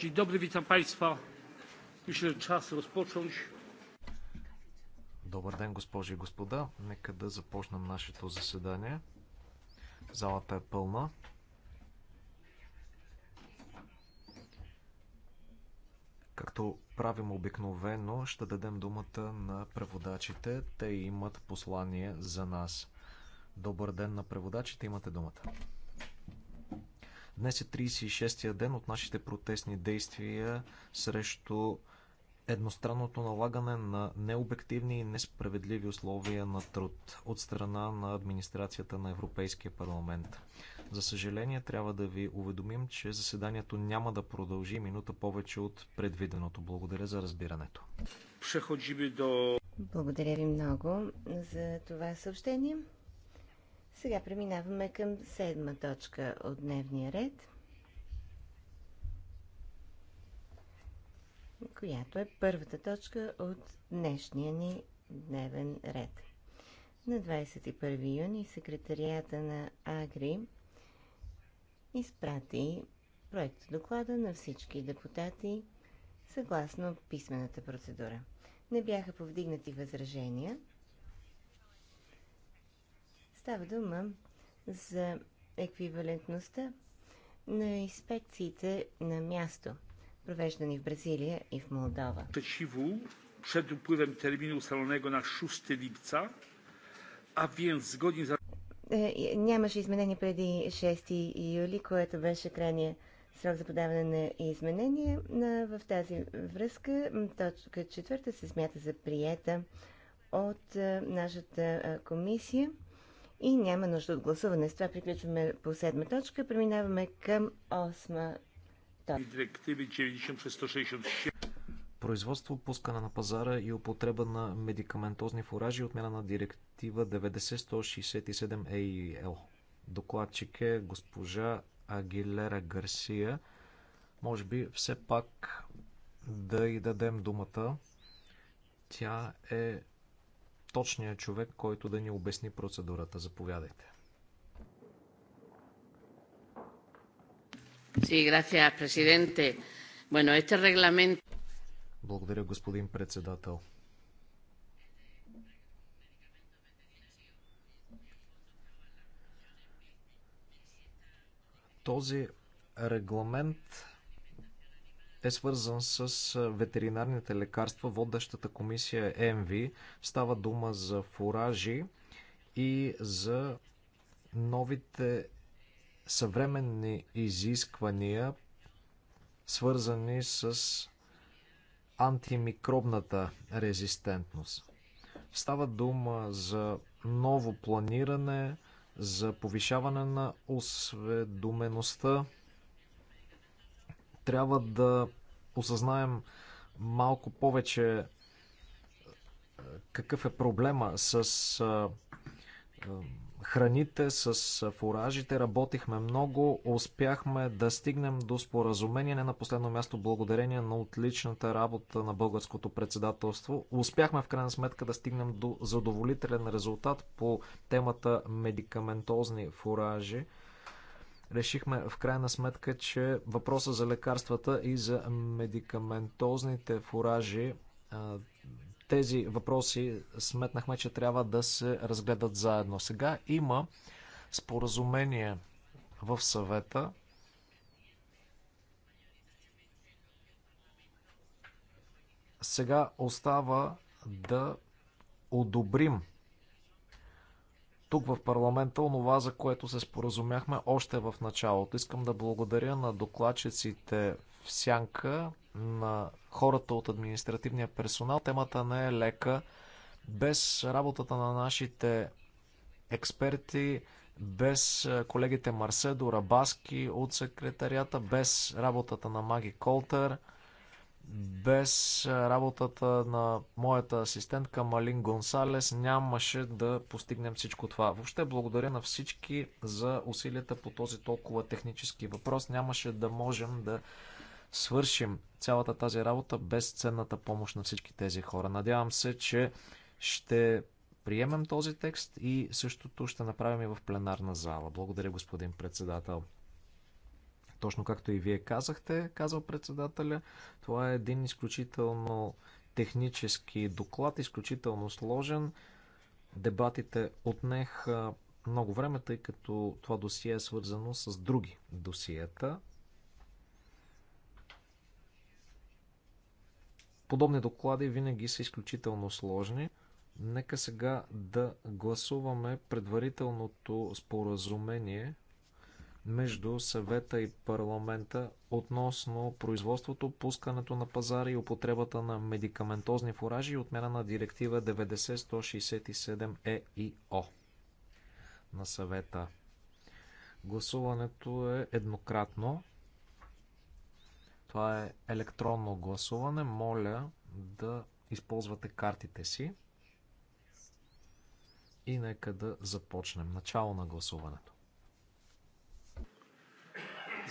Dzień dobry, witam Państwa. Myślę, że czas rozpocząć. Добър ден, госпожи и господа. Нека да започнем нашето заседание. Залата е пълна. Както правим обикновено, ще дадем думата на преводачите. Те имат послание за нас. Добър ден на преводачите, имате думата. Днес е 36-я ден от нашите протестни действия срещу едностранното налагане на необективни и несправедливи условия на труд от страна на администрацията на Европейския парламент. За съжаление, трябва да ви уведомим, че заседанието няма да продължи минута повече от предвиденото. Благодаря за разбирането. Благодаря ви много за това съобщение. Сега преминаваме към седма точка от дневния ред, която е първата точка от днешния ни дневен ред. На 21 юни секретарията на Агри изпрати проект доклада на всички депутати съгласно писмената процедура. Не бяха повдигнати възражения – Става дума за еквивалентността на инспекциите на място, провеждани в Бразилия и в Молдова. Przeciwu пред уплъвен термин, ustalonego на 6 lipca, a więc zgodnie за... Е, е, нямаше изменение преди 6 юли, което беше крайния срок за подаване на изменения. В тази връзка точка четвърта се смята за приета от е, нашата комисия. И няма нужда от гласуване. С това приключваме по седма точка. Преминаваме към осма точка. Директиви производство, пускане на пазара и употреба на медикаментозни фуражи, отмяна на директива 90-167 EIL. Докладчик е госпожа Агилера Гарсия. Може би все пак да й дадем думата. Тя е точния човек, който да ни обясни процедурата. Заповядайте. Благодаря, господин председател. Този регламент е свързан с ветеринарните лекарства. Водещата комисия е ЕМВИ. Става дума за фуражи и за новите съвременни изисквания, свързани с антимикробната резистентност. Става дума за ново планиране, за повишаване на осведомеността трябва да осъзнаем малко повече е, какъв е проблема с е, е, храните, с фуражите. Работихме много, успяхме да стигнем до споразумение. Не на последно място, благодарение на отличната работа на българското председателство. Успяхме в крайна сметка да стигнем до задоволителен резултат по темата медикаментозни фуражи решихме в крайна сметка, че въпроса за лекарствата и за медикаментозните фуражи, тези въпроси сметнахме, че трябва да се разгледат заедно. Сега има споразумение в съвета. Сега остава да одобрим тук в парламента онова, за което се споразумяхме още в началото. Искам да благодаря на докладчиците в сянка, на хората от административния персонал. Темата не е лека. Без работата на нашите експерти, без е, колегите Марседо, Рабаски от секретарията, без работата на Маги Колтер – без работата на моята асистентка Малин Гонсалес нямаше да постигнем всичко това. Въобще благодаря на всички за усилията по този толкова технически въпрос. Нямаше да можем да свършим цялата тази работа без ценната помощ на всички тези хора. Надявам се, че ще приемем този текст и същото ще направим и в пленарна зала. Благодаря, господин председател. Точно както и вие казахте, казал председателя, това е един изключително технически доклад, изключително сложен. Дебатите отнеха много време, тъй като това досие е свързано с други досиета. Подобни доклади винаги са изключително сложни. Нека сега да гласуваме предварителното споразумение между съвета и парламента относно производството, пускането на пазара и употребата на медикаментозни фуражи и отмяна на директива 90-167 ЕИО на съвета. Гласуването е еднократно. Това е електронно гласуване. Моля да използвате картите си. И нека да започнем. Начало на гласуването.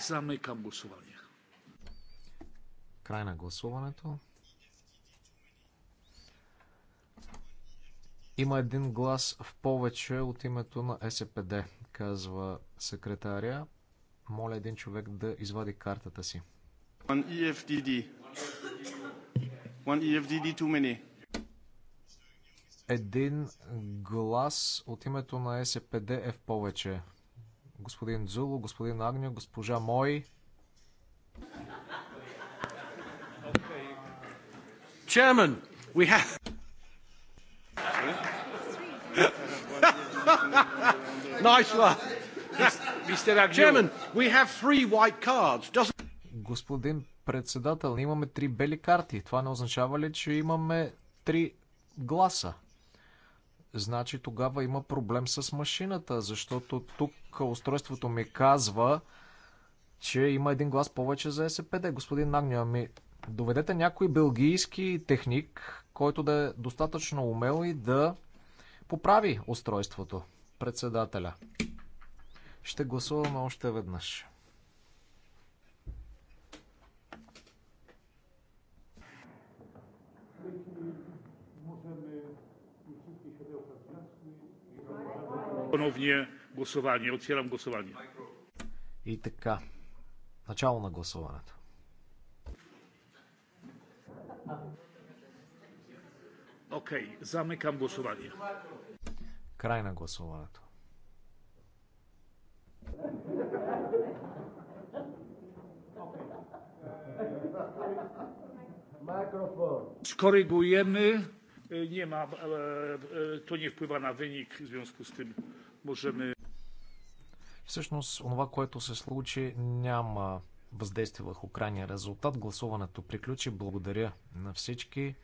Замекам гласуване. Край на гласуването. Има един глас в повече от името на СПД, казва секретаря. Моля един човек да извади картата си. One EFDD. One EFDD too many. Един глас от името на СПД е в повече господин Дзуло, господин Агню, госпожа Мой. Chairman, we have... nice one. Chairman, we have three white cards. Doesn't... Господин председател, имаме три бели карти. Това не означава ли, че имаме три гласа? значи тогава има проблем с машината, защото тук устройството ми казва, че има един глас повече за СПД. Господин Нагня, ами, доведете някой белгийски техник, който да е достатъчно умел и да поправи устройството. Председателя. Ще гласуваме още веднъж. Поновния гласование. Отсирам гласование. И така. Начало на гласуването. Окей, okay, замекам гласование. Край на гласуването. Skorygujemy E, nie ma, e, to nie wpływa na wynik, w związku z tym możemy. Всъщност, онова, което се случи, няма въздействие върху крайния резултат. Гласуването приключи. Благодаря на всички.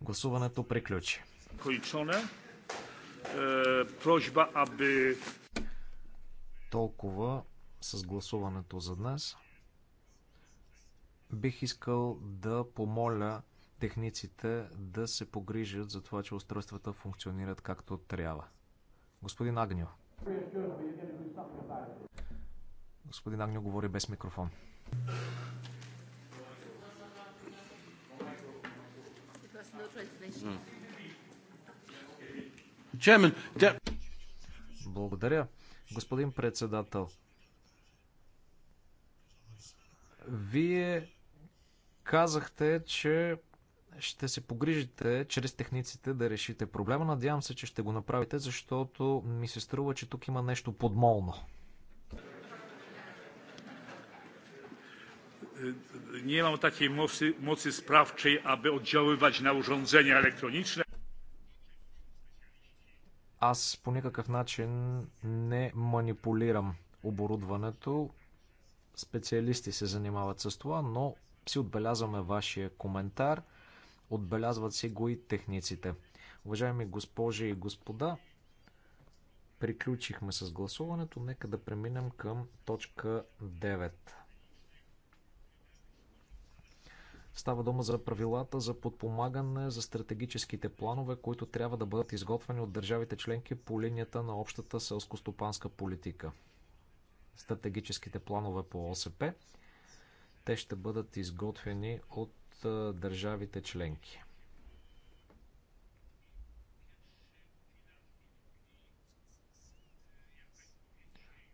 Гласуването приключи. Количоне. Прожба, аби... Толкова с гласуването за днес. Бих искал да помоля техниците да се погрижат за това, че устройствата функционират както трябва. Господин Агнио. Господин Агнио говори без микрофон. Благодаря, господин председател. Вие казахте, че ще се погрижите чрез техниците да решите проблема. Надявам се, че ще го направите, защото ми се струва, че тук има нещо подмолно. Не имам takiej моци mocy sprawczej, aby на na електронични. Аз по никакъв начин не манипулирам оборудването. Специалисти се занимават с това, но си отбелязваме вашия коментар – Отбелязват си го и техниците. Уважаеми госпожи и господа, приключихме с гласуването. Нека да преминем към точка 9. Става дума за правилата за подпомагане за стратегическите планове, които трябва да бъдат изготвени от държавите членки по линията на общата селско-стопанска политика. Стратегическите планове по ОСП. Те ще бъдат изготвени от държавите членки.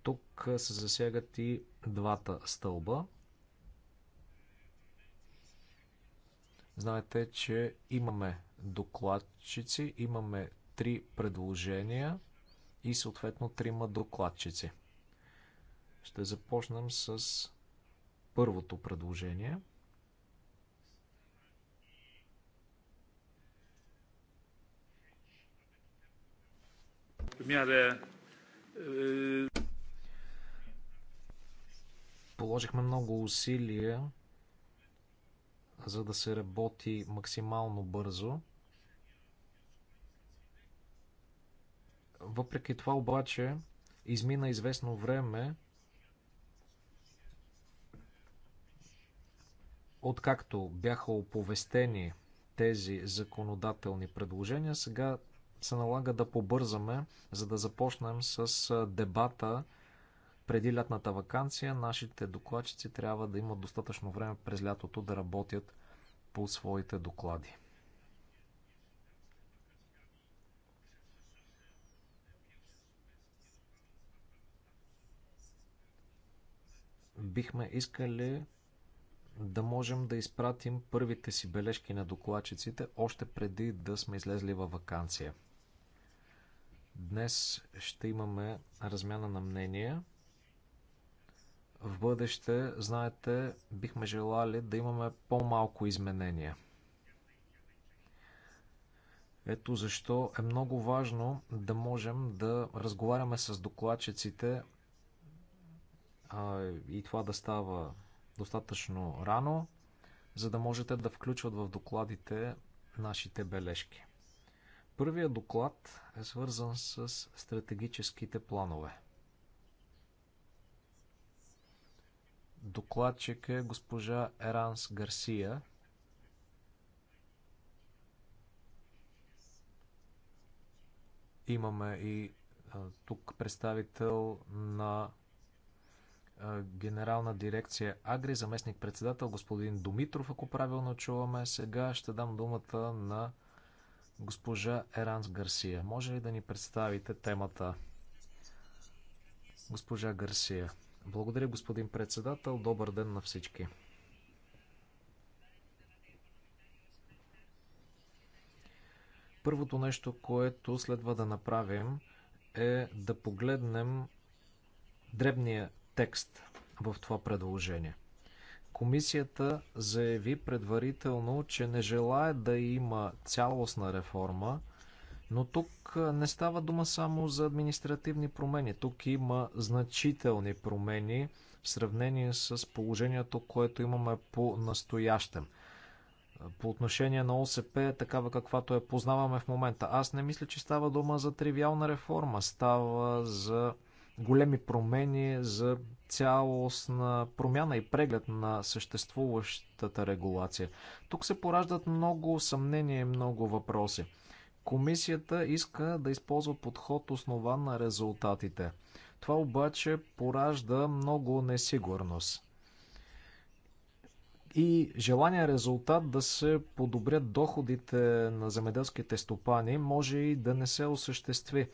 Тук се засягат и двата стълба. Знаете, че имаме докладчици, имаме три предложения и съответно трима докладчици. Ще започнем с първото предложение. w miarę. Е, Положихме много усилия, за да се работи максимално бързо. Въпреки това обаче, измина известно време, откакто бяха оповестени тези законодателни предложения, сега се налага да побързаме, за да започнем с дебата преди лятната вакансия. Нашите докладчици трябва да имат достатъчно време през лятото да работят по своите доклади. Бихме искали да можем да изпратим първите си бележки на докладчиците още преди да сме излезли във вакансия. Днес ще имаме размяна на мнения. В бъдеще, знаете, бихме желали да имаме по-малко изменения. Ето защо е много важно да можем да разговаряме с докладчиците а, и това да става достатъчно рано, за да можете да включват в докладите нашите бележки. Първият доклад е свързан с стратегическите планове. Докладчик е госпожа Еранс Гарсия. Имаме и тук представител на генерална дирекция Агри, заместник председател господин Домитров, ако правилно чуваме. Сега ще дам думата на Госпожа Еранс Гарсия, може ли да ни представите темата? Госпожа Гарсия. Благодаря, господин председател. Добър ден на всички. Първото нещо, което следва да направим е да погледнем дребния текст в това предложение – Комисията заяви предварително, че не желае да има цялостна реформа, но тук не става дума само за административни промени. Тук има значителни промени в сравнение с положението, което имаме по настоящем. По отношение на ОСП, такава каквато я познаваме в момента. Аз не мисля, че става дума за тривиална реформа. Става за големи промени, за цялостна промяна и преглед на съществуващата регулация. Тук се пораждат много съмнения и много въпроси. Комисията иска да използва подход основан на резултатите. Това обаче поражда много несигурност и желания резултат да се подобрят доходите на земеделските стопани може и да не се осъществи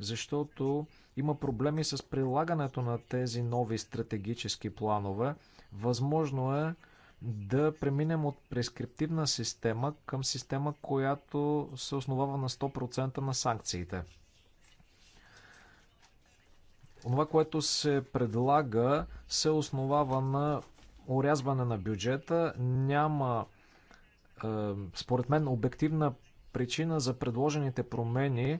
защото има проблеми с прилагането на тези нови стратегически планове. Възможно е да преминем от прескриптивна система към система, която се основава на 100% на санкциите. Това, което се предлага, се основава на урязване на бюджета. Няма, е, според мен, обективна причина за предложените промени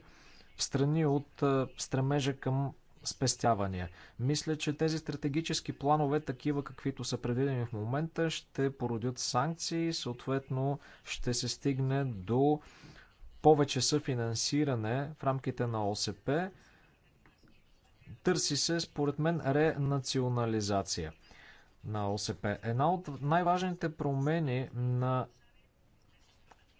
страни от стремежа към спестявания. Мисля, че тези стратегически планове, такива каквито са предвидени в момента, ще породят санкции и съответно ще се стигне до повече съфинансиране в рамките на ОСП. Търси се, според мен, ренационализация на ОСП. Една от най-важните промени на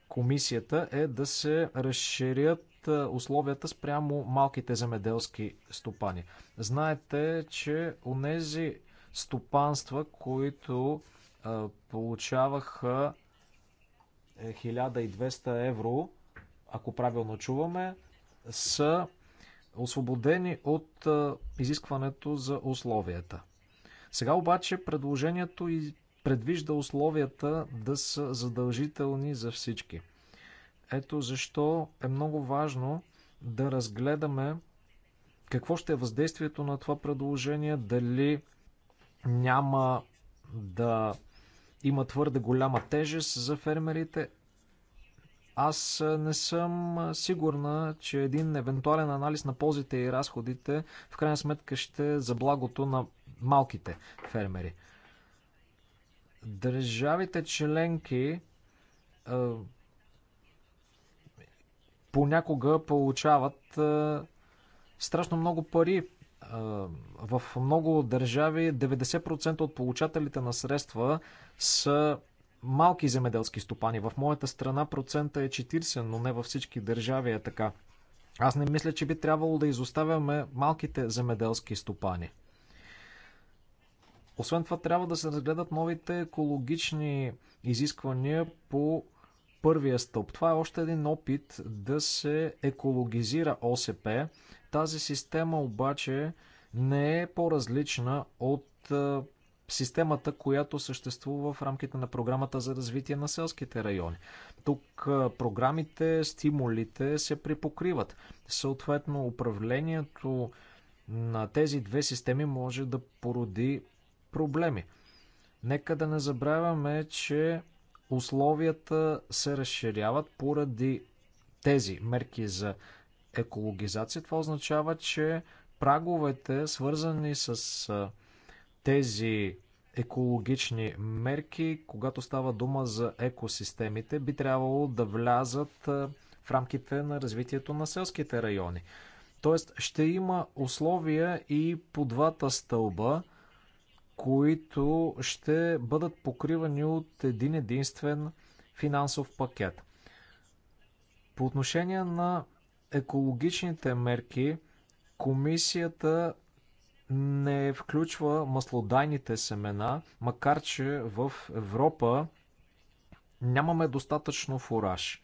комисията е да се разширят е, условията спрямо малките земеделски стопани. Знаете, че у нези стопанства, които а, е, получаваха 1200 е, евро, ако правилно чуваме, са освободени от а, изискването за условията. Сега обаче предложението и предвижда условията да са задължителни за всички. Ето защо е много важно да разгледаме какво ще е въздействието на това предложение, дали няма да има твърде голяма тежест за фермерите. Аз не съм сигурна, че един евентуален анализ на ползите и разходите в крайна сметка ще е за благото на малките фермери. Държавите членки понякога получават е, страшно много пари. Е, в много държави 90% от получателите на средства са малки земеделски стопани. В моята страна процента е 40, но не във всички държави е така. Аз не мисля, че би трябвало да изоставяме малките земеделски стопани. Освен това, трябва да се разгледат новите екологични изисквания по първия стълб. Това е още един опит да се екологизира ОСП. Тази система обаче не е по-различна от системата, която съществува в рамките на програмата за развитие на селските райони. Тук програмите, стимулите се припокриват. Съответно, управлението на тези две системи може да породи проблеми. Нека да не забравяме, че условията се разширяват поради тези мерки за екологизация. Това означава, че праговете, свързани с тези екологични мерки, когато става дума за екосистемите, би трябвало да влязат в рамките на развитието на селските райони. Тоест ще има условия и по двата стълба които ще бъдат покривани от един единствен финансов пакет. По отношение на екологичните мерки, комисията не включва маслодайните семена, макар че в Европа нямаме достатъчно фураж.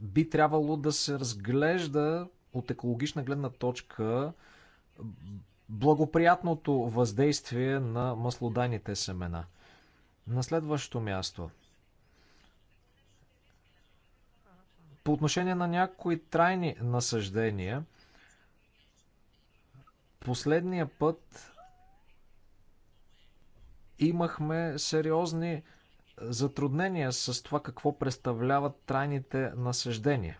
Би трябвало да се разглежда от екологична гледна точка благоприятното въздействие на маслоданите семена. На следващо място. По отношение на някои трайни насъждения, последния път имахме сериозни затруднения с това какво представляват трайните насъждения.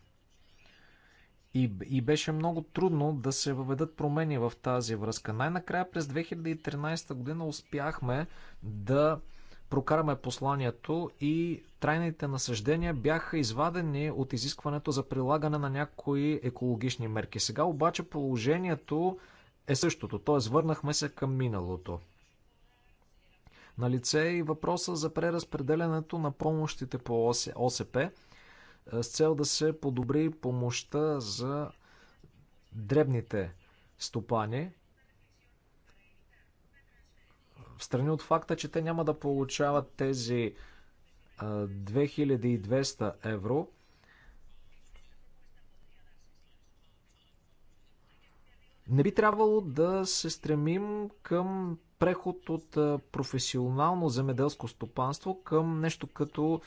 И, и беше много трудно да се въведат промени в тази връзка. Най-накрая през 2013 година успяхме да прокараме посланието и трайните насъждения бяха извадени от изискването за прилагане на някои екологични мерки. Сега обаче положението е същото, т.е. върнахме се към миналото. На лице е и въпроса за преразпределянето на помощите по ОСП с цел да се подобри помощта за дребните стопани. В страни от факта, че те няма да получават тези 2200 евро, не би трябвало да се стремим към преход от професионално земеделско стопанство към нещо като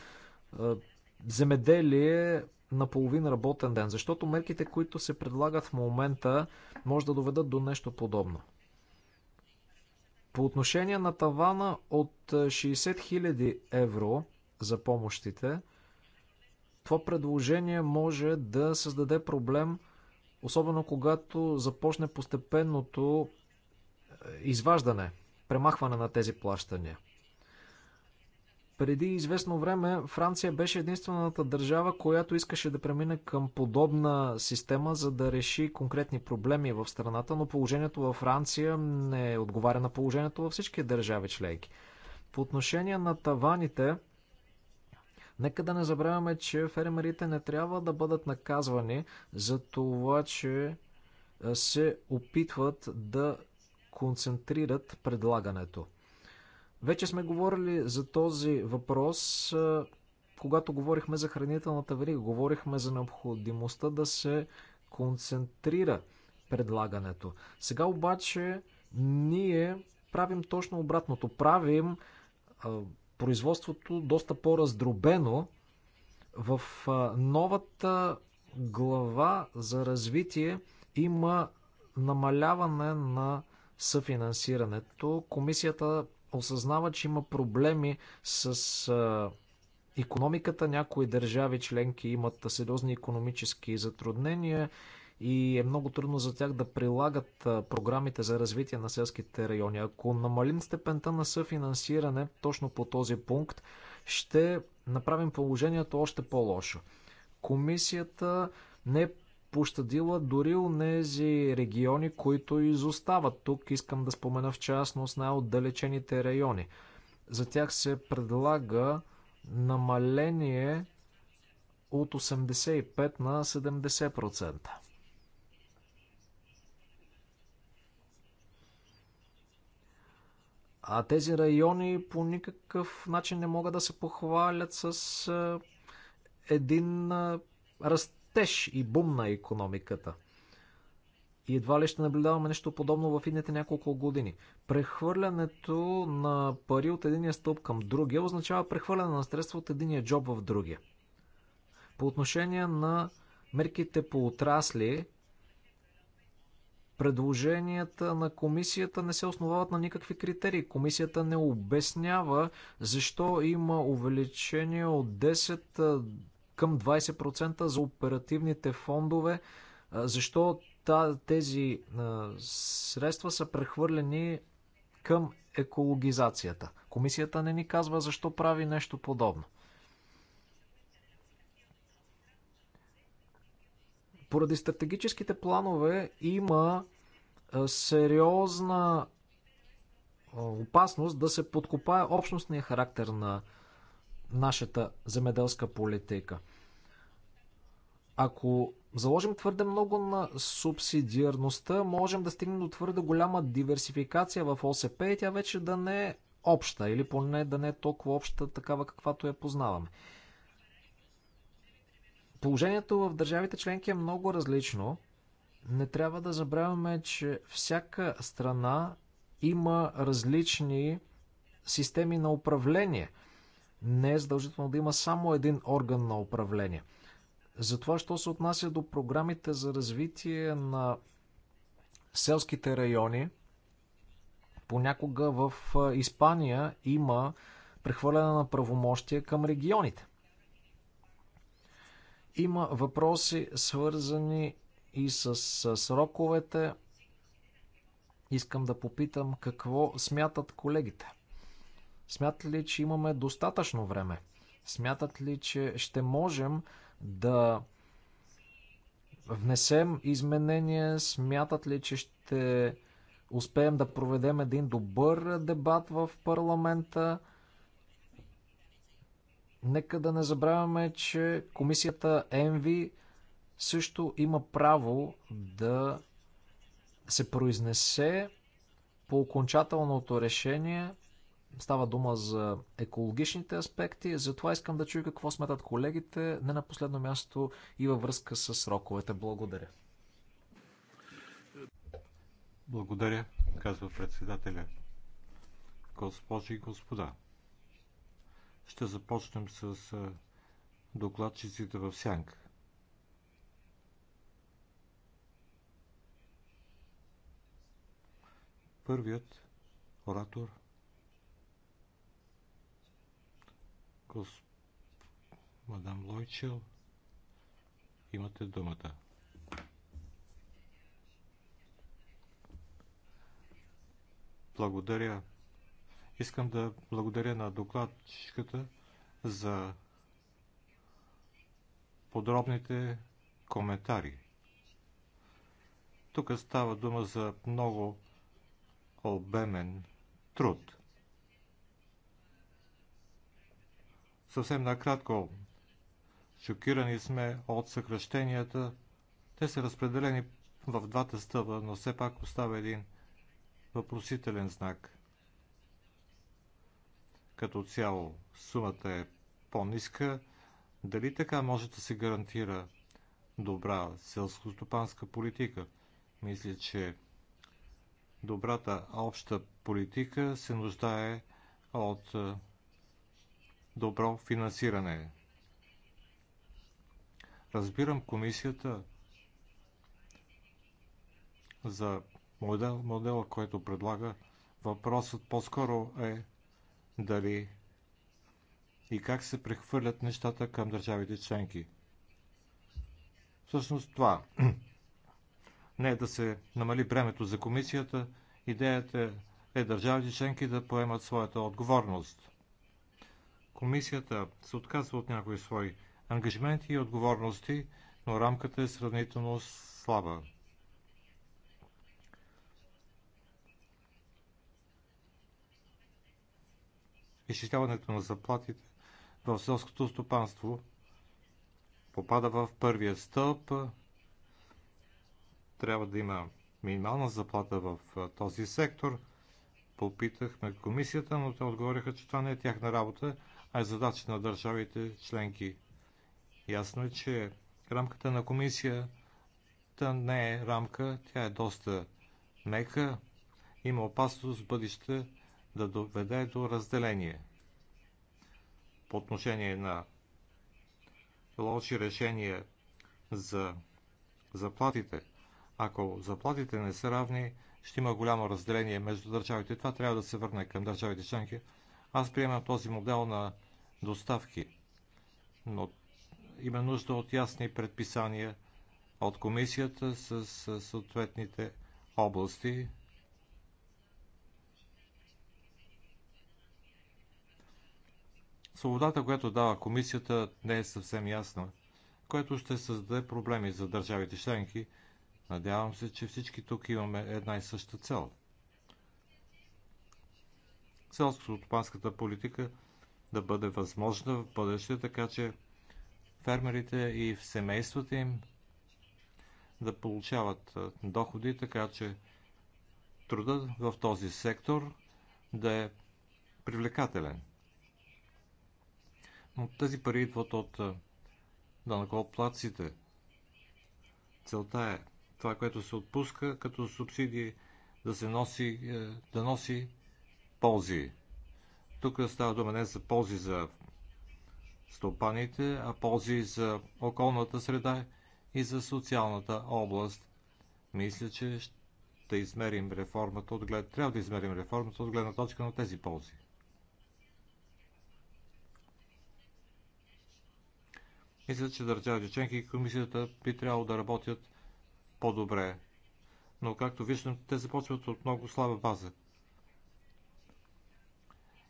земеделие на половин работен ден, защото мерките, които се предлагат в момента, може да доведат до нещо подобно. По отношение на тавана от 60 е, 000 евро за помощите, това предложение може да създаде проблем, особено когато започне постепенното е, изваждане, премахване на тези плащания. Преди известно време Франция беше единствената държава, която искаше да премине към подобна система, за да реши конкретни проблеми в страната, но положението във Франция не отговаря на положението във всички държави членки. По отношение на таваните, нека да не забравяме, че фермерите не трябва да бъдат наказвани за това, че се опитват да концентрират предлагането. Вече сме говорили за този въпрос, когато говорихме за хранителната верига. Говорихме за необходимостта да се концентрира предлагането. Сега обаче ние правим точно обратното. Правим производството доста по-раздробено в новата глава за развитие има намаляване на съфинансирането. Комисията осъзнава, че има проблеми с економиката. Някои държави членки имат сериозни економически затруднения и е много трудно за тях да прилагат програмите за развитие на селските райони. Ако намалим степента на съфинансиране точно по този пункт, ще направим положението още по-лошо. Комисията не дила дори у нези региони, които изостават. Тук искам да спомена в частност най-отдалечените райони. За тях се предлага намаление от 85 на 70%. А тези райони по никакъв начин не могат да се похвалят с е, един е, ръст растеж и бум на економиката. И едва ли ще наблюдаваме нещо подобно в идните няколко години. Прехвърлянето на пари от единия стълб към другия означава прехвърляне на средства от единия джоб в другия. По отношение на мерките по отрасли, предложенията на комисията не се основават на никакви критерии. Комисията не обяснява защо има увеличение от 10 към 20% за оперативните фондове. Защо тези средства са прехвърлени към екологизацията? Комисията не ни казва защо прави нещо подобно. Поради стратегическите планове има сериозна опасност да се подкопае общностния характер на нашата земеделска политика. Ако заложим твърде много на субсидиарността, можем да стигнем до твърде голяма диверсификация в ОСП и тя вече да не е обща или поне да не е толкова обща такава каквато я познаваме. Положението в държавите членки е много различно. Не трябва да забравяме, че всяка страна има различни системи на управление – не е задължително да има само един орган на управление. Затова, що се отнася до програмите за развитие на селските райони, понякога в Испания има прехвърляне на правомощия към регионите. Има въпроси свързани и с сроковете. Искам да попитам какво смятат колегите. Смятат ли, че имаме достатъчно време? Смятат ли, че ще можем да внесем изменения? Смятат ли, че ще успеем да проведем един добър дебат в парламента? Нека да не забравяме, че комисията ЕНВИ също има право да се произнесе по окончателното решение – Става дума за екологичните аспекти, затова искам да чуя какво сметат колегите, не на последно място и във връзка с сроковете. Благодаря. Благодаря, казва председателя. Госпожи и господа, ще започнем с докладчиците в сянка. Първият оратор – Госп... Мадам Лойчел, имате думата. Благодаря. Искам да благодаря на докладчиката за подробните коментари. Тук става дума за много обемен труд. Съвсем накратко, шокирани сме от съкръщенията. Те са разпределени в двата стъба, но все пак остава един въпросителен знак. Като цяло сумата е по-ниска. Дали така може да се гарантира добра селско-стопанска политика? Мисля, че добрата обща политика се нуждае от добро финансиране. Разбирам комисията за модел, модела, който предлага. Въпросът по-скоро е дали и как се прехвърлят нещата към държавите членки. Всъщност това не е да се намали бремето за комисията, идеята е държавите членки да поемат своята отговорност. Комисията се отказва от някои свои ангажименти и отговорности, но рамката е сравнително слаба. изчисляването на заплатите в селското стопанство попада в първия стълб. Трябва да има минимална заплата в този сектор. Попитахме комисията, но те отговориха, че това не е тяхна работа а е задача на държавите членки. Ясно е, че рамката на комисията не е рамка, тя е доста мека, има опасност в бъдеще да доведе до разделение. По отношение на лоши решения за заплатите, ако заплатите не са равни, ще има голямо разделение между държавите. Това трябва да се върне към държавите членки. Аз приемам този модел на доставки. Но има нужда от ясни предписания от комисията с съответните области. Свободата, която дава комисията, не е съвсем ясна, което ще създаде проблеми за държавите членки. Надявам се, че всички тук имаме една и съща цел. Селско-стопанската политика – да бъде възможна в бъдеще, така че фермерите и в семействата им да получават доходи, така че трудът в този сектор да е привлекателен. Но тези пари идват от данъкоплаците. Целта е това, което се отпуска като субсидии, да се носи, е, да носи ползи. Тук става дума не за ползи за стопаните, а ползи за околната среда и за социалната област. Мисля, че ще измерим реформата от глед... трябва да измерим реформата от гледна точка на тези ползи. Мисля, че държавите членки и комисията би трябвало да работят по-добре. Но както виждам, те започват от много слаба база.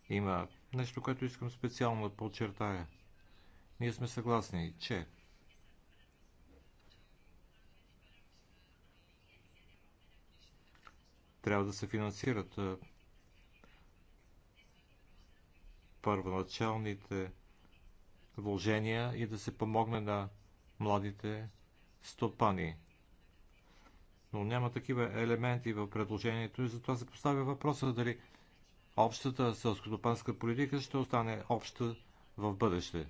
Има нещо, което искам специално да подчертая. Ние сме съгласни, че трябва да се финансират първоначалните вложения и да се помогне на младите стопани. Но няма такива елементи в предложението и затова се поставя въпроса дали общата селскостопанска политика ще остане обща в бъдеще.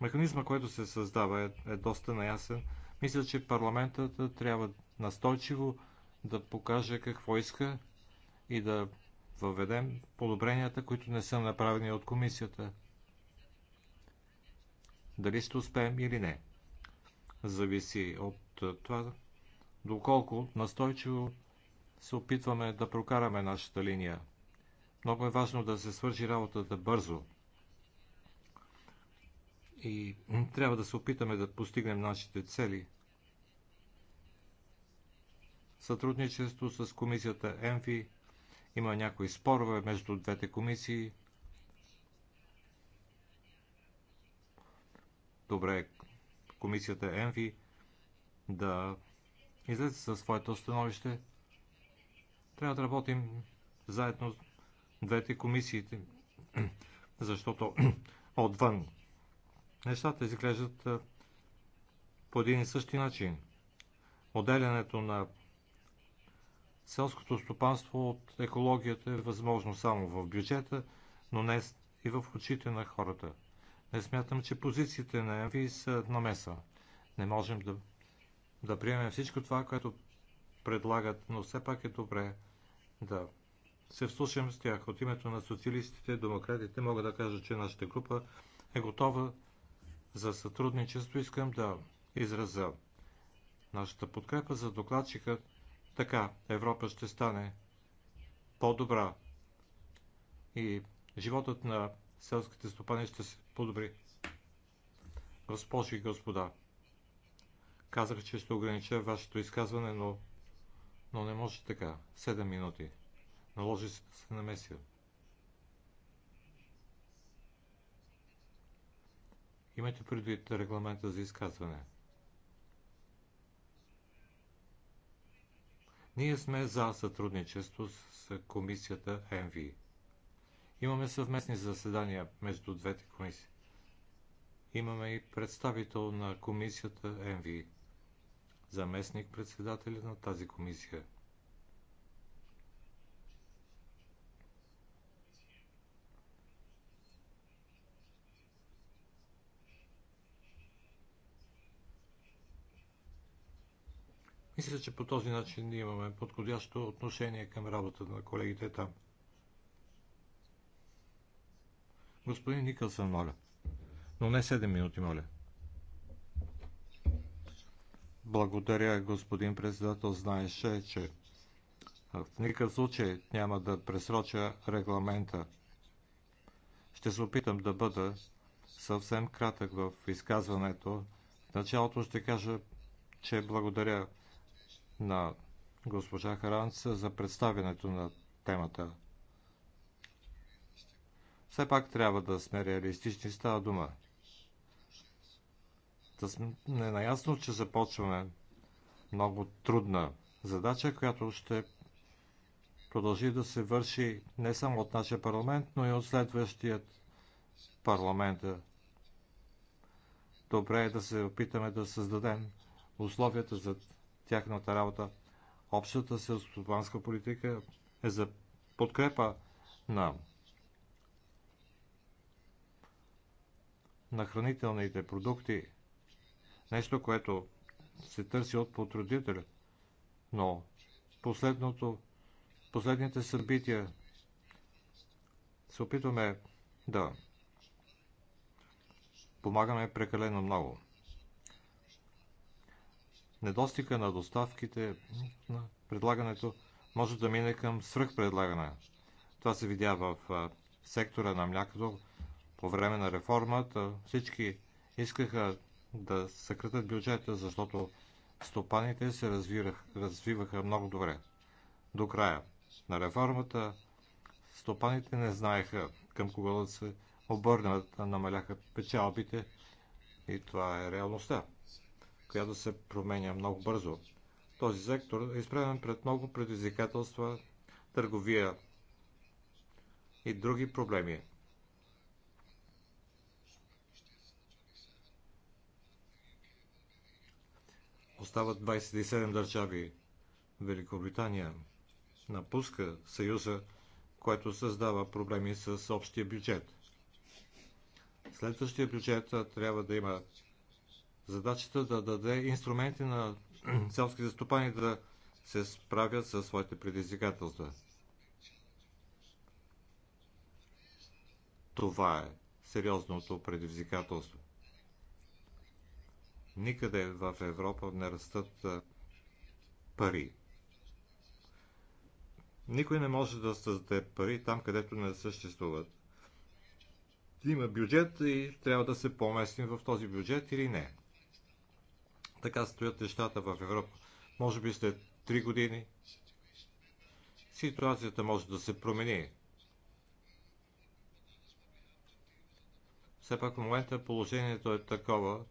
Механизма, който се създава е, е доста наясен. Мисля, че парламентът трябва настойчиво да покаже какво иска и да въведем подобренията, които не са направени от комисията. Дали ще успеем или не, зависи от това, доколко настойчиво се опитваме да прокараме нашата линия. Много е важно да се свържи работата бързо. И трябва да се опитаме да постигнем нашите цели. Сътрудничество с комисията ЕМФИ има някои спорове между двете комисии. Добре, е комисията ЕМФИ да излезе със своето становище. Трябва да работим заедно с двете комисии, защото отвън нещата изглеждат по един и същи начин. Отделянето на селското стопанство от екологията е възможно само в бюджета, но не и в очите на хората. Не смятам, че позициите на МВИ са намеса. Не можем да, да приемем всичко това, което предлагат, но все пак е добре да се вслушам с тях. От името на социалистите и демократите мога да кажа, че нашата група е готова за сътрудничество. Искам да израза нашата подкрепа за докладчика. Така Европа ще стане по-добра и животът на селските стопани ще се подобри. Госпожи и господа, казах, че ще огранича вашето изказване, но но не може така. Седем минути. Наложи се да се намеся. Имайте предвид регламента за изказване. Ние сме за сътрудничество с комисията МВ. Имаме съвместни заседания между двете комисии. Имаме и представител на комисията МВ заместник-председателя на тази комисия. Мисля, че по този начин имаме подходящо отношение към работата на колегите там. Господин Никълсън, моля. Но не 7 минути, моля. Благодаря, господин председател. Знаеше, че в никакъв случай няма да пресроча регламента. Ще се опитам да бъда съвсем кратък в изказването. В началото ще кажа, че благодаря на госпожа Харанц за представянето на темата. Все пак трябва да сме реалистични, става дума да сме наясно, че започваме много трудна задача, която ще продължи да се върши не само от нашия парламент, но и от следващият парламент. Добре е да се опитаме да създадем условията за тяхната работа. Общата селскостопанска политика е за подкрепа на на хранителните продукти Нещо, което се търси от потрудителя. Но последното, последните събития се опитваме да помагаме прекалено много. Недостига на доставките, на предлагането може да мине към свръхпредлагане. Това се видя в сектора на млякото по време на реформата. Всички искаха да съкратят бюджета, защото стопаните се развиваха много добре. До края на реформата стопаните не знаеха към кого да се обърнат, а намаляха печалбите и това е реалността, която се променя много бързо. Този сектор е изправен пред много предизвикателства, търговия и други проблеми. Остават 27 държави. Великобритания напуска Съюза, което създава проблеми с общия бюджет. Следващия бюджет трябва да има задачата да даде инструменти на селските стопани да се справят със своите предизвикателства. Това е сериозното предизвикателство. Никъде в Европа не растат пари. Никой не може да създаде пари там, където не съществуват. Има бюджет и трябва да се поместим в този бюджет или не. Така стоят нещата в Европа. Може би след 3 години ситуацията може да се промени. Все пак в момента положението е такова,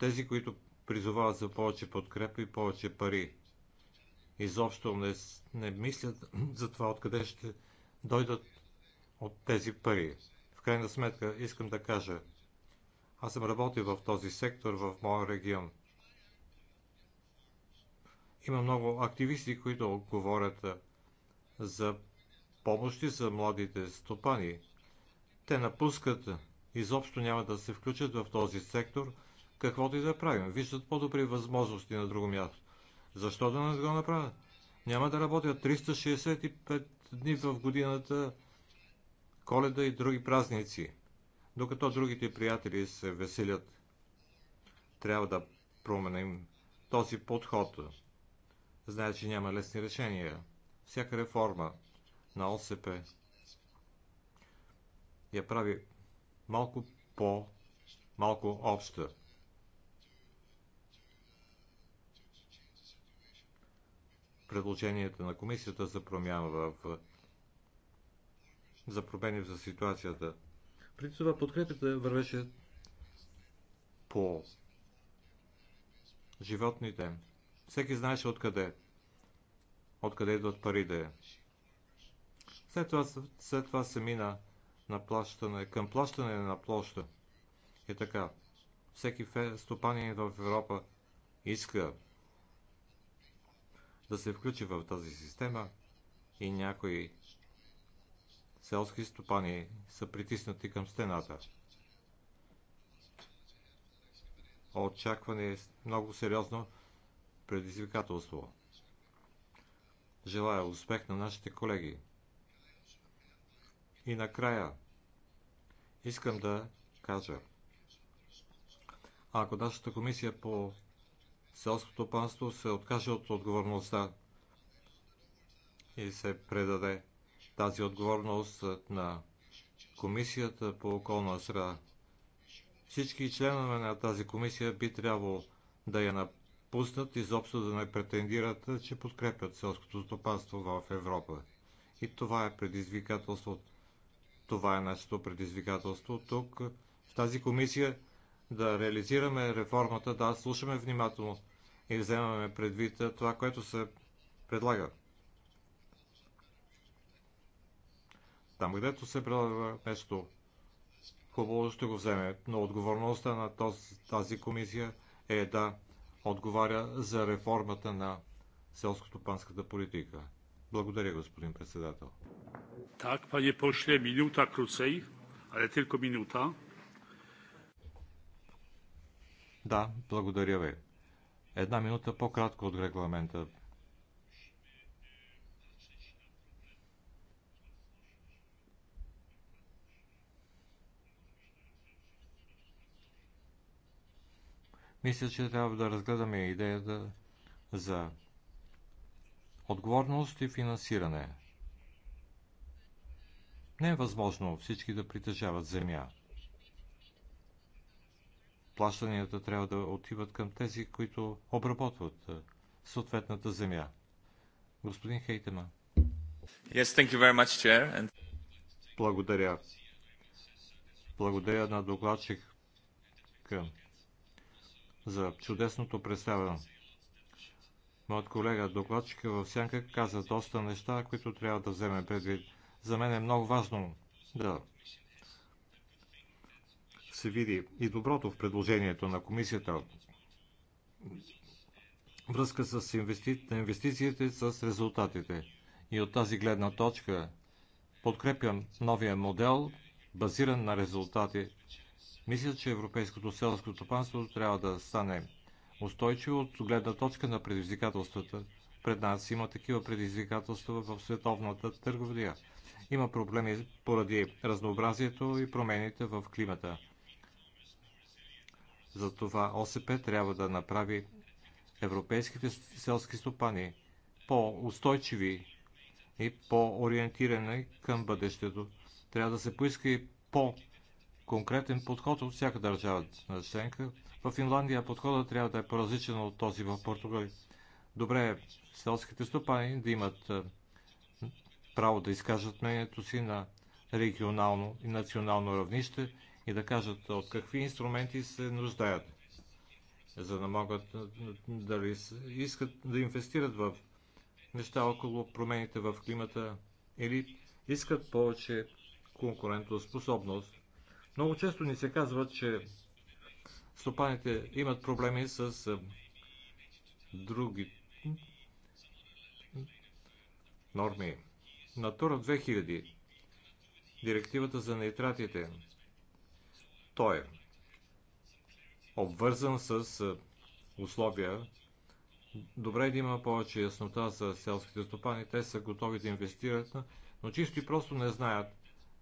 тези, които призовават за повече подкрепа и повече пари, изобщо не, не мислят за това откъде ще дойдат от тези пари. В крайна сметка искам да кажа, аз съм работил в този сектор в моя регион. Има много активисти, които говорят за помощи за младите стопани. Те напускат, изобщо няма да се включат в този сектор – каквото и да правим. Виждат по-добри възможности на друго място. Защо да не го направят? Няма да работят 365 дни в годината, коледа и други празници, докато другите приятели се веселят. Трябва да променим този подход. Знае, че няма лесни решения. Всяка реформа на ОСП я прави малко по, малко обща. предложенията на комисията за промяна в за промени за ситуацията. Преди това подкрепата вървеше по животните. Всеки знаеше откъде. Откъде идват парите. След това, след това се мина на плащане, към плащане на площа. И е така, всеки стопанин в Европа иска да се включи в тази система и някои селски стопани са притиснати към стената. Очакване е много сериозно предизвикателство. Желая успех на нашите колеги. И накрая искам да кажа, ако нашата комисия по селското стопанство се откаже от отговорността и се предаде тази отговорност на Комисията по околна среда. Всички членове на тази комисия би трябвало да я напуснат, изобщо да не претендират, че подкрепят селското стопанство в Европа. И това е предизвикателство. Това е нашето предизвикателство тук, в тази комисия, да реализираме реформата. Да, слушаме внимателно и вземаме предвид това, което се предлага. Там, където се предлага нещо хубаво, ще го вземе. Но отговорността на този, тази комисия е да отговаря за реформата на селско панската политика. Благодаря, господин председател. Так, пане пошле, минута круцей, але тилко минута. Да, благодаря ви. Една минута по-кратко от регламента. Мисля, че трябва да разгледаме идеята за отговорност и финансиране. Не е възможно всички да притежават земя плащанията трябва да отиват към тези, които обработват е, съответната земя. Господин Хейтема. Yes, thank you very much, Chair. And... Благодаря. Благодаря на докладчик за чудесното представяне. Моят колега докладчик в Сянка каза доста неща, които трябва да вземе предвид. За мен е много важно да се види и доброто в предложението на комисията връзка с инвести... на инвестициите с резултатите. И от тази гледна точка подкрепям новия модел, базиран на резултати. Мисля, че европейското селско стопанство трябва да стане устойчиво от гледна точка на предизвикателствата. Пред нас има такива предизвикателства в световната търговия. Има проблеми поради разнообразието и промените в климата. Затова ОСП трябва да направи европейските селски стопани по-устойчиви и по-ориентирани към бъдещето. Трябва да се поиска и по-конкретен подход от всяка държава на членка. В Финландия подходът трябва да е по-различен от този в Португалия. Добре е селските стопани да имат е, право да изкажат мнението си на регионално и национално равнище и да кажат от какви инструменти се нуждаят, за да могат дали искат да инвестират в неща около промените в климата или искат повече конкурентоспособност. Много често ни се казва, че стопаните имат проблеми с други норми. Натура 2000, директивата за нейтратите. Той е обвързан с условия. Добре е да има повече яснота за селските стопани. Те са готови да инвестират, но чисто и просто не знаят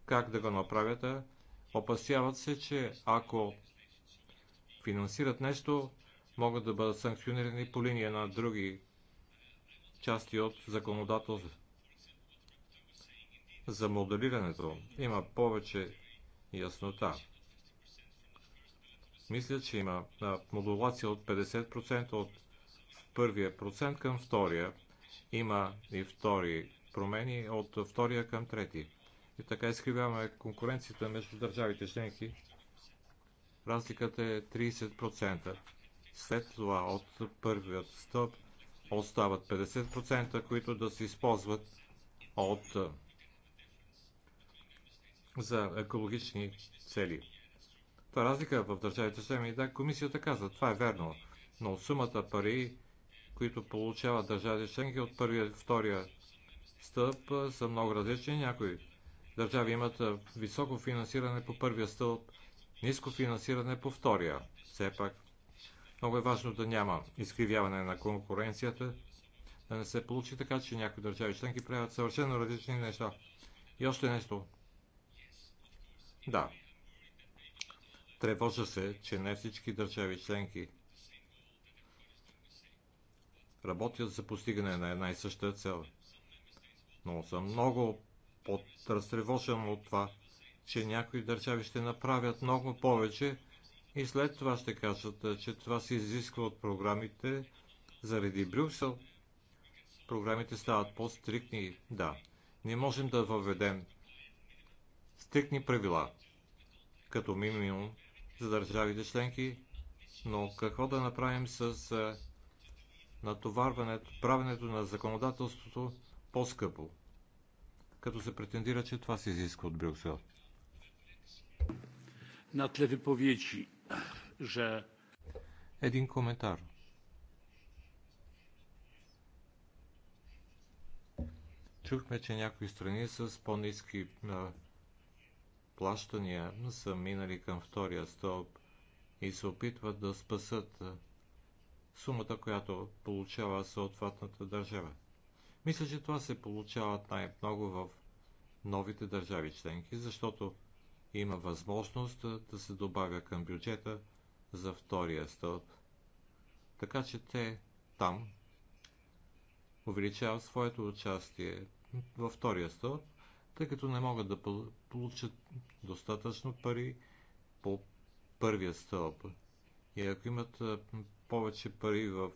как да го направят. Опасяват се, че ако финансират нещо, могат да бъдат санкционирани по линия на други части от законодателство За моделирането има повече яснота. Мисля, че има модулация от 50% от първия процент към втория. Има и втори промени от втория към трети. И така изкривяваме конкуренцията между държавите членки. Разликата е 30%. След това от първият стъп остават 50%, които да се използват от за екологични цели разлика е в държавите членки. Да, комисията каза, това е верно, но сумата пари, които получават държавите членки от първия и втория стълб са много различни. Някои държави имат високо финансиране по първия стълб, ниско финансиране по втория. Все пак много е важно да няма изкривяване на конкуренцията, да не се получи така, че някои държави членки правят съвършено различни неща. И още нещо. Да, Тревожа се, че не всички държави членки работят за постигане на една и съща цел. Но съм много подразтревожен от това, че някои държави ще направят много повече и след това ще кажат, че това се изисква от програмите заради Брюксел. Програмите стават по-стрикни, да. Не можем да въведем стрикни правила, като минимум за държавите членки, но какво да направим с натоварването, правенето на законодателството по-скъпо, като се претендира, че това се изисква от Брюксел? На тле Един коментар. Чухме, че някои страни с по-низки плащания са минали към втория стълб и се опитват да спасат сумата, която получава съответната държава. Мисля, че това се получават най-много в новите държави членки, защото има възможност да се добавя към бюджета за втория стълб. Така че те там увеличават своето участие във втория стълб тъй като не могат да получат достатъчно пари по първия стълб. И ако имат повече пари в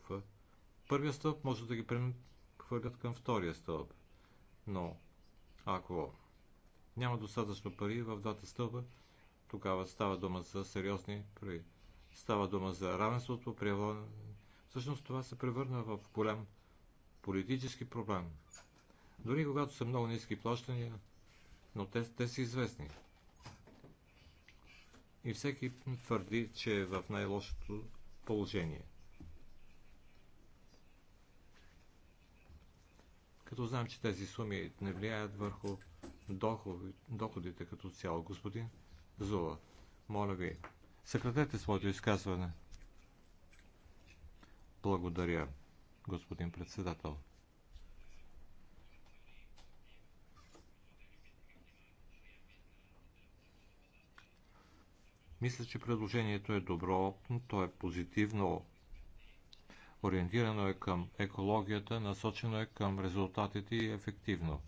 първия стълб, може да ги прехвърлят към втория стълб. Но ако няма достатъчно пари в двата стълба, тогава става дума за сериозни пари. Става дума за равенството, прияване. Всъщност това се превърна в голям политически проблем. Дори когато са много ниски плащания, но те, те са известни. И всеки твърди, че е в най-лошото положение. Като знам, че тези суми не влияят върху доходите като цяло, господин Зула, моля ви, съкратете своето изказване. Благодаря, господин председател. Мисля, че предложението е добро, то е позитивно. Ориентирано е към екологията, насочено е към резултатите и ефективно.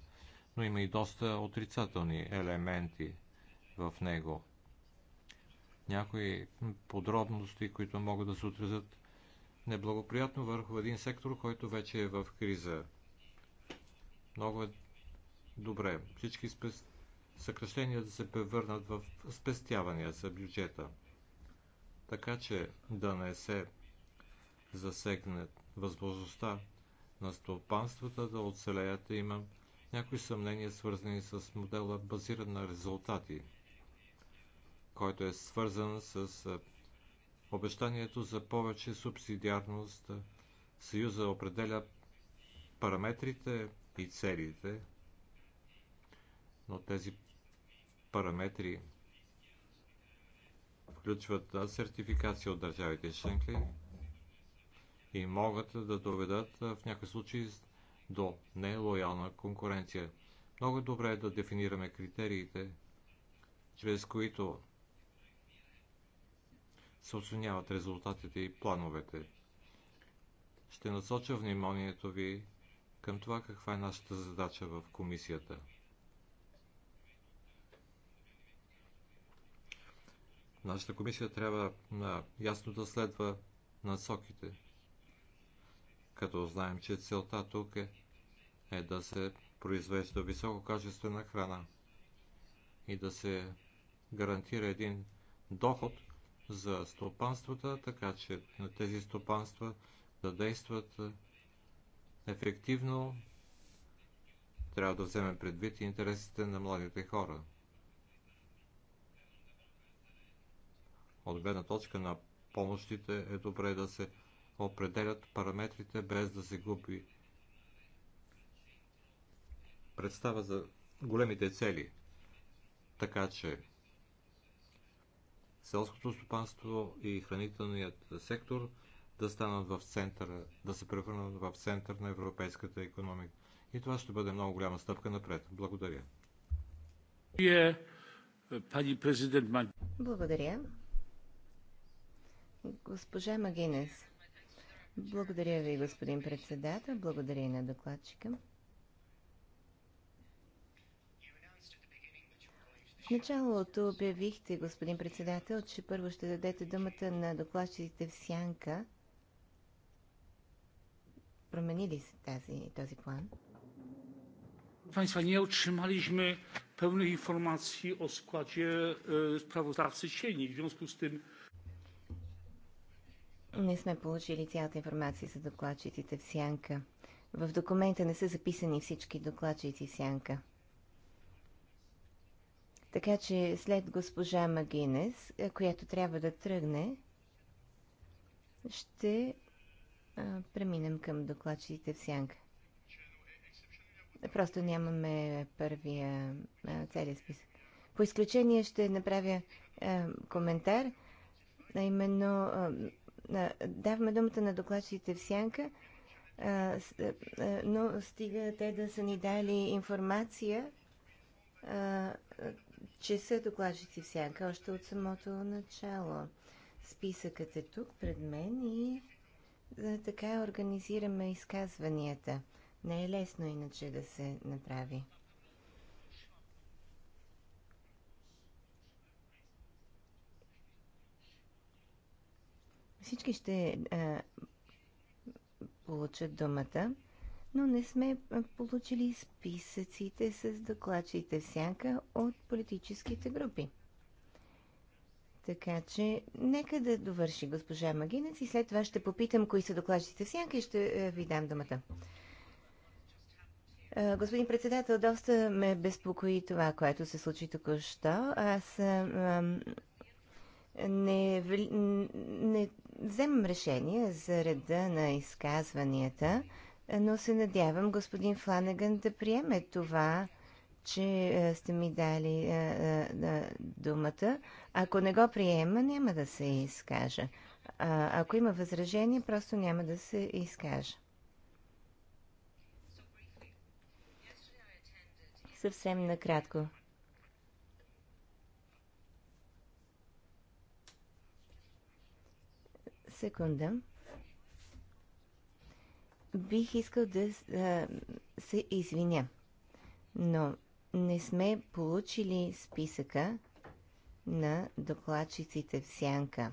Но има и доста отрицателни елементи в него. Някои подробности, които могат да се отразят неблагоприятно върху един сектор, който вече е в криза. Много е добре. Всички спест съкръщения да се превърнат в спестявания за бюджета, така че да не се засегне възможността на стопанствата да оцелеят. Има някои съмнения, свързани с модела базиран на резултати, който е свързан с обещанието за повече субсидиарност. Съюза определя параметрите и целите, но тези параметри включват сертификация от държавите членки и могат да доведат в някои случаи до нелоялна конкуренция. Много е добре е да дефинираме критериите, чрез които се оценяват резултатите и плановете. Ще насоча вниманието ви към това каква е нашата задача в комисията – Нашата комисия трябва на ясно да следва насоките, като знаем, че целта тук е, е да се произвежда висококачествена храна и да се гарантира един доход за стопанствата, така че на тези стопанства да действат ефективно, трябва да вземем предвид интересите на младите хора. От гледна точка на помощите е добре да се определят параметрите без да се губи представа за големите цели. Така че селското стопанство и хранителният сектор да станат в центъра, да се превърнат в център на европейската економика. И това ще бъде много голяма стъпка напред. Благодаря. Благодаря. Госпожа Магинес. Благодаря ви, господин председател. Благодаря и на докладчика. В началото обявихте, господин председател, че първо ще дадете думата на докладчиците в Сянка. Промени ли се тази, този план? Państwa, nie otrzymaliśmy pełnej informacji o składzie e, sprawozdawcy cieni. W związku z tym не сме получили цялата информация за докладчиците в Сянка. В документа не са записани всички докладчици в Сянка. Така че след госпожа Магинес, е, която трябва да тръгне, ще а, е, преминем към докладчиците в Сянка. Просто нямаме първия а, е, целият списък. По изключение ще направя а, коментар, а именно а, даваме думата на докладчиците в сянка, но стига те да са ни дали информация, че са докладчици в сянка още от самото начало. Списъкът е тук пред мен и така организираме изказванията. Не е лесно иначе да се направи. Всички ще а, е, получат думата, но не сме е, получили списъците с докладчите в сянка от политическите групи. Така че, нека да довърши госпожа Магинец и след това ще попитам кои са докладчите в сянка и ще е, ви дам думата. Господин председател, доста ме безпокои това, което се случи току-що. Аз не, не вземам решение за реда на изказванията, но се надявам господин Фланеган да приеме това, че е, сте ми дали а, е, а, е, думата. Ако не го приема, няма да се изкажа. А, ако има възражение, просто няма да се изкажа. Съвсем накратко. Секунда. Бих искал да а, се извиня, но не сме получили списъка на докладчиците в сянка.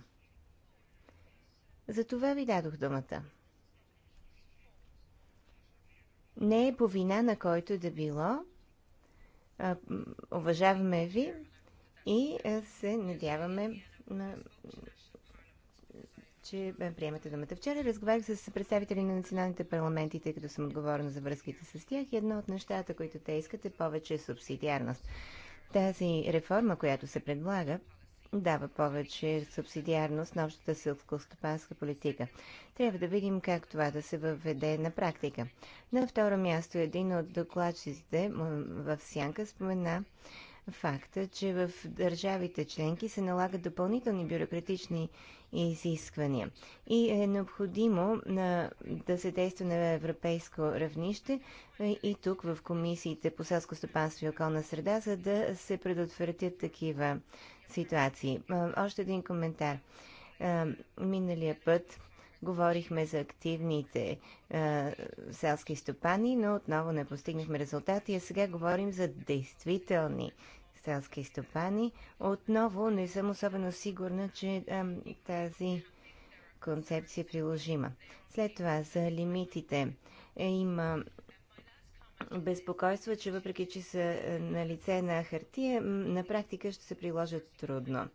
Затова ви дадох думата. Не е по вина на който да било. А, уважаваме ви и се надяваме на че е, приемате думата. Вчера разговарях с представители на националните парламенти, тъй като съм отговорна за връзките с тях и едно от нещата, които те искат е повече субсидиарност. Тази реформа, която се предлага, дава повече субсидиарност на общата селско-стопанска политика. Трябва да видим как това да се въведе на практика. На второ място един от докладчиците в Сянка спомена, факта, че в държавите членки се налагат допълнителни бюрократични изисквания. И е необходимо на, да се действа на европейско равнище и тук в комисиите по селско стопанство и околна среда, за да се предотвратят такива ситуации. Още един коментар. Миналия път Говорихме за активните а, е, селски стопани, но отново не постигнахме резултати. А сега говорим за действителни селски стопани. Отново не съм особено сигурна, че а, е, тази концепция е приложима. След това за лимитите. Е, има безпокойство, че въпреки, че са е, на лице на хартия, на практика ще се приложат трудно.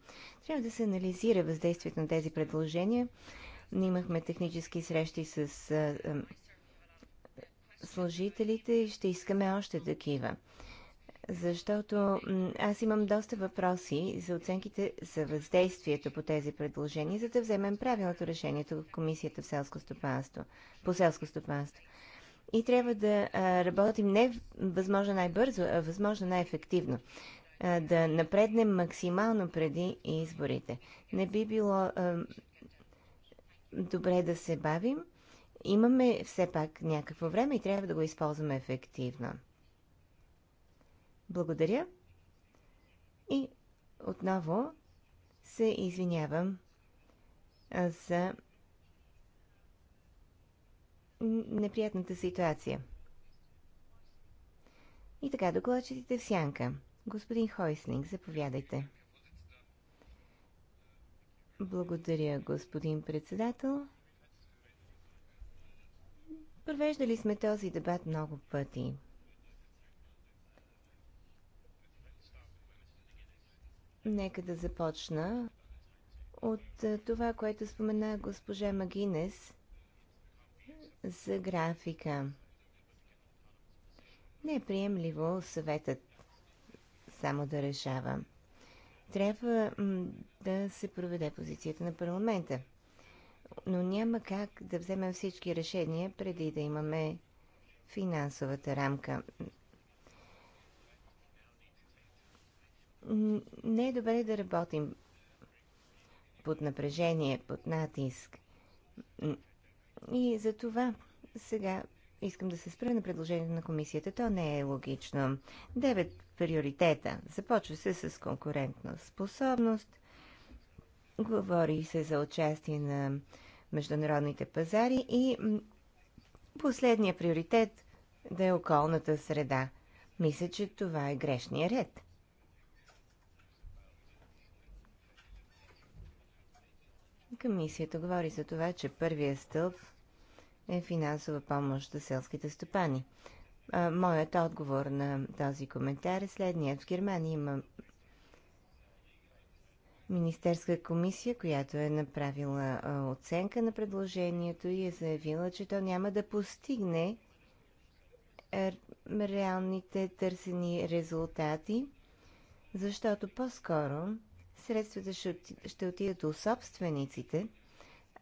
Трябва да се анализира въздействието на тези предложения Имахме технически срещи с служителите и ще искаме още такива. Защото аз имам доста въпроси за оценките за въздействието по тези предложения, за да вземем правилното решение в Комисията в селско стопанство, по селско стопанство. И трябва да работим не възможно най-бързо, а възможно най-ефективно. Да напреднем максимално преди изборите. Не би било добре да се бавим. Имаме все пак някакво време и трябва да го използваме ефективно. Благодаря. И отново се извинявам за неприятната ситуация. И така, докладчетите в сянка. Господин Хойслинг, заповядайте. Благодаря, господин председател. Провеждали сме този дебат много пъти. Нека да започна от това, което спомена госпожа Магинес за графика. Не е приемливо съветът само да решава трябва да се проведе позицията на парламента. Но няма как да вземем всички решения преди да имаме финансовата рамка. Не е добре да работим под напрежение, под натиск. И за това сега Искам да се спра на предложението на комисията. То не е логично. Девет приоритета. Започва се с конкурентна способност. Говори се за участие на международните пазари и последния приоритет да е околната среда. Мисля, че това е грешния ред. Комисията говори за това, че първия стълб – е финансова помощ за селските стопани. Моят отговор на този коментар е следният. В Германия има Министерска комисия, която е направила оценка на предложението и е заявила, че то няма да постигне е, реалните търсени резултати, защото по-скоро средствата ще отидат у собствениците,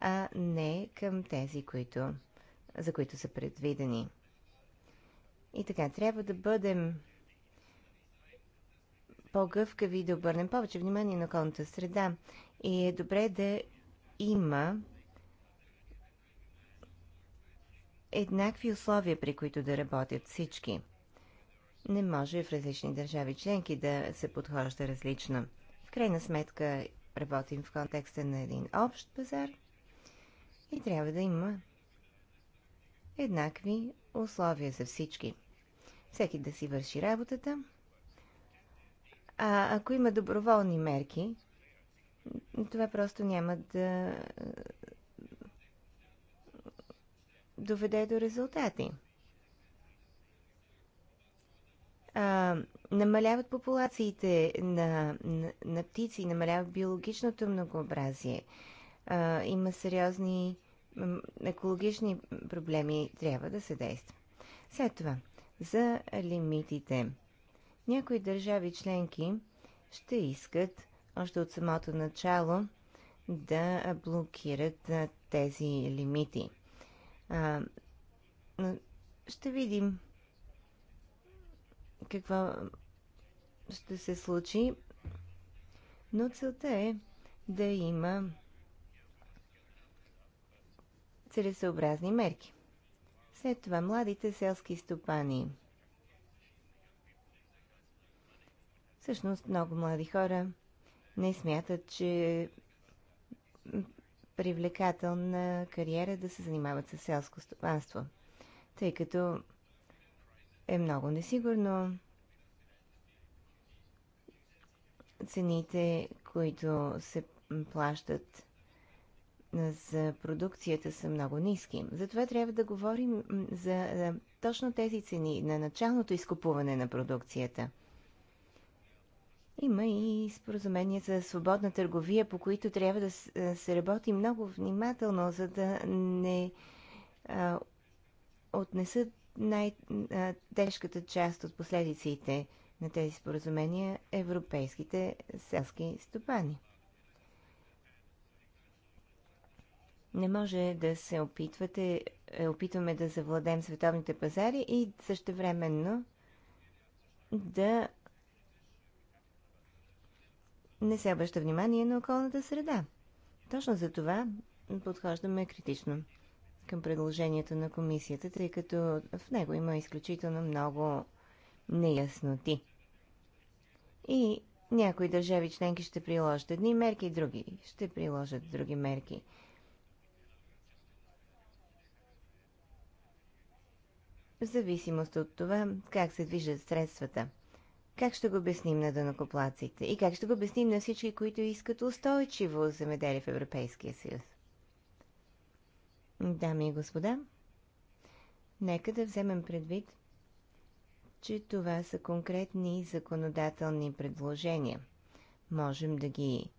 а не към тези, които за които са предвидени. И така, трябва да бъдем по-гъвкави и да обърнем повече внимание на околната среда. И е добре да има еднакви условия, при които да работят всички. Не може в различни държави членки да се подхожда различно. В крайна сметка работим в контекста на един общ пазар и трябва да има еднакви условия за всички. Всеки да си върши работата. А ако има доброволни мерки, това просто няма да доведе до резултати. А, намаляват популациите на, на, на птици, намаляват биологичното многообразие. А, има сериозни екологични проблеми трябва да се действа. След това, за лимитите. Някои държави членки ще искат още от самото начало да блокират тези лимити. А, ще видим какво ще се случи, но целта е да има целесообразни мерки. След това младите селски стопани. Всъщност много млади хора не смятат, че привлекателна кариера да се занимават с селско стопанство, тъй като е много несигурно цените, които се плащат за продукцията са много ниски. Затова трябва да говорим за е, точно тези цени на началното изкупуване на продукцията. Има и споразумения за свободна търговия, по които трябва да е, се работи много внимателно, за да не а, е, отнесат най-тежката част от последиците на тези споразумения европейските селски стопани. Не може да се опитвате, е, опитваме да завладем световните пазари и същевременно да не се обръща внимание на околната среда. Точно за това подхождаме критично към предложението на комисията, тъй като в него има изключително много неясноти. И някои държави членки ще приложат едни мерки, други ще приложат други мерки. в зависимост от това как се движат средствата. Как ще го обясним на дънокоплаците и как ще го обясним на всички, които искат устойчиво замедели в Европейския съюз? Дами и господа, нека да вземем предвид, че това са конкретни законодателни предложения. Можем да ги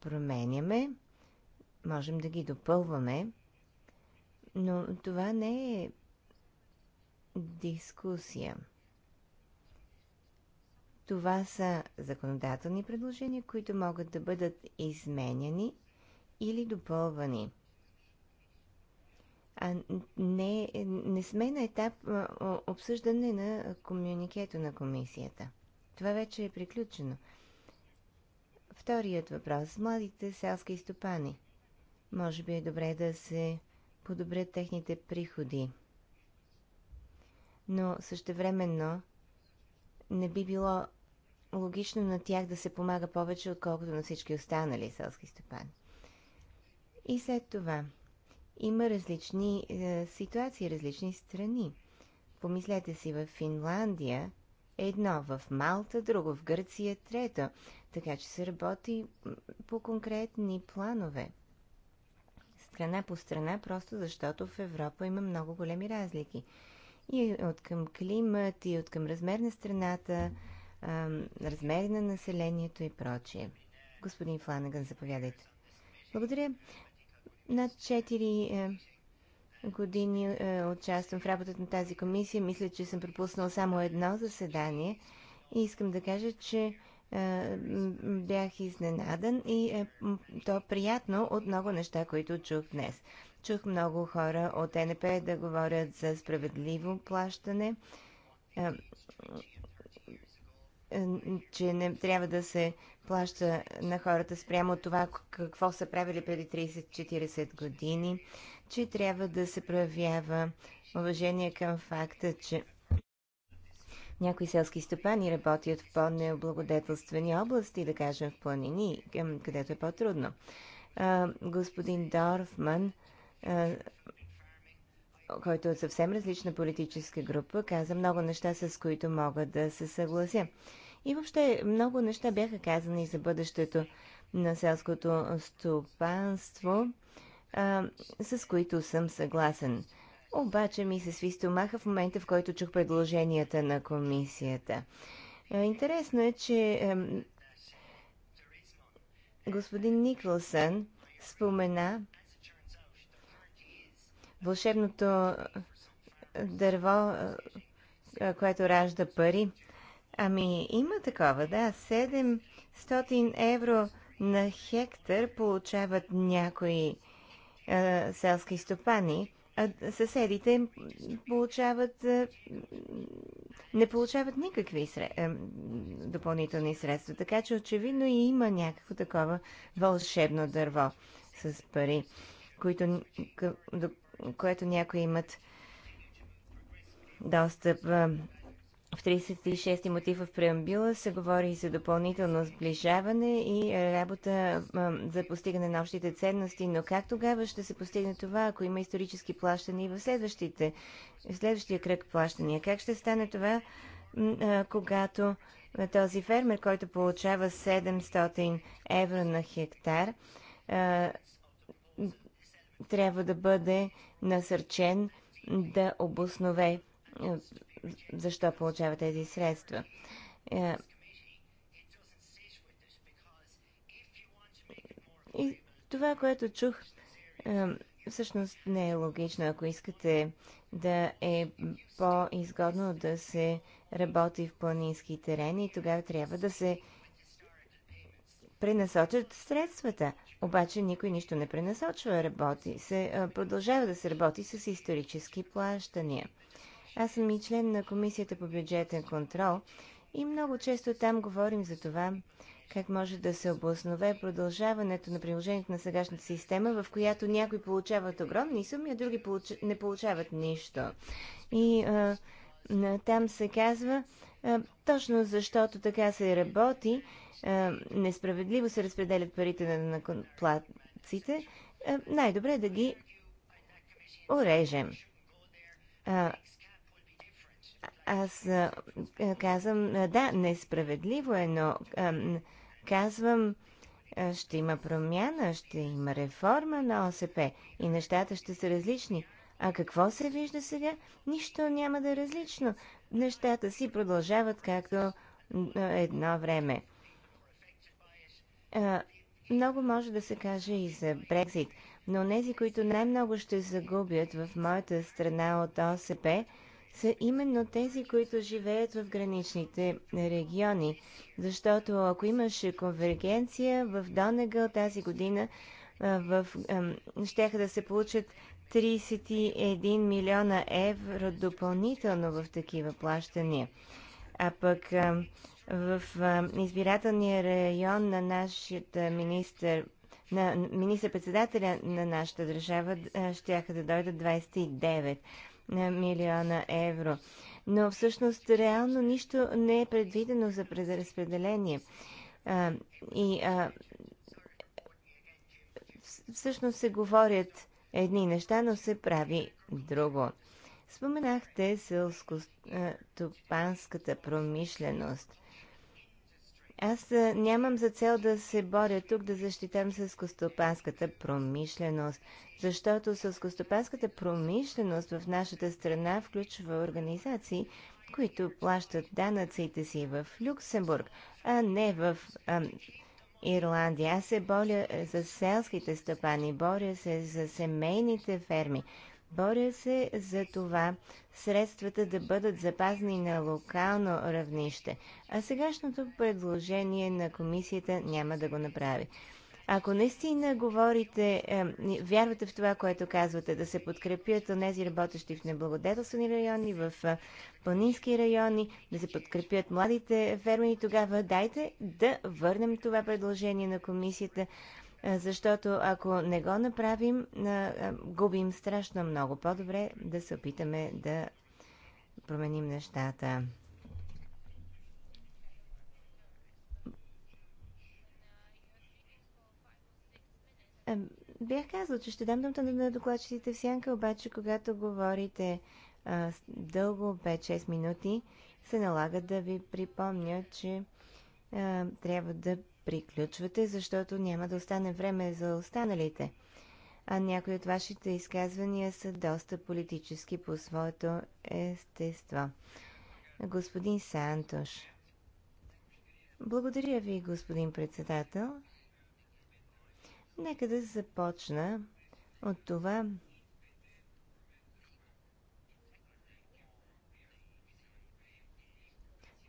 променяме, можем да ги допълваме, но това не е дискусия. Това са законодателни предложения, които могат да бъдат изменяни или допълвани. А не, не сме на етап обсъждане на комюникето на комисията. Това вече е приключено. Вторият въпрос. Младите селски стопани. Може би е добре да се подобрят техните приходи но същевременно не би било логично на тях да се помага повече, отколкото на всички останали селски стопани. И след това има различни е, ситуации, различни страни. Помислете си, в Финландия едно, в Малта друго, в Гърция трето. Така че се работи по конкретни планове. Страна по страна, просто защото в Европа има много големи разлики и от към климат, и от към размер на страната, размери на населението и прочие. Господин Фланаган, заповядайте. Благодаря. Над 4 е, години е, участвам в работата на тази комисия. Мисля, че съм пропуснал само едно заседание и искам да кажа, че е, бях изненадан и то приятно от много неща, които чух днес. Чух много хора от НП да говорят за справедливо плащане, че не трябва да се плаща на хората спрямо това какво са правили преди 30-40 години, че трябва да се проявява уважение към факта, че някои селски стопани работят в по-необлагодетелствени области, да кажем в планини, където е по-трудно. Господин Дорфман който от е съвсем различна политическа група, каза много неща, с които мога да се съглася. И въобще много неща бяха казани за бъдещето на селското стопанство, с които съм съгласен. Обаче ми се сви стомаха в момента, в който чух предложенията на комисията. Интересно е, че господин Никълсън спомена вълшебното дърво, което ражда пари. Ами, има такова, да. 700 евро на хектар получават някои а, селски стопани, а съседите получават, а, не получават никакви сред, а, допълнителни средства. Така че очевидно и има някакво такова вълшебно дърво с пари, които, което някои имат достъп. В 36-ти мотив в преамбюла се говори и за допълнително сближаване и работа за постигане на общите ценности, но как тогава ще се постигне това, ако има исторически плащания и в, следващите, в следващия кръг плащания? Как ще стане това, когато този фермер, който получава 700 евро на хектар, трябва да бъде насърчен да обоснове е, защо получава тези средства. Е, и това, което чух, е, всъщност не е логично. Ако искате да е по-изгодно да се работи в планински терени, тогава трябва да се пренасочат средствата, обаче никой нищо не пренасочва, работи се, продължава да се работи с исторически плащания. Аз съм и член на Комисията по бюджетен контрол и много често там говорим за това, как може да се обоснове продължаването на приложението на сегашната система, в която някои получават огромни суми, а други получ... не получават нищо. И а, там се казва, е, точно защото така се работи, е, несправедливо се разпределят парите на накоплаците, е, най-добре е да ги орежем. Аз казвам, да, несправедливо е, но казвам, ще има промяна, ще има реформа на ОСП и нещата ще са различни. А какво се вижда сега? Нищо няма да е различно нещата си продължават както е, едно време. Много може да се каже и за Брекзит, но тези, които най-много ще загубят в моята страна от ОСП, са именно тези, които живеят в граничните региони. Защото ако имаше конвергенция в Донегъл тази година, в, ем, да се получат 31 милиона евро допълнително в такива плащания. А пък в избирателния район на нашата министър на министър-председателя на нашата държава ще да дойдат 29 милиона евро. Но всъщност реално нищо не е предвидено за преразпределение. И а, всъщност се говорят едни неща, но се прави друго. Споменахте селско-топанската промишленост. Аз нямам за цел да се боря тук да защитам селскостопанската промишленост, защото селскостопанската промишленост в нашата страна включва организации, които плащат данъците си в Люксембург, а не в а, Ирландия. Аз се боря е, за селските стъпани, боря се за семейните ферми, боря се за това средствата да бъдат запазни на локално равнище. А сегашното предложение на комисията няма да го направи. Ако наистина говорите, вярвате в това, което казвате, да се подкрепят онези работещи в неблагодетелствени райони, в е, планински райони, да се подкрепят младите фермери, тогава дайте да върнем това предложение на комисията, е, защото ако не го направим, е, губим страшно много. По-добре да се опитаме да променим нещата. Е, бях казал, че ще дам думата на докладчиците в сянка, обаче когато говорите а, дълго, 5-6 минути, се налага да ви припомня, че а, трябва да приключвате, защото няма да остане време за останалите. А някои от вашите изказвания са доста политически по своето естество. Господин Сантош. Благодаря ви, господин председател. Нека да започна от това,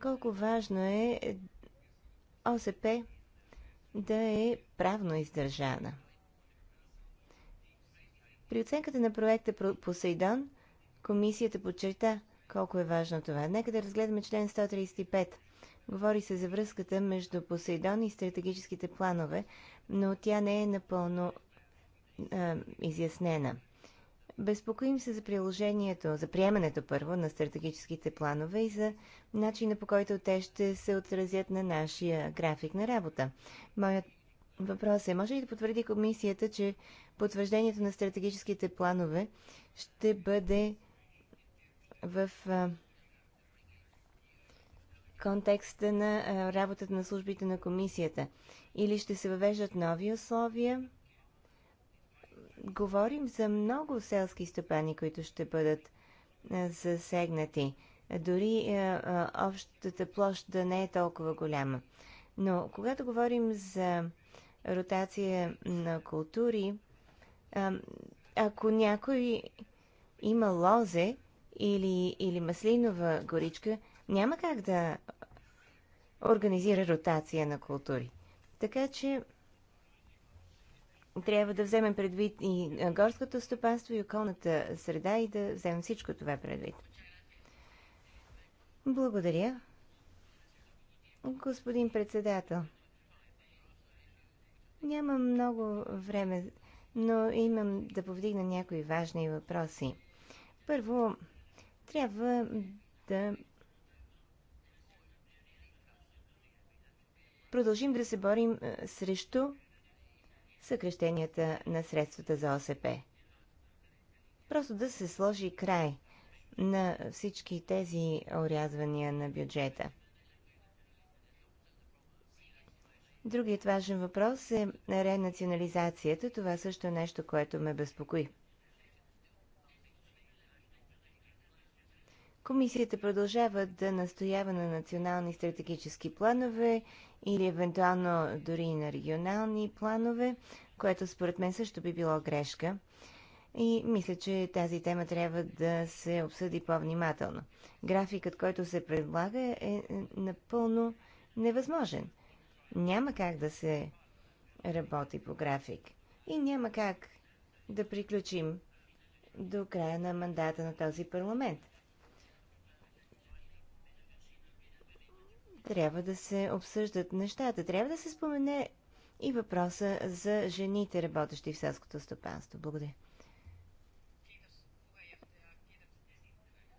колко важно е ОСП да е правно издържана. При оценката на проекта Посейдон, комисията подчерта колко е важно това. Нека да разгледаме член 135. Говори се за връзката между Посейдон и стратегическите планове, но тя не е напълно е, изяснена. Безпокоим се за приложението, за приемането първо на стратегическите планове и за начина по който те ще се отразят на нашия график на работа. Моят въпрос е, може ли да потвърди комисията, че потвърждението на стратегическите планове ще бъде в а, контекста на е, работата на службите на комисията? Или ще се въвеждат нови условия? Говорим за много селски стопани, които ще бъдат е, засегнати. Дори е, общата площ да не е толкова голяма. Но когато говорим за ротация на култури, ако някой има лозе или, или маслинова горичка, няма как да организира ротация на култури. Така че трябва да вземем предвид и горското стопанство и околната среда и да вземем всичко това предвид. Благодаря. Господин председател, нямам много време, но имам да повдигна някои важни въпроси. Първо, трябва да продължим да се борим е, срещу съкрещенията на средствата за ОСП. Просто да се сложи край на всички тези орязвания на бюджета. Другият важен въпрос е ренационализацията. Това също е нещо, което ме безпокои. Комисията продължава да настоява на национални стратегически планове или евентуално дори на регионални планове, което според мен също би било грешка. И мисля, че тази тема трябва да се обсъди по-внимателно. Графикът, който се предлага, е напълно невъзможен. Няма как да се работи по график. И няма как да приключим до края на мандата на този парламент. трябва да се обсъждат нещата. Трябва да се спомене и въпроса за жените, работещи в селското стопанство. Благодаря.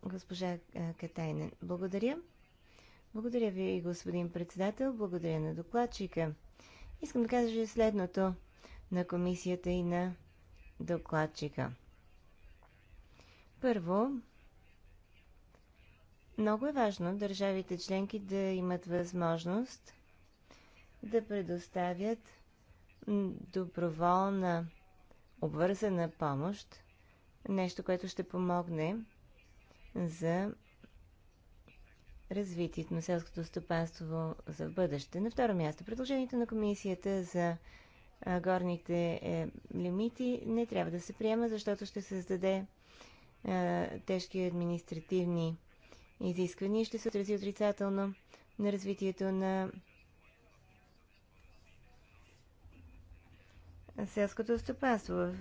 Госпожа Катайнен, благодаря. Благодаря ви, господин председател. Благодаря на докладчика. Искам да кажа следното на комисията и на докладчика. Първо, много е важно държавите членки да имат възможност да предоставят доброволна обвързана помощ, нещо, което ще помогне за развитието на селското стопанство за бъдеще. На второ място, предложението на комисията за горните е, лимити не трябва да се приема, защото ще създаде тежки административни изисквания ще се отрази отрицателно на развитието на селското стопанство. В,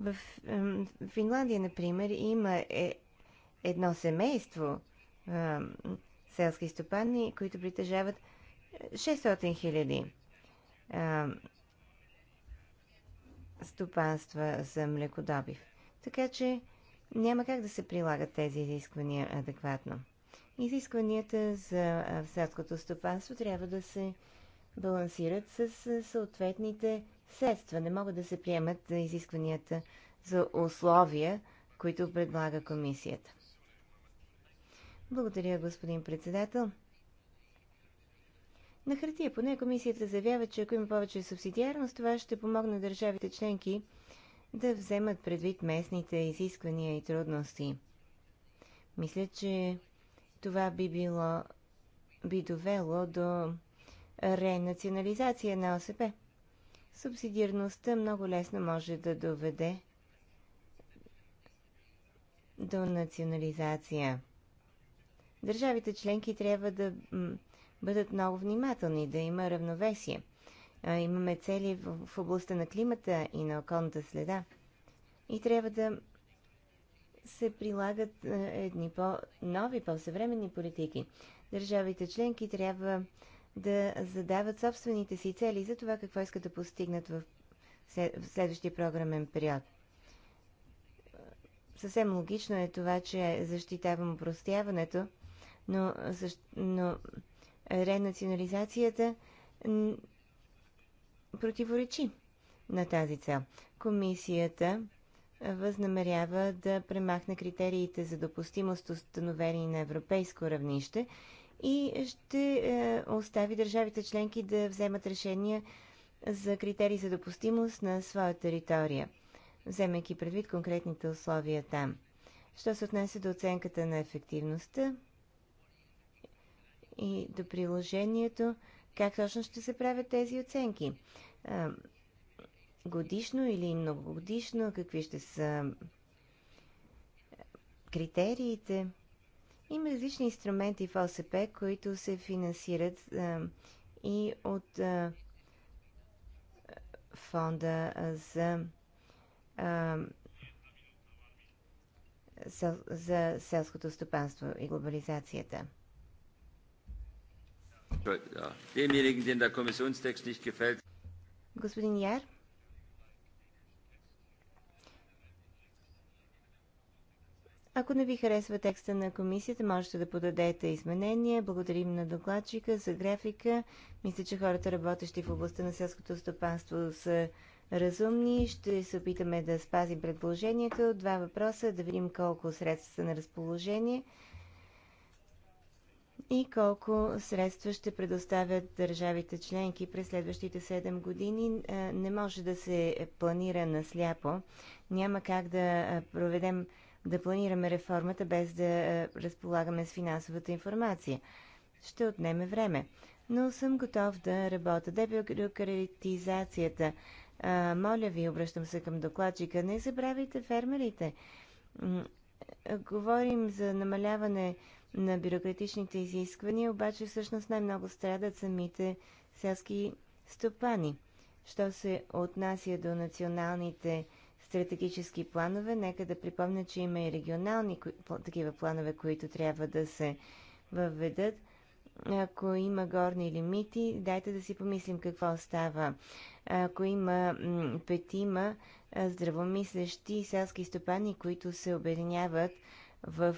в, в Финландия, например, има е, едно семейство е, селски стопани, които притежават 600 хиляди стопанства за млекодобив. Така че няма как да се прилагат тези изисквания адекватно. Изискванията за селското стопанство трябва да се балансират с съответните средства. Не могат да се приемат изискванията за условия, които предлага комисията. Благодаря, господин председател. На хартия поне комисията заявява, че ако има повече субсидиарност, това ще помогне държавите членки да вземат предвид местните изисквания и трудности. Мисля, че това би било би довело до ренационализация на ОСП. Субсидирността много лесно може да доведе до национализация. Държавите членки трябва да бъдат много внимателни, да има равновесие – Имаме цели в областта на климата и на околната следа. И трябва да се прилагат едни по-нови, по-съвременни политики. Държавите членки трябва да задават собствените си цели за това какво искат да постигнат в следващия програмен период. Съвсем логично е това, че защитавам упростяването, но, но ренационализацията противоречи на тази цел. Комисията възнамерява да премахне критериите за допустимост, установени на европейско равнище и ще е, остави държавите членки да вземат решения за критерии за допустимост на своя територия, вземайки предвид конкретните условия там. Що се отнесе до оценката на ефективността и до приложението, как точно ще се правят тези оценки? Годишно или многогодишно? Какви ще са критериите? Има различни инструменти в ОСП, които се финансират и от фонда за за селското стопанство и глобализацията. Господин Яр. Ако не ви харесва текста на комисията, можете да подадете изменения. Благодарим на докладчика за графика. Мисля, че хората, работещи в областта на селското стопанство, са разумни. Ще се опитаме да спазим предложението. Два въпроса, да видим колко средства са на разположение – и колко средства ще предоставят държавите членки през следващите 7 години. Е, не може да се планира насляпо. Няма как да е, проведем, да планираме реформата без да е, разполагаме с финансовата информация. Ще отнеме време. Но съм готов да работя. Дебюкаритизацията. Моля ви, обръщам се към докладчика, не забравяйте фермерите. Говорим за намаляване на бюрократичните изисквания, обаче всъщност най-много страдат самите селски стопани. Що се отнася до националните стратегически планове, нека да припомня, че има и регионални такива планове, които трябва да се въведат. Ако има горни лимити, дайте да си помислим какво става. Ако има петима здравомислещи селски стопани, които се обединяват в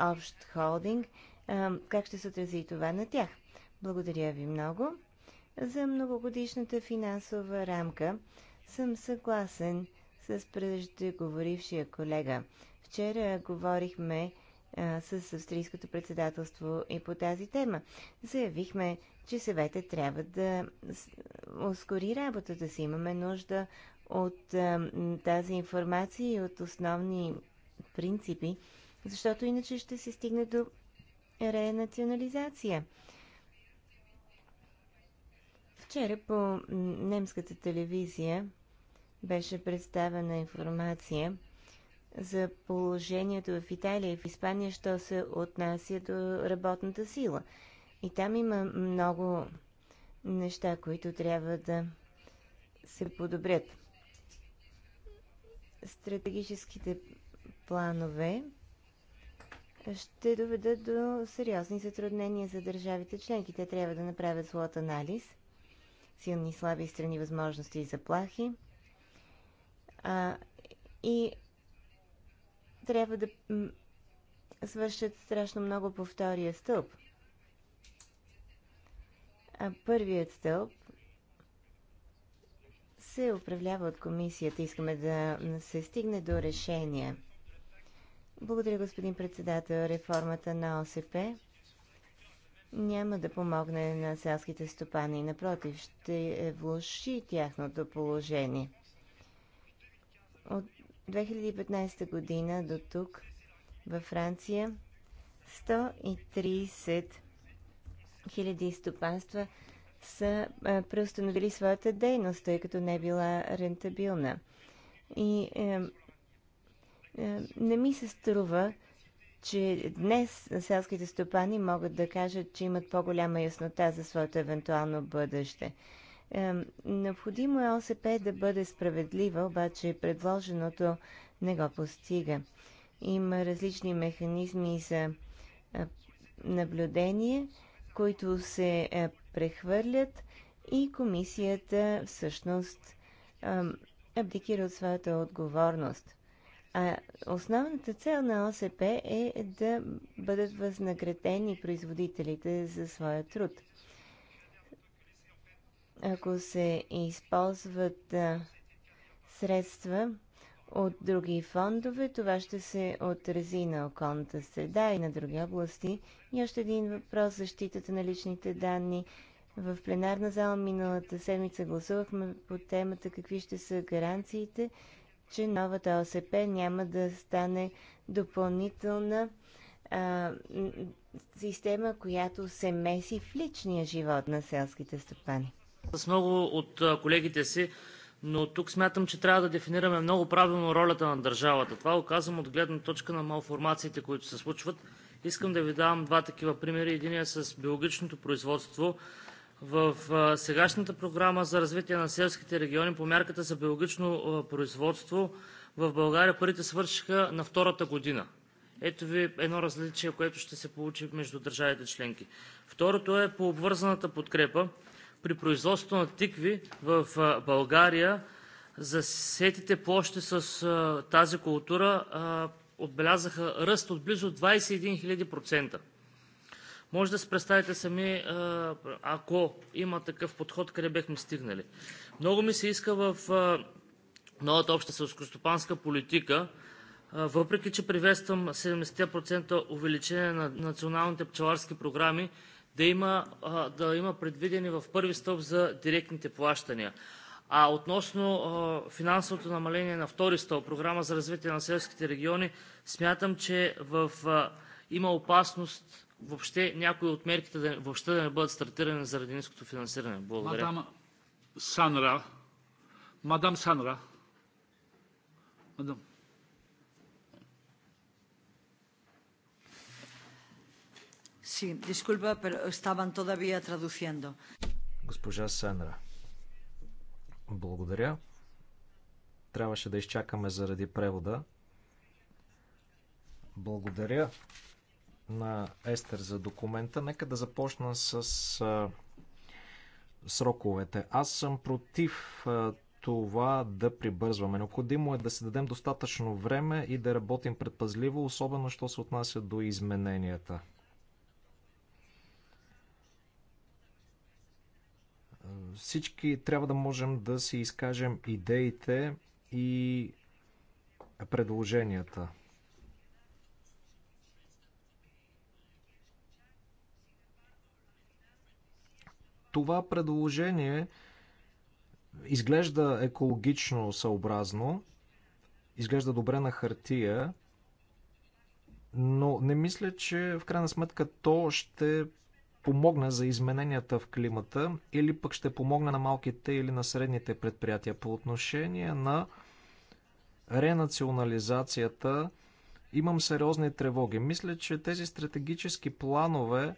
общ холдинг, как ще се отрази това на тях? Благодаря ви много. За многогодишната финансова рамка съм съгласен с преждеговорившия колега. Вчера говорихме а, с австрийското председателство и по тази тема. Заявихме, че съвета трябва да ускори работата си. Имаме нужда от а, тази информация и от основни принципи, защото иначе ще се стигне до ренационализация. Вчера по немската телевизия беше представена информация за положението в Италия и в Испания, що се отнася до работната сила. И там има много неща, които трябва да се подобрят. Стратегическите планове ще доведат до сериозни затруднения за държавите членки. Те трябва да направят своят анализ, силни и слаби страни, възможности и заплахи. А, и трябва да свършат страшно много по втория стълб. А първият стълб се управлява от комисията. Искаме да се стигне до решение – благодаря, господин председател. Реформата на ОСП няма да помогне на селските стопани. Напротив, ще влуши тяхното положение. От 2015 година до тук във Франция 130 хиляди стопанства са преустановили своята дейност, тъй като не е била рентабилна. И е, е, не ми се струва, че днес селските стопани могат да кажат, че имат по-голяма яснота за своето евентуално бъдеще. Е, необходимо е ОСП да бъде справедлива, обаче предложеното не го постига. Има различни механизми за е, наблюдение, които се прехвърлят и комисията всъщност абдикира от своята отговорност. А основната цел на ОСП е да бъдат възнаградени производителите за своя труд. Ако се използват средства от други фондове, това ще се отрази на околната среда и на други области. И още един въпрос защитата на личните данни. В пленарна зала миналата седмица гласувахме по темата какви ще са гаранциите че новата ОСП няма да стане допълнителна а, система, която се меси в личния живот на селските стопани. С много от колегите си, но тук смятам, че трябва да дефинираме много правилно ролята на държавата. Това го казвам от гледна точка на малформациите, които се случват. Искам да ви дам два такива примери: Единият е с биологичното производство. В сегашната Програма за развитие на селските региони по мярката за биологично производство в България парите свършиха на втората година. Ето ви едно различие, което ще се получи между държавите членки. Второто е по обвързаната подкрепа. При производството на тикви в България засетите площи с тази култура отбелязаха ръст от близо 21 000%. Може да се представите сами, ако има такъв подход, къде бехме стигнали. Много ми се иска в новата обща селскостопанска политика въпреки, че приветствам 70% увеличение на националните пчеларски програми, да има, да има предвидени в първи стълб за директните плащания. А относно финансовото намаление на втори стълб, програма за развитие на селските региони, смятам, че в, има опасност въобще някои от мерките да, въобще да не бъдат стартирани заради ниското финансиране? Благодаря. Мадам Санра. Мадам Санра. Мадам. Sí, disculpa, pero estaban todavía traduciendo. Госпожа Санра. Благодаря. Трябваше да изчакаме заради превода. Благодаря на Естер за документа. Нека да започна с а, сроковете. Аз съм против а, това да прибързваме. Необходимо е да се дадем достатъчно време и да работим предпазливо, особено що се отнася до измененията. Всички трябва да можем да си изкажем идеите и предложенията. Това предложение изглежда екологично съобразно, изглежда добре на хартия, но не мисля, че в крайна сметка то ще помогне за измененията в климата или пък ще помогне на малките или на средните предприятия. По отношение на ренационализацията имам сериозни тревоги. Мисля, че тези стратегически планове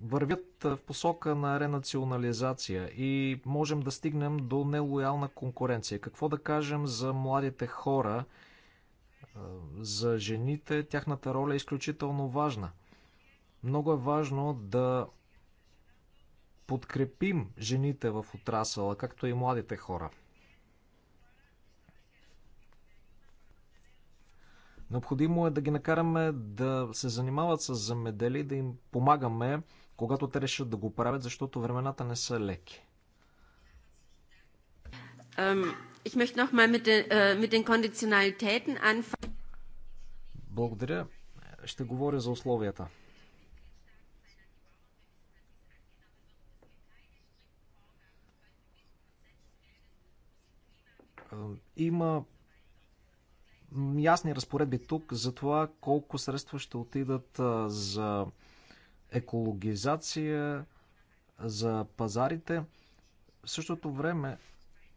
вървят в посока на ренационализация и можем да стигнем до нелоялна конкуренция. Какво да кажем за младите хора, за жените? Тяхната роля е изключително важна. Много е важно да подкрепим жените в отрасъла, както и младите хора. Необходимо е да ги накараме да се занимават с замедели, да им помагаме, когато те решат да го правят, защото времената не са леки. Äh, Благодаря. Ще говоря за условията. Има ясни разпоредби тук за това колко средства ще отидат за екологизация, за пазарите. В същото време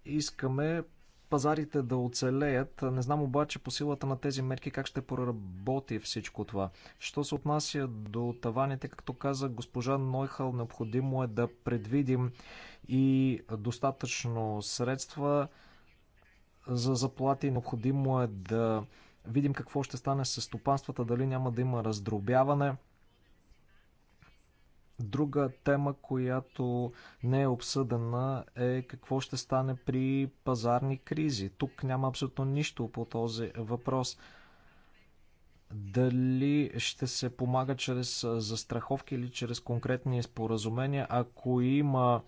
искаме пазарите да оцелеят. Не знам обаче по силата на тези мерки как ще проработи всичко това. Що се отнася до таваните, както каза госпожа Нойхал, необходимо е да предвидим и достатъчно средства за заплати. Необходимо е да видим какво ще стане с стопанствата, дали няма да има раздробяване. Друга тема, която не е обсъдена е какво ще стане при пазарни кризи. Тук няма абсолютно нищо по този въпрос. Дали ще се помага чрез застраховки или чрез конкретни споразумения, ако има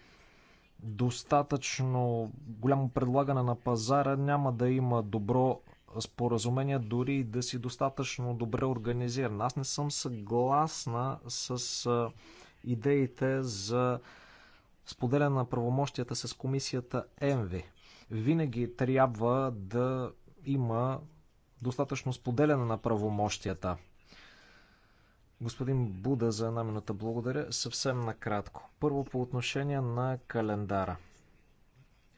достатъчно голямо предлагане на пазара, няма да има добро споразумение, дори да си достатъчно добре организиран. Аз не съм съгласна с идеите за споделяне на правомощията с комисията ЕМВИ. Винаги трябва да има достатъчно споделяне на правомощията. Господин Буда за една минута благодаря. Съвсем накратко. Първо по отношение на календара.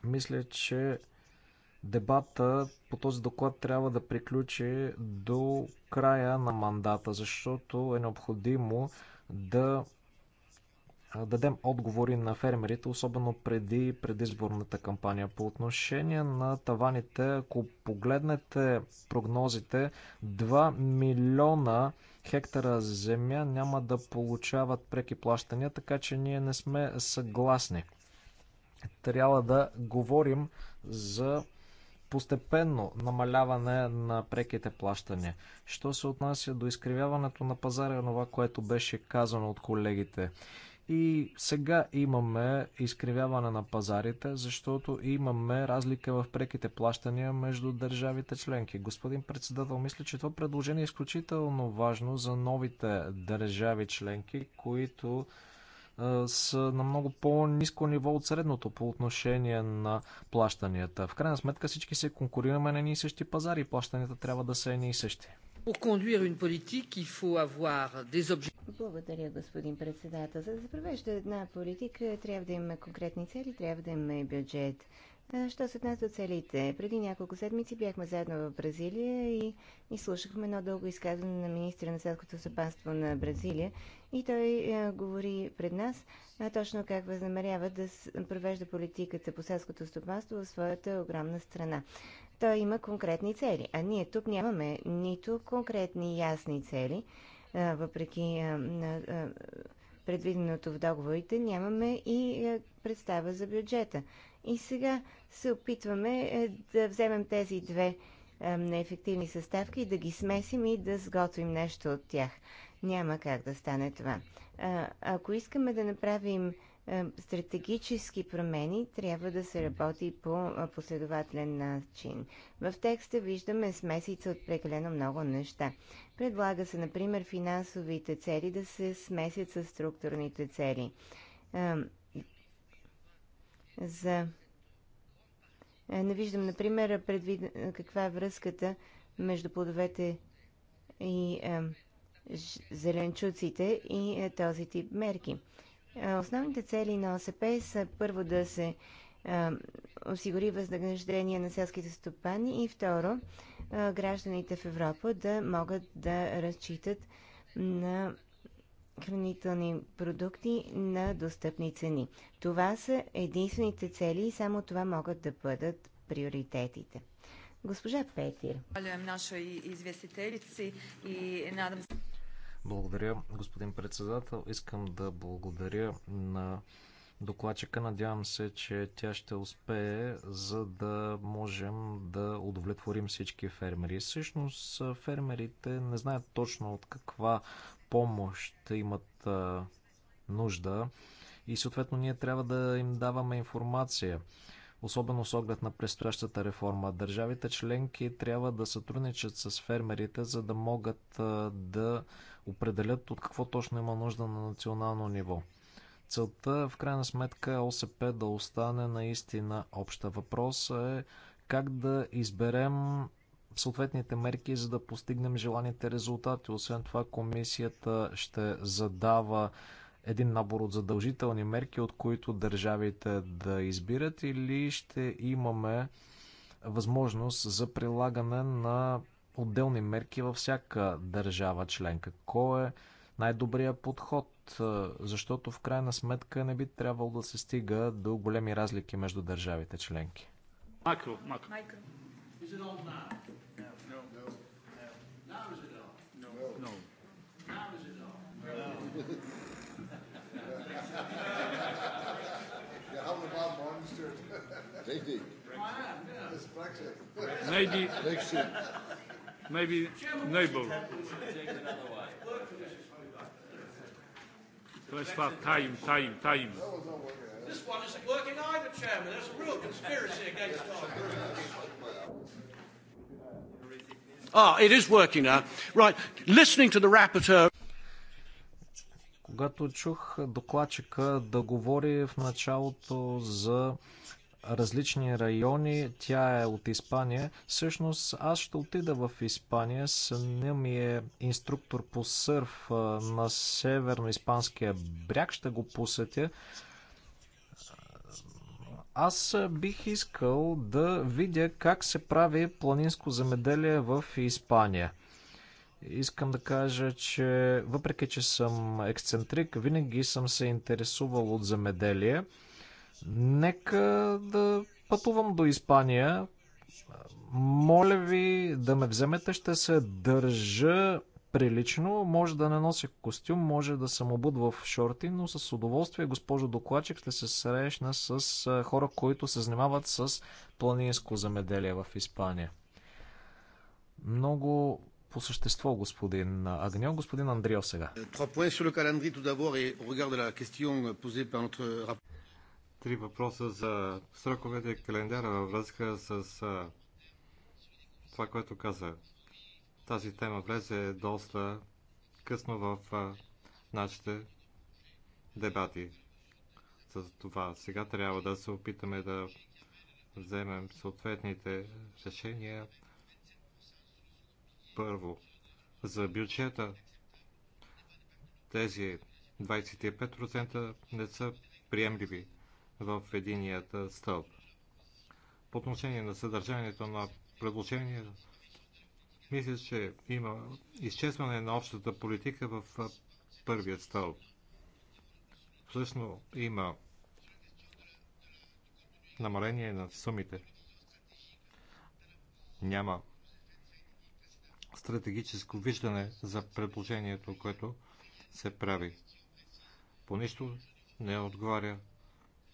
Мисля, че дебата по този доклад трябва да приключи до края на мандата, защото е необходимо да дадем отговори на фермерите, особено преди предизборната кампания. По отношение на таваните, ако погледнете прогнозите, 2 милиона хектара земя няма да получават преки плащания, така че ние не сме съгласни. Трябва да говорим за постепенно намаляване на преките плащания. Що се отнася до изкривяването на пазара, това, е което беше казано от колегите. И сега имаме изкривяване на пазарите, защото имаме разлика в преките плащания между държавите членки. Господин председател, мисля, че това предложение е изключително важно за новите държави членки, които са на много по-низко ниво от средното по отношение на плащанията. В крайна сметка всички се конкурираме на едни и същи пазари и плащанията трябва да са едни и същи. Pour conduire une politique, il faut avoir des objectifs благодаря, господин председател. За да се провежда една политика, трябва да има конкретни цели, трябва да има и бюджет. Що се отнася до целите? Преди няколко седмици бяхме заедно в Бразилия и, и слушахме едно дълго изказване на министра на селското стопанство на Бразилия. И той е, говори пред нас е, точно как възнамерява да провежда политиката по селското стопанство в своята огромна страна. Той има конкретни цели, а ние тук нямаме нито конкретни ясни цели, въпреки предвиденото в договорите, нямаме и представа за бюджета. И сега се опитваме е, да вземем тези две неефективни съставки и да ги смесим и да сготвим нещо от тях. Няма как да стане това. Ако искаме да направим стратегически промени трябва да се работи по последователен начин. В текста виждаме смесица от прекалено много неща. Предлага се, например, финансовите цели да се смесят с структурните цели. За... Е, не виждам, например, предвид... Е, каква е връзката между плодовете и зеленчуците и е, този тип мерки. Е, основните цели на ОСП са първо да се а, е, осигури възнаграждение на селските стопани и второ а, е, гражданите в Европа да могат да разчитат на хранителни продукти на достъпни цени. Това са единствените цели и само това могат да бъдат приоритетите. Госпожа Петир. Благодаря našoj izvjestiteljici и надам се. Благодаря, господин председател. Искам да благодаря на докладчика. Надявам се, че тя ще успее, за да можем да удовлетворим всички фермери. Всъщност фермерите не знаят точно от каква помощ имат нужда и съответно ние трябва да им даваме информация особено с оглед на предстоящата реформа. Държавите членки трябва да сътрудничат с фермерите, за да могат да определят от какво точно има нужда на национално ниво. Целта в крайна сметка е ОСП да остане наистина обща. Въпрос е как да изберем съответните мерки, за да постигнем желаните резултати. Освен това, комисията ще задава един набор от задължителни мерки, от които държавите да избират или ще имаме възможност за прилагане на отделни мерки във всяка държава членка? Кой е най-добрият подход? Защото в крайна сметка не би трябвало да се стига до големи разлики между държавите членки. Макро, макро. Майкро. No. Maybe. It's practice. Maybe. Next year. Maybe neighbor. So let's start time, time, time. This one isn't working either, Chairman. There's a real conspiracy against time. Ah, it is working now. Right, listening to the rapporteur. Когато чух докладчика да говори в началото за различни райони, тя е от Испания. Всъщност аз ще отида в Испания, съня ми е инструктор по сърф на северно-испанския бряг, ще го посетя. Аз бих искал да видя как се прави планинско земеделие в Испания. Искам да кажа, че въпреки, че съм ексцентрик, винаги съм се интересувал от земеделие. Нека да пътувам до Испания. Моля ви да ме вземете, ще се държа прилично. Може да не нося костюм, може да съм обуд в шорти, но с удоволствие, госпожо докладчик, ще се срещна с хора, които се занимават с планинско замеделие в Испания. Много по същество, господин Агньо. Господин Андрио сега три въпроса за сроковете и календара във връзка с а, това, което каза. Тази тема влезе доста късно в а, нашите дебати. За това сега трябва да се опитаме да вземем съответните решения. Първо, за бюджета тези 25% не са приемливи в единият стълб. По отношение на съдържанието на предложения, мисля, че има изчезване на общата политика в първият стълб. Всъщност има намаление на сумите. Няма стратегическо виждане за предложението, което се прави. По нищо не отговаря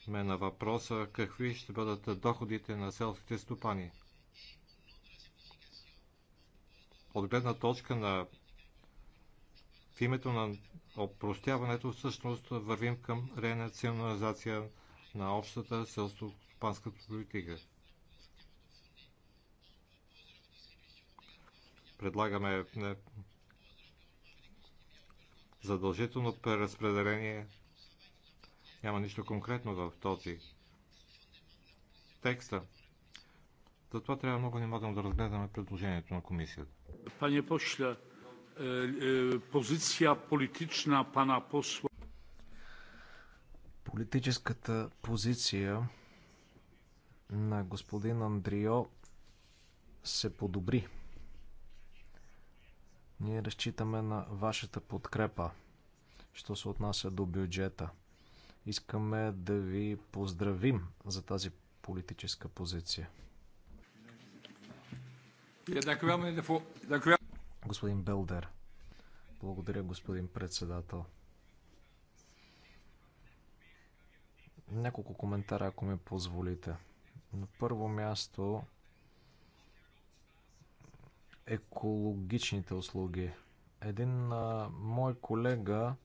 ме на въпроса какви ще бъдат доходите на селските стопани. От гледна точка на в името на опростяването всъщност вървим към ренационализация на общата селско-стопанска политика. Предлагаме е, задължително преразпределение няма нищо конкретно в този текста. Затова трябва много внимателно да разгледаме предложението на комисията. Пане Пошля, е, е, позиция политична пана посла. Политическата позиция на господин Андрио се подобри. Ние разчитаме на вашата подкрепа, що се отнася до бюджета – Искаме да ви поздравим за тази политическа позиция. Господин Белдер. Благодаря, господин председател. Няколко коментара, ако ми позволите. На първо място екологичните услуги. Един а, мой колега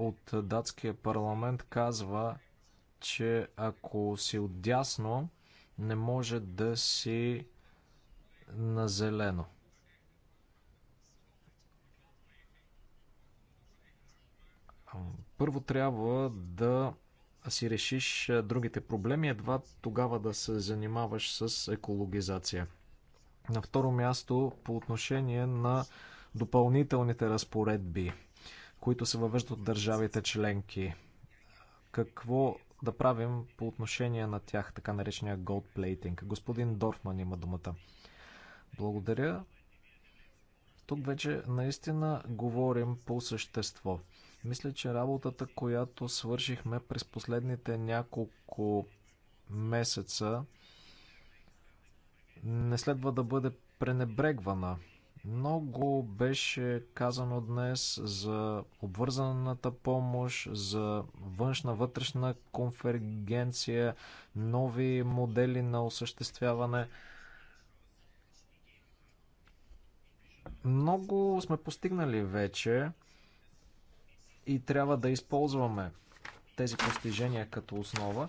от датския парламент казва, че ако си отдясно, не може да си на зелено. Първо трябва да си решиш е, другите проблеми, едва тогава да се занимаваш с екологизация. На второ място, по отношение на допълнителните разпоредби – които се въвеждат от държавите членки. Какво да правим по отношение на тях, така наречения gold plating? Господин Дорфман има думата. Благодаря. Тук вече наистина говорим по същество. Мисля, че работата, която свършихме през последните няколко месеца, не следва да бъде пренебрегвана. Много беше казано днес за обвързаната помощ, за външна-вътрешна конвергенция, нови модели на осъществяване. Много сме постигнали вече и трябва да използваме тези постижения като основа.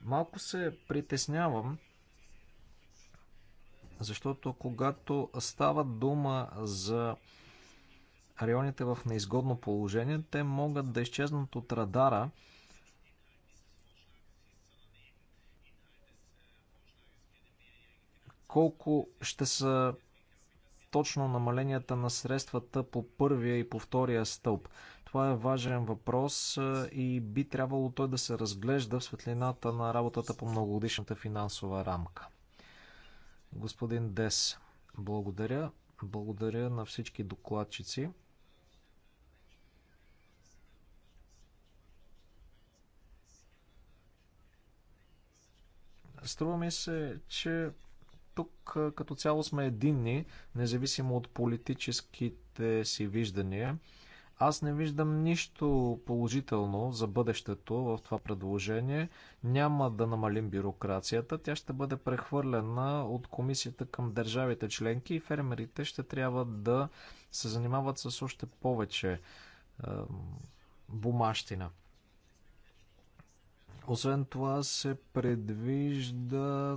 Малко се притеснявам, защото когато става дума за районите в неизгодно положение, те могат да изчезнат от радара. Колко ще са точно намаленията на средствата по първия и по втория стълб? Това е важен въпрос и би трябвало той да се разглежда в светлината на работата по многогодишната финансова рамка. Господин Дес, благодаря. Благодаря на всички докладчици. Струва ми се, че тук като цяло сме единни, независимо от политическите си виждания. Аз не виждам нищо положително за бъдещето в това предложение. Няма да намалим бюрокрацията. Тя ще бъде прехвърлена от комисията към държавите членки и фермерите ще трябва да се занимават с още повече е, бумащина. Освен това се предвижда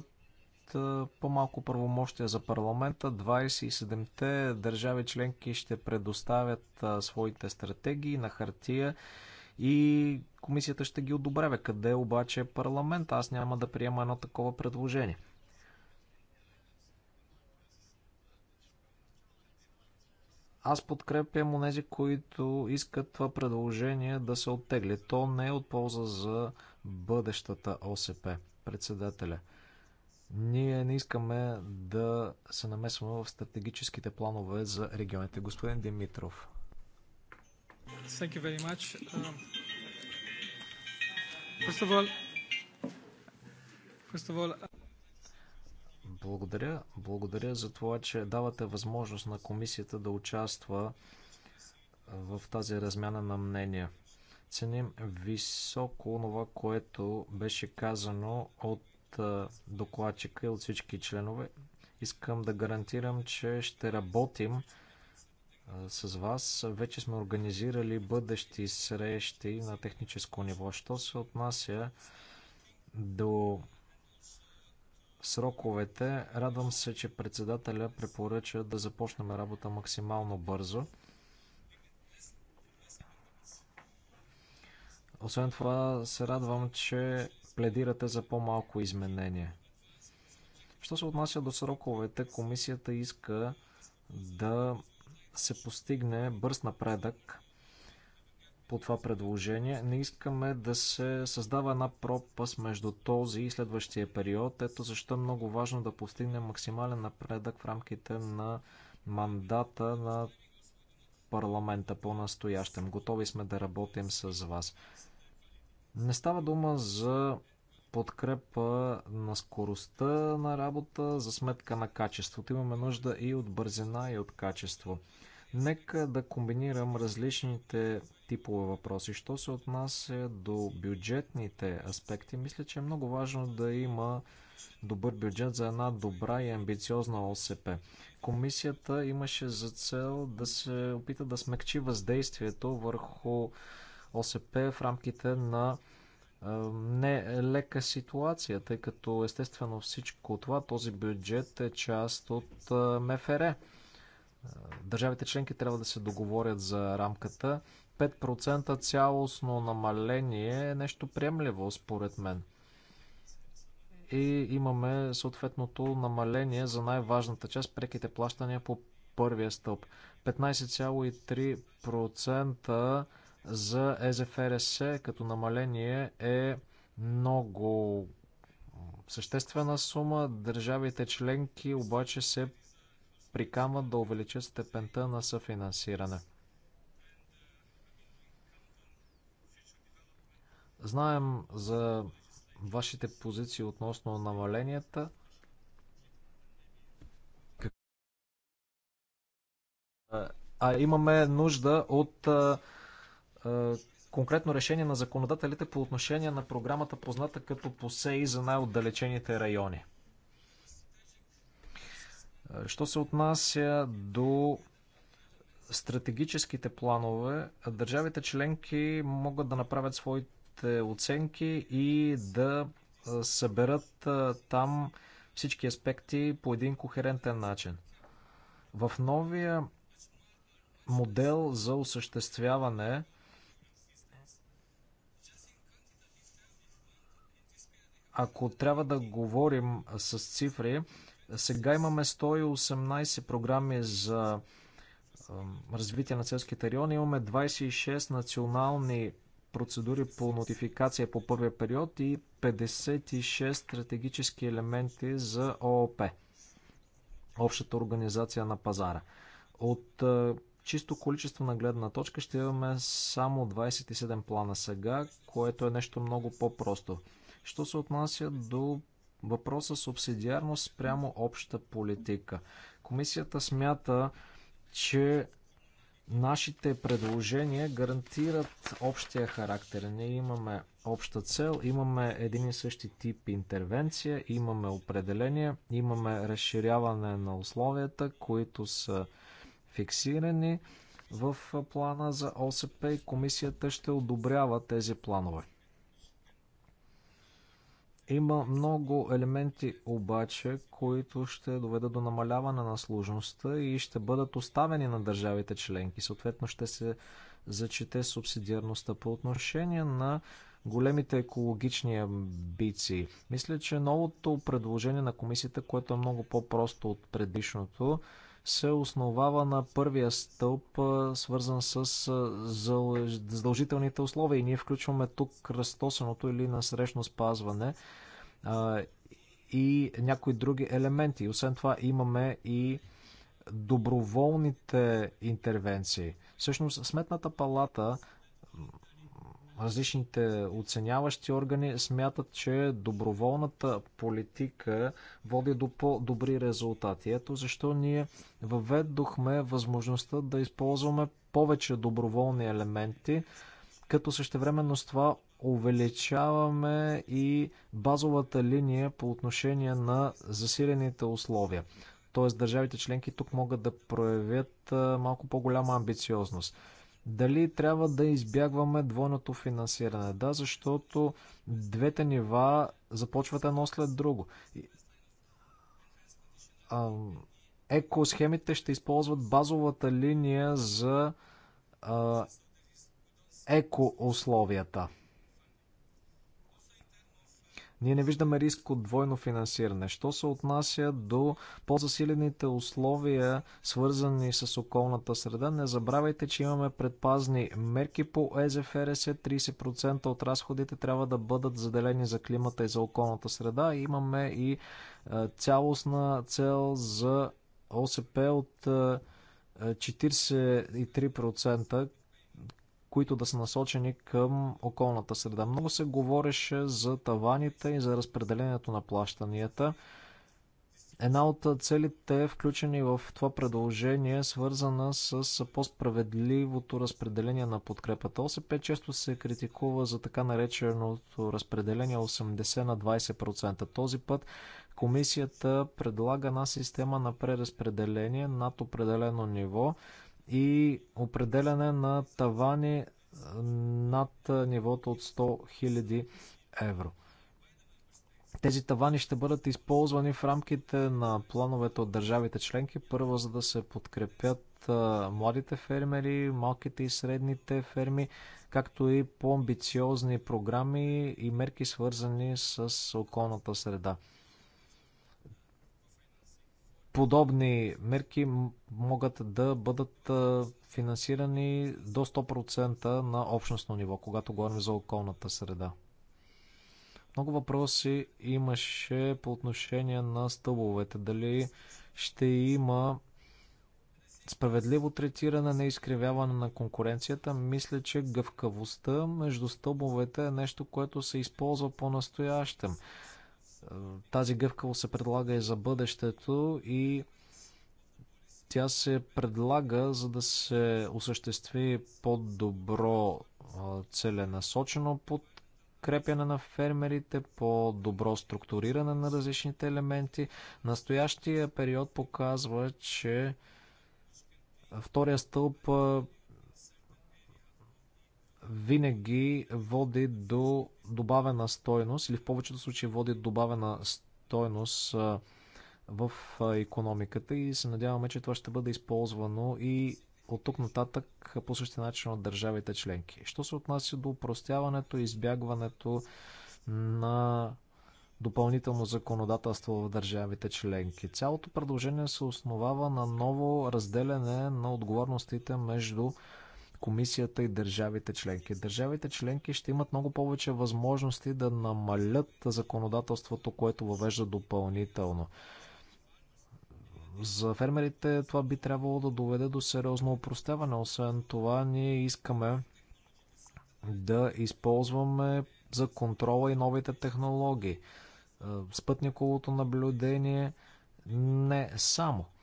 по-малко правомощия за парламента. 27-те държави членки ще предоставят своите стратегии на хартия и комисията ще ги одобрява. Къде обаче е парламент? Аз няма да приема едно такова предложение. Аз подкрепям онези, които искат това предложение да се оттегли. То не е от полза за бъдещата ОСП, председателя. Ние не искаме да се намесваме в стратегическите планове за регионите. Господин Димитров. Thank you very much. Um, first of all, first of all, uh, благодаря. Благодаря за това, че давате възможност на комисията да участва в тази размяна на мнения. Ценим високо това, което беше казано от докладчика и от всички членове. Искам да гарантирам, че ще работим с вас. Вече сме организирали бъдещи срещи на техническо ниво. Що се отнася до сроковете, радвам се, че председателя препоръча да започнем работа максимално бързо. Освен това се радвам, че пледирате за по-малко изменение. Що се отнася до сроковете, комисията иска да се постигне бърз напредък по това предложение. Не искаме да се създава една пропаст между този и следващия период. Ето защо е много важно да постигне максимален напредък в рамките на мандата на парламента по-настоящем. Готови сме да работим с вас. Не става дума за подкрепа на скоростта на работа за сметка на качеството. Имаме нужда и от бързина, и от качество. Нека да комбинирам различните типове въпроси. Що се отнася до бюджетните аспекти, мисля, че е много важно да има добър бюджет за една добра и амбициозна ОСП. Комисията имаше за цел да се опита да смекчи въздействието върху ОСП в рамките на не лека ситуация, тъй като естествено всичко това, този бюджет е част от МФР. Държавите членки трябва да се договорят за рамката. 5% цялостно намаление е нещо приемливо, според мен. И имаме съответното намаление за най-важната част, преките плащания по първия стълб. 15,3% за ЕЗФРС е като намаление е много съществена сума. Държавите членки обаче се прикамват да увеличат степента на съфинансиране. Знаем за вашите позиции относно намаленията. А имаме нужда от конкретно решение на законодателите по отношение на програмата, позната като посеи за най-отдалечените райони. Що се отнася до стратегическите планове, държавите членки могат да направят своите оценки и да съберат там всички аспекти по един кохерентен начин. В новия модел за осъществяване Ако трябва да говорим с цифри, сега имаме 118 програми за развитие на селските райони. Имаме 26 национални процедури по нотификация по първия период и 56 стратегически елементи за ООП, общата организация на пазара. От чисто количество на гледна точка ще имаме само 27 плана сега, което е нещо много по-просто. Що се отнася до въпроса субсидиарност спрямо обща политика. Комисията смята, че нашите предложения гарантират общия характер. Ние имаме обща цел, имаме един и същи тип интервенция, имаме определение, имаме разширяване на условията, които са фиксирани в плана за ОСП и комисията ще одобрява тези планове. Има много елементи обаче, които ще доведат до намаляване на сложността и ще бъдат оставени на държавите членки. Съответно ще се зачете субсидиарността по отношение на големите екологични амбиции. Мисля, че новото предложение на комисията, което е много по-просто от предишното, се основава на първия стълб, свързан с задължителните условия. И ние включваме тук кръстосаното или насрещно спазване и някои други елементи. Освен това имаме и доброволните интервенции. Всъщност Сметната палата различните оценяващи органи смятат, че доброволната политика води до по-добри резултати. Ето защо ние въведохме възможността да използваме повече доброволни елементи, като същевременно с това увеличаваме и базовата линия по отношение на засилените условия. Тоест държавите членки тук могат да проявят малко по-голяма амбициозност. Дали трябва да избягваме двойното финансиране? Да, защото двете нива започват едно след друго. Екосхемите ще използват базовата линия за условията. Ние не виждаме риск от двойно финансиране. Що се отнася до по-засилените условия, свързани с околната среда, не забравяйте, че имаме предпазни мерки по ЕЗФРС. 30% от разходите трябва да бъдат заделени за климата и за околната среда. Имаме и е, цялостна цел за ОСП от 43%, е, е, които да са насочени към околната среда. Много се говореше за таваните и за разпределението на плащанията. Една от целите, включени в това предложение, е свързана с по-справедливото разпределение на подкрепата. ОСП често се критикува за така нареченото разпределение 80 на 20%. Този път комисията предлага една система на преразпределение над определено ниво и определяне на тавани над нивото от 100 000 евро. Тези тавани ще бъдат използвани в рамките на плановете от държавите членки. Първо, за да се подкрепят младите фермери, малките и средните ферми, както и по-амбициозни програми и мерки свързани с околната среда подобни мерки могат да бъдат финансирани до 100% на общностно ниво, когато говорим за околната среда. Много въпроси имаше по отношение на стълбовете. Дали ще има справедливо третиране, на изкривяване на конкуренцията. Мисля, че гъвкавостта между стълбовете е нещо, което се използва по-настоящем. Тази гъвкаво се предлага и за бъдещето и тя се предлага, за да се осъществи по-добро целенасочено подкрепяне на фермерите, по-добро структуриране на различните елементи. Настоящия период показва, че втория стълб винаги води до добавена стойност или в повечето случаи води до добавена стойност в економиката и се надяваме, че това ще бъде използвано и от тук нататък по същия начин от държавите членки. Що се отнася до упростяването и избягването на допълнително законодателство в държавите членки. Цялото предложение се основава на ново разделяне на отговорностите между комисията и държавите членки. Държавите членки ще имат много повече възможности да намалят законодателството, което въвежда допълнително. За фермерите това би трябвало да доведе до сериозно упростяване. Освен това, ние искаме да използваме за контрола и новите технологии. Е, спътниковото наблюдение не само –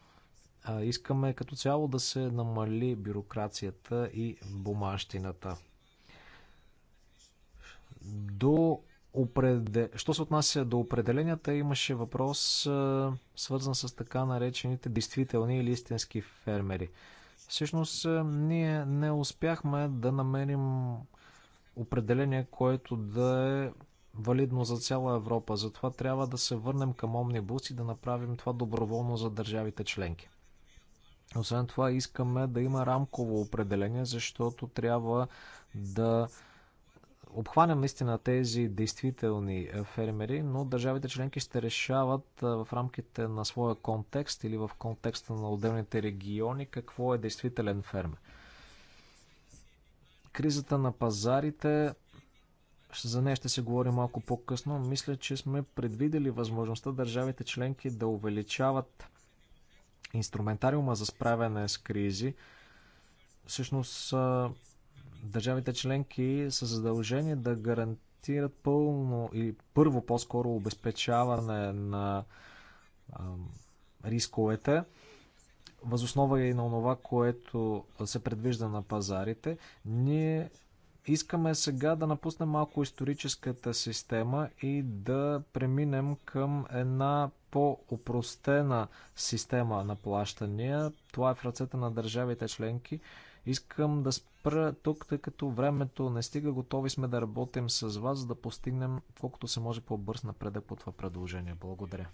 Искаме като цяло да се намали бюрокрацията и бумащината. До определ... Що се отнася до определенията, имаше въпрос свързан с така наречените действителни или истински фермери. Всъщност, ние не успяхме да намерим определение, което да е валидно за цяла Европа. Затова трябва да се върнем към Омнибус и да направим това доброволно за държавите членки. Освен това искаме да има рамково определение, защото трябва да обхванем наистина тези действителни фермери, но държавите членки ще решават в рамките на своя контекст или в контекста на отделните региони какво е действителен фермер. Кризата на пазарите, за нея ще се говори малко по-късно, мисля, че сме предвидели възможността държавите членки да увеличават инструментариума за справяне с кризи, всъщност държавите членки са задължени да гарантират пълно и първо по-скоро обезпечаване на рисковете, възоснова и на това, което се предвижда на пазарите. Ние искаме сега да напуснем малко историческата система и да преминем към една по-опростена система на плащания. Това е в ръцете на държавите членки. Искам да спра тук, тъй като времето не стига. Готови сме да работим с вас, за да постигнем колкото се може по-бърз напредък по това предложение. Благодаря.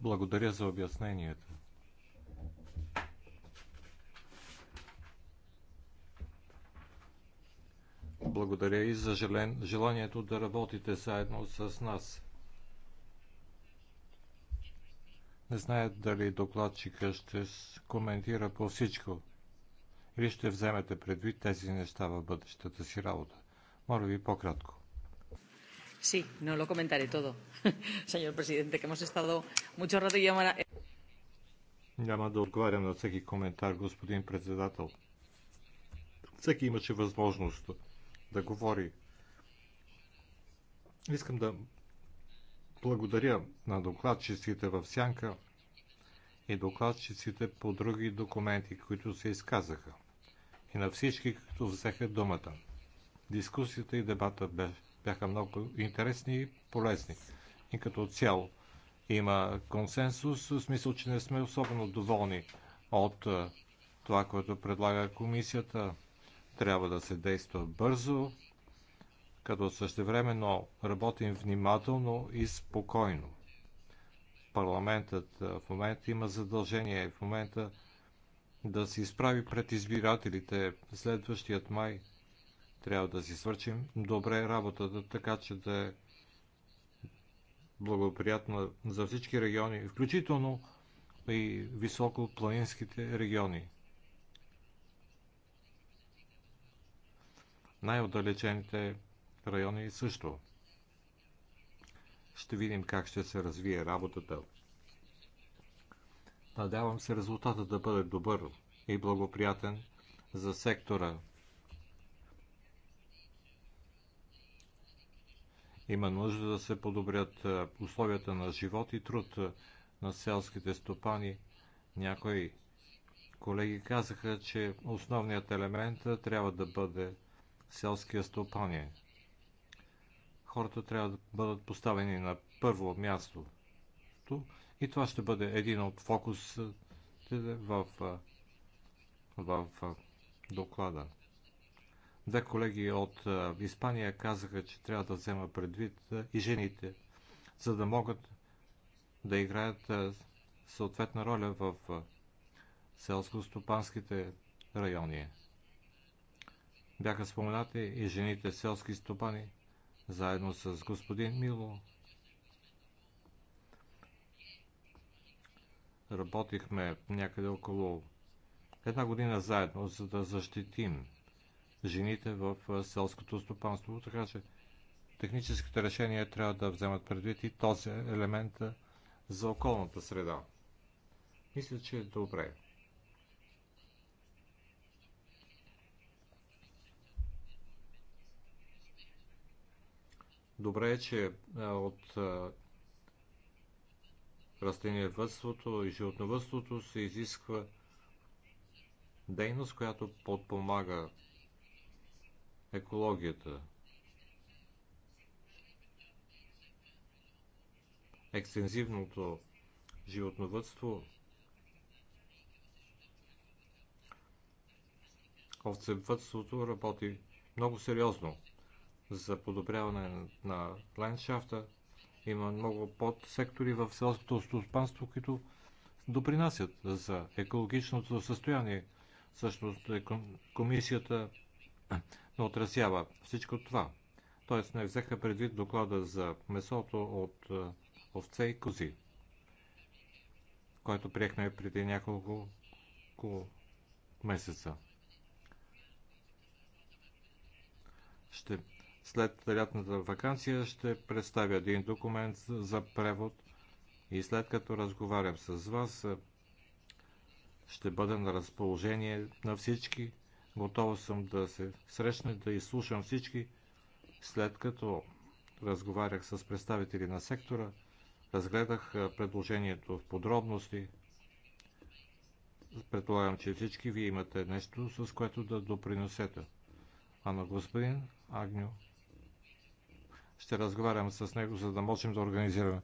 Благодаря за обяснението. Благодаря и за желен, желанието да работите заедно с нас. Не зная дали докладчика ще коментира по всичко или ще вземете предвид тези неща в бъдещата си работа. Моля ви по-кратко. Sí, no lo comentaré todo, señor presidente, que hemos estado mucho rato y llamar... Няма да отговарям на всеки коментар, господин председател. Всеки имаше възможност да говори. Искам да благодаря на докладчиците в Сянка и докладчиците по други документи, които се изказаха. И на всички, които взеха думата. Дискусията и дебата бяха много интересни и полезни. И като цяло има консенсус, в смисъл, че не сме особено доволни от това, което предлага комисията. Трябва да се действа бързо, като същевременно работим внимателно и спокойно. Парламентът в момента има задължение в момента да се изправи пред избирателите следващият май. Трябва да си свършим добре работата, така че да е благоприятна за всички региони, включително и високопланинските региони. Най-отдалечените райони също. Ще видим как ще се развие работата. Надявам се резултатът да бъде добър и благоприятен за сектора. Има нужда да се подобрят условията на живот и труд на селските стопани. Някои колеги казаха, че основният елемент трябва да бъде селския стопанин. Хората трябва да бъдат поставени на първо място. И това ще бъде един от фокусите в, в, в доклада. Две колеги от Испания казаха, че трябва да взема предвид и жените, за да могат да играят съответна роля в селско-стопанските райони. Бяха споменати и жените селски стопани, заедно с господин Мило. Работихме някъде около една година заедно, за да защитим жените в селското стопанство. Така че техническите решения трябва да вземат предвид и този елемент за околната среда. Мисля, че е добре. Добре е, че от растениевътството и животновътството се изисква дейност, която подпомага екологията. Екстензивното животновътство овцевътството работи много сериозно за подобряване на ландшафта. Има много подсектори в селското стопанство, които допринасят за екологичното състояние. Същност комисията не отразява всичко това. Тоест не взеха предвид доклада за месото от е, овце и кози, който приехме преди няколко месеца. Ще след лятната вакансия ще представя един документ за превод и след като разговарям с вас, е, ще бъда на разположение на всички. Готова съм да се срещна, да изслушам всички. След като разговарях с представители на сектора, разгледах е, предложението в подробности. Предполагам, че всички вие имате нещо, с което да допринесете. А на господин Агню ще разговарям с него, за да можем да организираме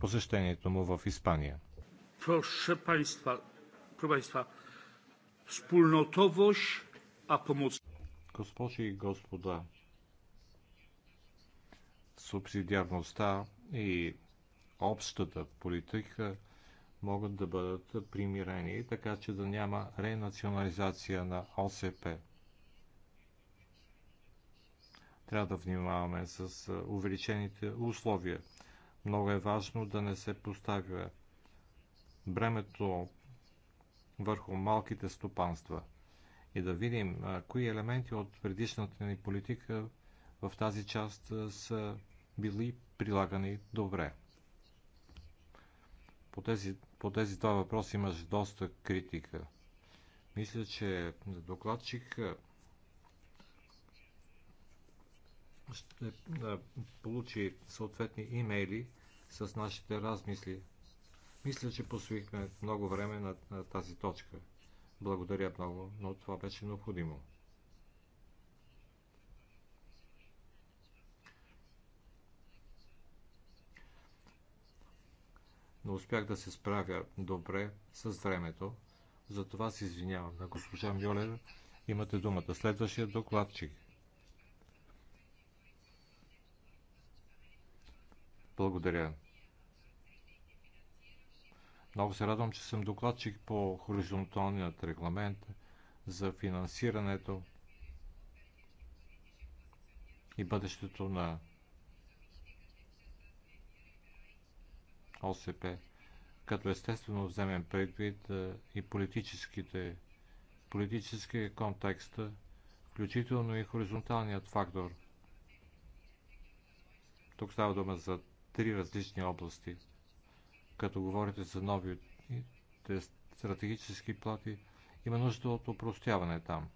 посещението му в Испания. Проше Państwa, пробайства, Państwa, а a Госпожи и господа, субсидиарността и общата политика могат да бъдат примирени, така че да няма ренационализация на ОСП. Трябва да внимаваме с увеличените условия. Много е важно да не се поставя бремето върху малките стопанства и да видим кои елементи от предишната ни политика в тази част са били прилагани добре. По тези, по тези два въпроса имаш доста критика. Мисля, че докладчик ще получи съответни имейли с нашите размисли. Мисля, че посвихме много време на, на тази точка. Благодаря много, но това беше необходимо. но успях да се справя добре с времето. Затова се извинявам на госпожа Мьолер. Имате думата. Следващия докладчик. Благодаря. Много се радвам, че съм докладчик по хоризонталният регламент за финансирането и бъдещето на ОСП, като естествено вземем предвид и политическите, политическия контекст, включително и хоризонталният фактор. Тук става дума за три различни области. Като говорите за нови стратегически плати, има нужда от упростяване там.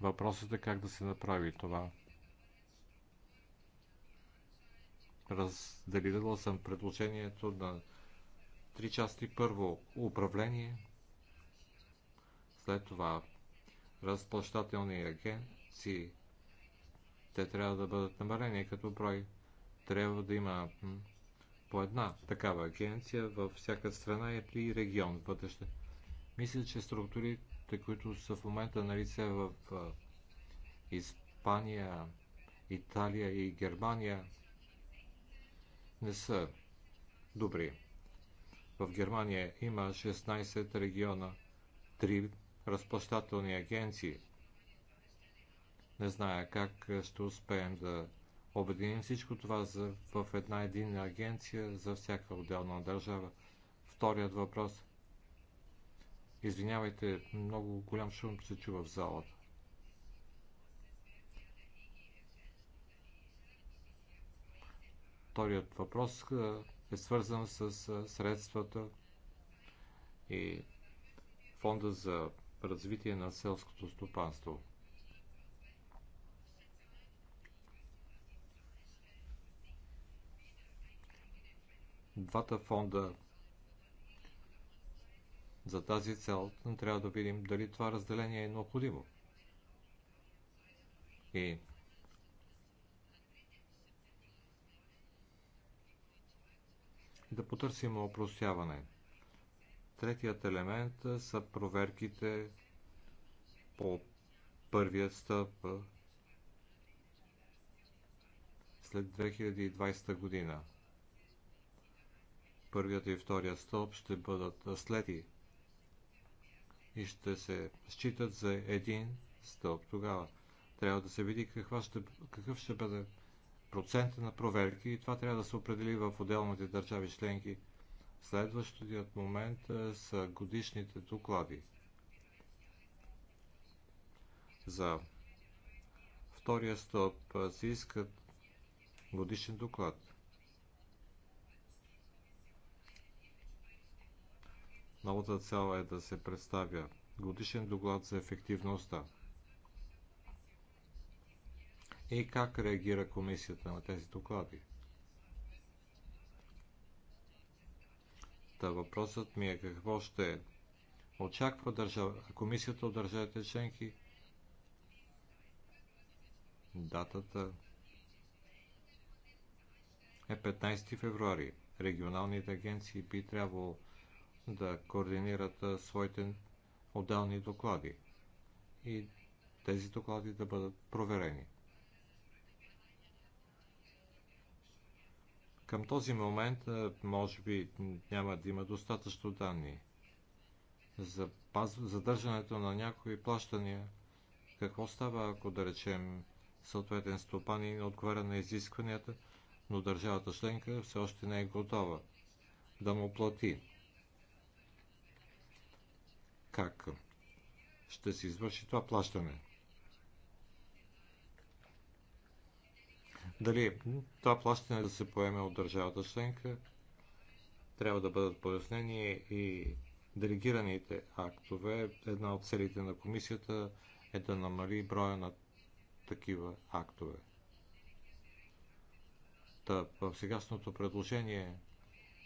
Въпросът е как да се направи това. Разделила съм предложението на три части. Първо управление, след това разплащателни агенции, те трябва да бъдат намалени като брой. Трябва да има по една такава агенция във всяка страна и регион в бъдеще. Мисля, че структурите, които са в момента на лице в Испания, Италия и Германия, не са добри. В Германия има 16 региона, 3 разплащателни агенции – не зная как е, ще успеем да обединим всичко това за, в една единна агенция за всяка отделна държава. Вторият въпрос. Извинявайте, много голям шум се чува в залата. Вторият въпрос е, е свързан с е, средствата и фонда за развитие на селското стопанство – двата фонда за тази цел трябва да видим дали това разделение е необходимо. И да потърсим опростяване. Третият елемент са проверките по първия стъп след 2020 година. Първият и вторият стълб ще бъдат слети и ще се считат за един стълб. Тогава трябва да се види каква ще, какъв ще бъде процента на проверки и това трябва да се определи в отделните държави членки. Следващият момент е, са годишните доклади. За втория стълб е, се искат годишен доклад. Новата цел е да се представя годишен доклад за ефективността и как реагира комисията на тези доклади. Та въпросът ми е какво ще очаква държава, комисията от държавите членки датата е 15 февруари. Регионалните агенции би трябвало да координират своите отделни доклади и тези доклади да бъдат проверени. Към този момент, може би, няма да има достатъчно данни за задържането на някои плащания. Какво става, ако, да речем, съответен стопанин отговаря на изискванията, но държавата членка все още не е готова да му плати? как ще се извърши това плащане. Дали това плащане да се поеме от държавата членка, трябва да бъдат пояснени и делегираните актове. Една от целите на комисията е да намали броя на такива актове. Та, в сегашното предложение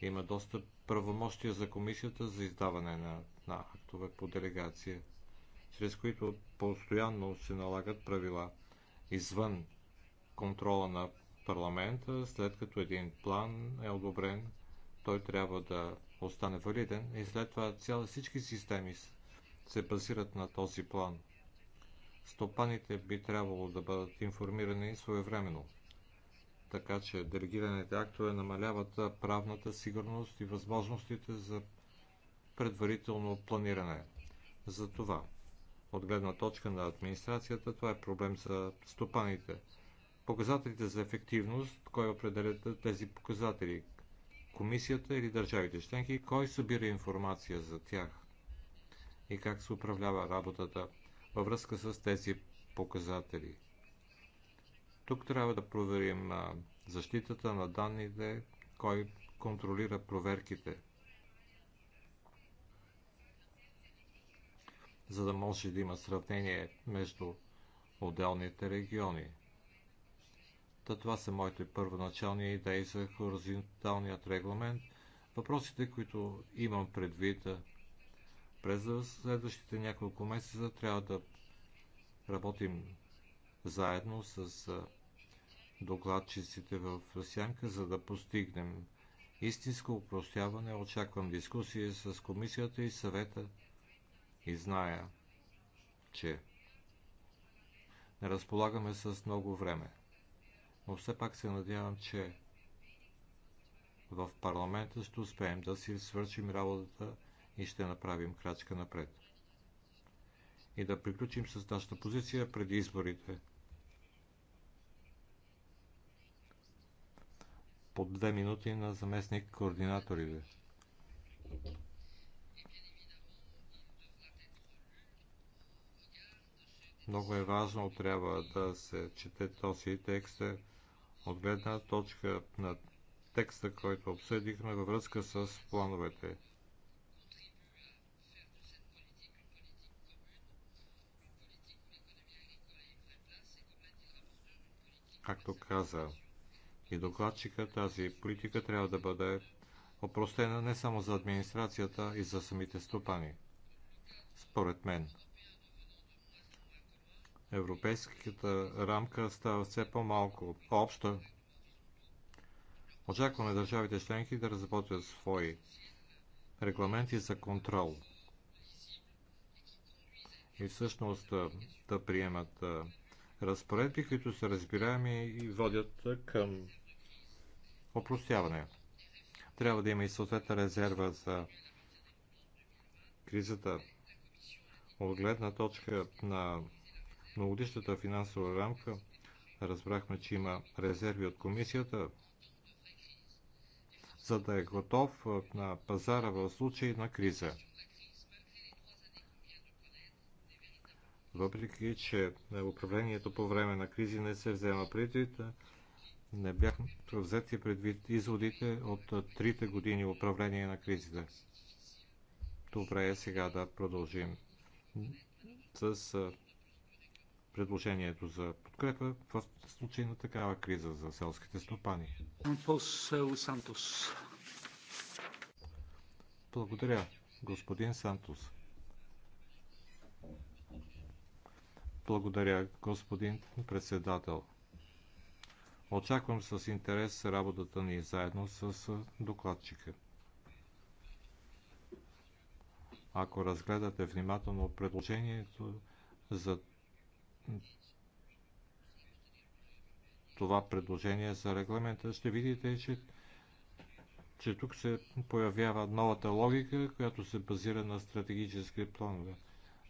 има доста правомощия за комисията за издаване на, на актове по делегация, чрез които постоянно се налагат правила извън контрола на парламента, след като един план е одобрен, той трябва да остане валиден и след това цял, всички системи се базират на този план. Стопаните би трябвало да бъдат информирани своевременно така че делегираните актове намаляват правната сигурност и възможностите за предварително планиране. Затова, от гледна точка на администрацията, това е проблем за стопаните. Показателите за ефективност, кой определя тези показатели? Комисията или държавите членки? Кой събира информация за тях? И как се управлява работата във връзка с тези показатели? Тук трябва да проверим защитата на данните, кой контролира проверките, за да може да има сравнение между отделните региони. Та това са моите първоначални идеи за хоризонталният регламент. Въпросите, които имам предвид през следващите няколко месеца, трябва да работим заедно с докладчиците в сянка, за да постигнем истинско упростяване. Очаквам дискусии с комисията и съвета и зная, че не разполагаме с много време. Но все пак се надявам, че в парламента ще успеем да си свършим работата и ще направим крачка напред. И да приключим с нашата позиция преди изборите – по две минути на заместник координаторите. Много е важно, трябва да се чете този текст от гледна точка на текста, който обсъдихме във връзка с плановете. Както каза и докладчика, тази политика трябва да бъде опростена не само за администрацията и за самите стопани. Според мен, европейската рамка става все по-малко обща. Очакваме държавите членки да разработят свои регламенти за контрол и всъщност да приемат разпоредби, които са разбираеми и водят към опростяване. Трябва да има и съответна резерва за кризата от гледна точка на многодишната финансова рамка. Разбрахме, че има резерви от комисията, за да е готов на пазара в случай на криза. Въпреки, че управлението по време на кризи не се взема предвид, не бяха взети предвид изводите от трите години управление на кризите. Добре е сега да продължим с предложението за подкрепа в случай на такава криза за селските стопани. Благодаря, господин Сантос. Благодаря, господин председател. Очаквам с интерес работата ни заедно с докладчика. Ако разгледате внимателно предложението за това предложение за регламента, ще видите, че, че тук се появява новата логика, която се базира на стратегически планове.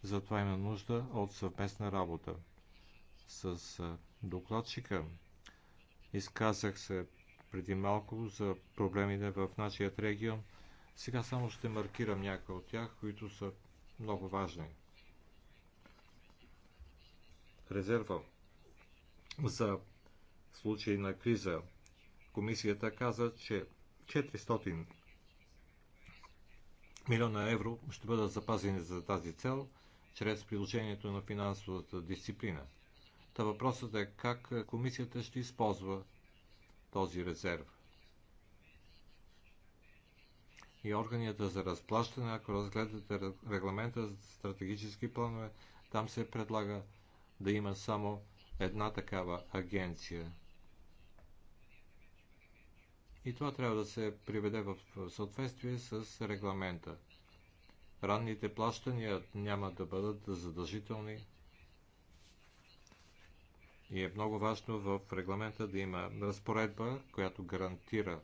Затова има нужда от съвместна работа. С докладчика изказах се преди малко за проблемите в нашия регион. Сега само ще маркирам някои от тях, които са много важни. Резерва за случаи на криза. Комисията каза, че 400 милиона евро ще бъдат запазени за тази цел, чрез приложението на финансовата дисциплина. Та въпросът е как комисията ще използва този резерв. И органията за разплащане, ако разгледате регламента за стратегически планове, там се предлага да има само една такава агенция. И това трябва да се приведе в съответствие с регламента – ранните плащания няма да бъдат задължителни. И е много важно в регламента да има разпоредба, която гарантира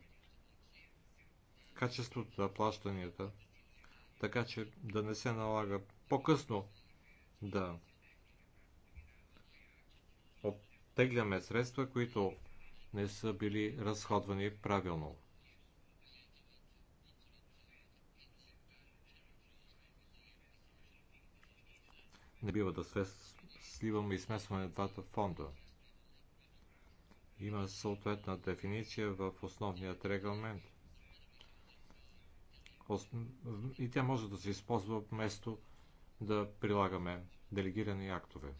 качеството на плащанията, така че да не се налага по-късно да оттегляме средства, които не са били разходвани правилно. Не бива да сливаме и смесваме двата фонда. Има съответна дефиниция в основният регламент. И тя може да се използва вместо да прилагаме делегирани актове.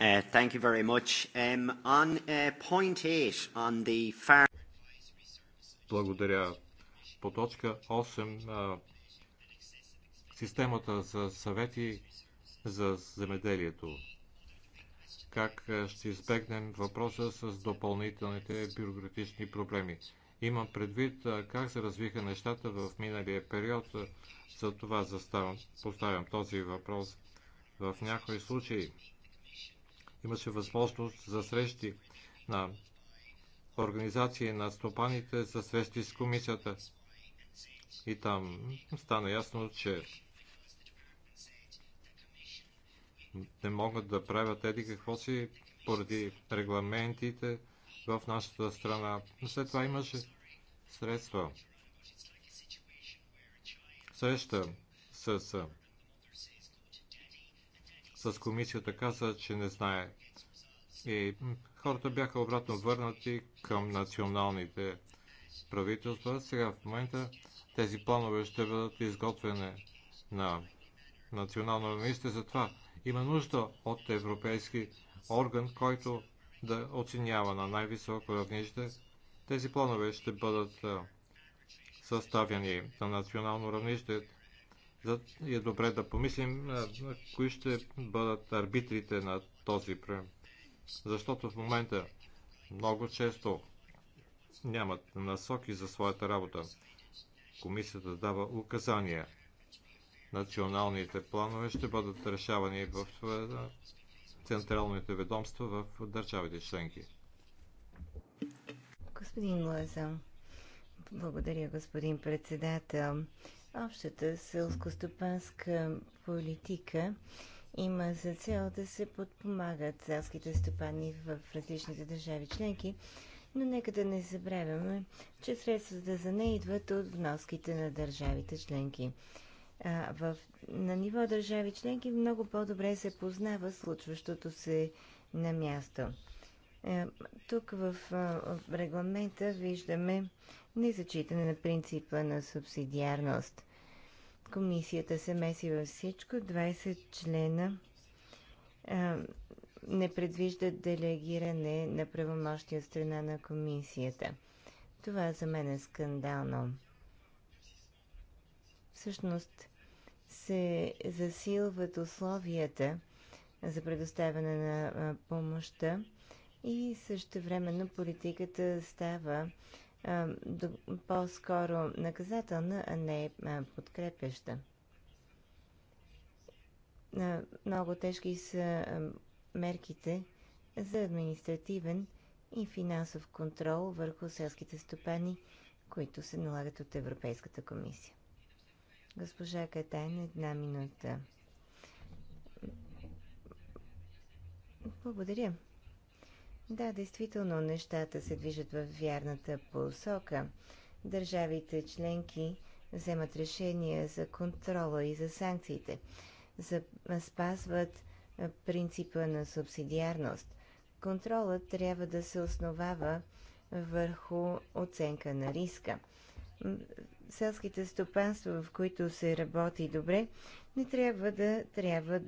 Uh, thank you very much. Um, on uh, point 8, on the farm... Благодаря. По точка 8, системата за съвети за земеделието. Как ще избегнем въпроса с допълнителните бюрократични проблеми? Имам предвид как се развиха нещата в миналия период. За това заставам, поставям този въпрос. В някои случаи Имаше възможност за срещи на организации на стопаните, за срещи с комисията. И там стана ясно, че не могат да правят еди какво си поради регламентите в нашата страна. След това имаше средства. Среща с с комисията каза, че не знае. И хората бяха обратно върнати към националните правителства. Сега в момента тези планове ще бъдат изготвени на национално равнище. Затова има нужда от европейски орган, който да оценява на най-високо равнище. Тези планове ще бъдат съставяни на национално равнище и е добре да помислим кои ще бъдат арбитрите на този проблем. Защото в момента много често нямат насоки за своята работа. Комисията дава указания. Националните планове ще бъдат решавани в централните ведомства в държавите членки. Господин Лаза, благодаря, господин председател. Общата селскостопанска политика има за цел да се подпомагат селските стопани в различните държави членки, но нека да не забравяме, че средствата за нея идват от вноските на държавите членки. А, в, на ниво държави членки много по-добре се познава случващото се на място. А, е, тук в, в регламента виждаме незачитане на принципа на субсидиарност комисията се меси във всичко. 20 члена а, не предвиждат делегиране на правомощи от страна на комисията. Това за мен е скандално. Всъщност се засилват условията за предоставяне на помощта и също времено политиката става е, по-скоро наказателна, а не е, подкрепяща. Е, много тежки са мерките за административен и финансов контрол върху селските стопани, които се налагат от Европейската комисия. Госпожа Катайн, една минута. Благодаря. Да, действително нещата се движат в вярната посока. Държавите членки вземат решения за контрола и за санкциите, за, спазват принципа на субсидиарност. Контролът трябва да се основава върху оценка на риска. Селските стопанства, в които се работи добре, не трябва да, трябва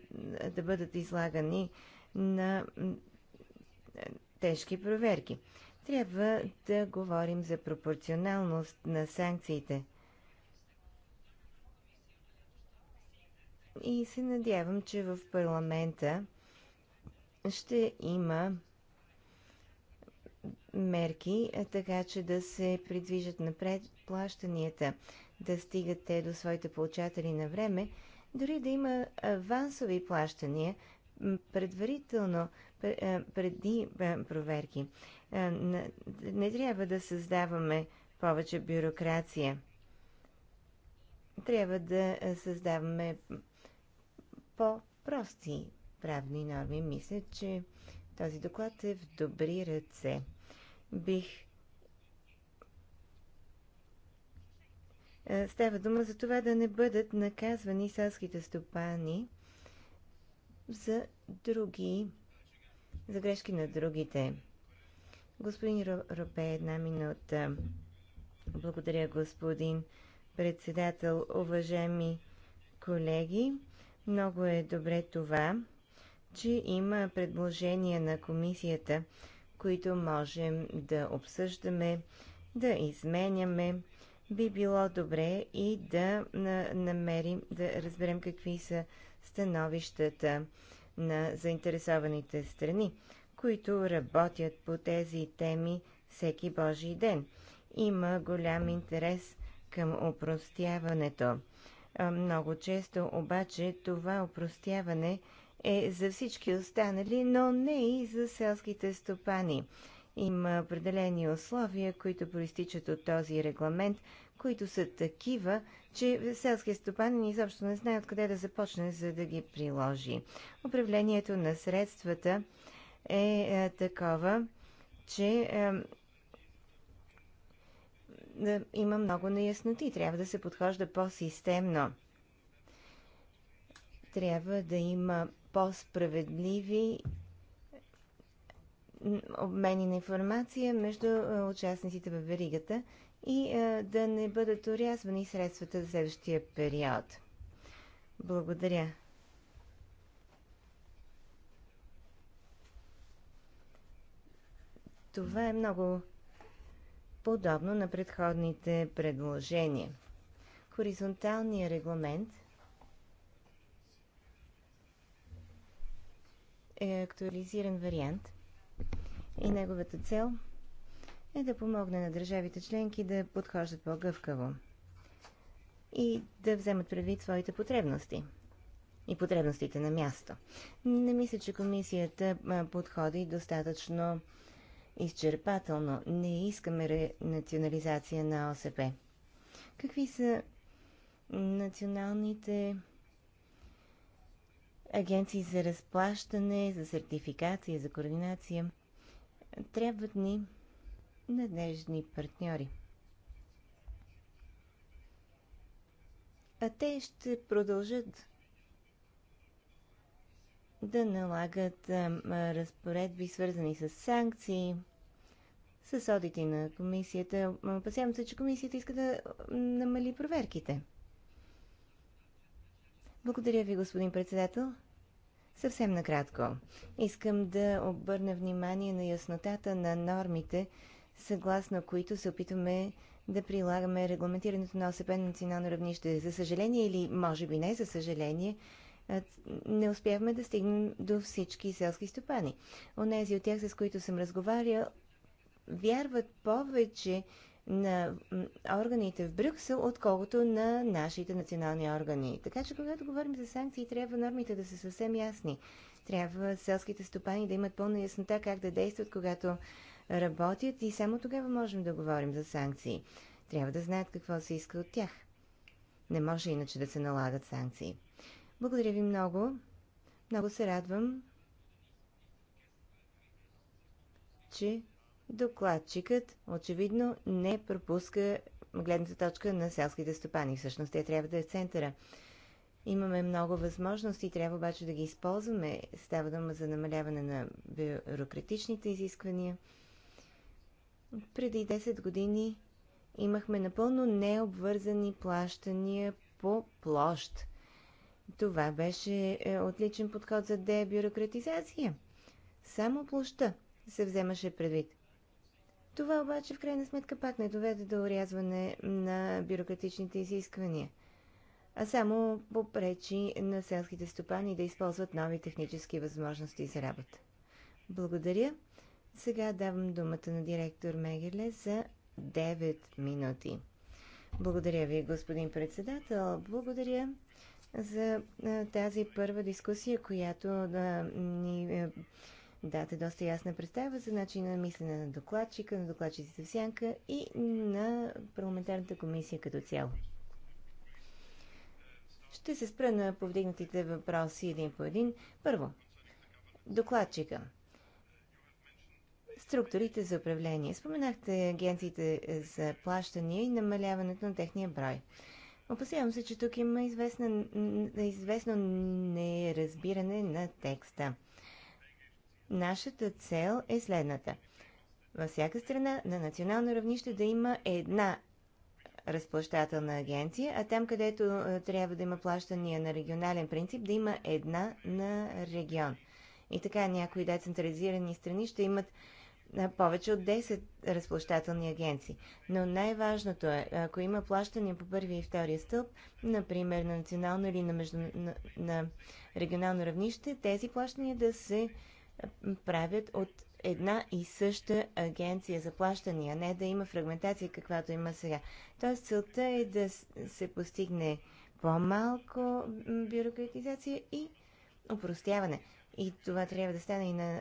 да бъдат излагани на тежки проверки. Трябва да говорим за пропорционалност на санкциите. И се надявам, че в парламента ще има мерки, така че да се придвижат напред плащанията, да стигат те до своите получатели на време, дори да има авансови плащания предварително е, преди е, проверки. Е, не трябва да създаваме повече бюрокрация. Трябва да създаваме по-прости правни норми. Мисля, че този доклад е в добри ръце. Бих Става дума за това да не бъдат наказвани селските стопани за други за грешки на другите. Господин Ропе, една минута. Благодаря, господин председател. Уважаеми колеги, много е добре това, че има предложения на комисията, които можем да обсъждаме, да изменяме. Би било добре и да намерим, да разберем какви са становищата на заинтересованите страни, които работят по тези теми всеки Божий ден. Има голям интерес към опростяването. Много често обаче това опростяване е за всички останали, но не и за селските стопани. Има определени условия, които проистичат от този регламент, които са такива, че селския стопанин изобщо не знае откъде да започне, за да ги приложи. Управлението на средствата е, е такова, че е, да има много неясноти. Трябва да се подхожда по-системно. Трябва да има по-справедливи обмени на информация между е, участниците във веригата и а, е, да не бъдат урязвани средствата за следващия период. Благодаря. Това е много подобно на предходните предложения. Хоризонталният регламент е актуализиран вариант и неговата цел – е да помогне на държавите членки да подхождат по-гъвкаво и да вземат предвид своите потребности и потребностите на място. Не мисля, че комисията подходи достатъчно изчерпателно. Не искаме национализация на ОСП. Какви са националните агенции за разплащане, за сертификация, за координация? Трябват ни надежни партньори. А те ще продължат да налагат разпоредби, свързани с санкции, с одити на комисията. Опасявам се, че комисията иска да намали проверките. Благодаря ви, господин председател. Съвсем накратко. Искам да обърна внимание на яснотата на нормите съгласно които се опитваме да прилагаме регламентирането на ОСП на национално равнище. За съжаление или може би не за съжаление, не успяхме да стигнем до всички селски стопани. Онези от тях, с които съм разговарял, вярват повече на органите в Брюксел, отколкото на нашите национални органи. Така че, когато говорим за санкции, трябва нормите да са съвсем ясни. Трябва селските стопани да имат пълна яснота как да действат, когато работят и само тогава можем да говорим за санкции. Трябва да знаят какво се иска от тях. Не може иначе да се налагат санкции. Благодаря ви много. Много се радвам, че докладчикът очевидно не пропуска гледната точка на селските стопани. Всъщност те трябва да е центъра. Имаме много възможности, трябва обаче да ги използваме. Става дума за намаляване на бюрократичните изисквания – преди 10 години имахме напълно необвързани плащания по площ. Това беше е, отличен подход за дебюрократизация. Само площа се вземаше предвид. Това обаче в крайна сметка пак не доведе до урязване на бюрократичните изисквания, а само попречи на селските стопани да използват нови технически възможности за работа. Благодаря. Сега давам думата на директор Мегеле за 9 минути. Благодаря ви, господин председател. Благодаря за тази първа дискусия, която да ни дате доста ясна представа за начина на мислене на докладчика, на докладчиците в сянка и на парламентарната комисия като цяло. Ще се спра на повдигнатите въпроси един по един. Първо, докладчика – структурите за управление. Споменахте агенциите е, за плащания и намаляването на техния брой. Опасявам се, че тук има известна, известно неразбиране на текста. Нашата цел е следната. Във всяка страна на национално равнище да има една разплащателна агенция, а там, където е, трябва да има плащания на регионален принцип, да има една на регион. И така някои децентрализирани страни ще имат повече от 10 разплащателни агенции. Но най-важното е, ако има плащане по първи и втори стълб, например на национално или на, между... на, на регионално равнище, тези плащания да се правят от една и съща агенция за плащания, не да има фрагментация, каквато има сега. Тоест целта е да се постигне по-малко бюрократизация и упростяване. И това трябва да стане и на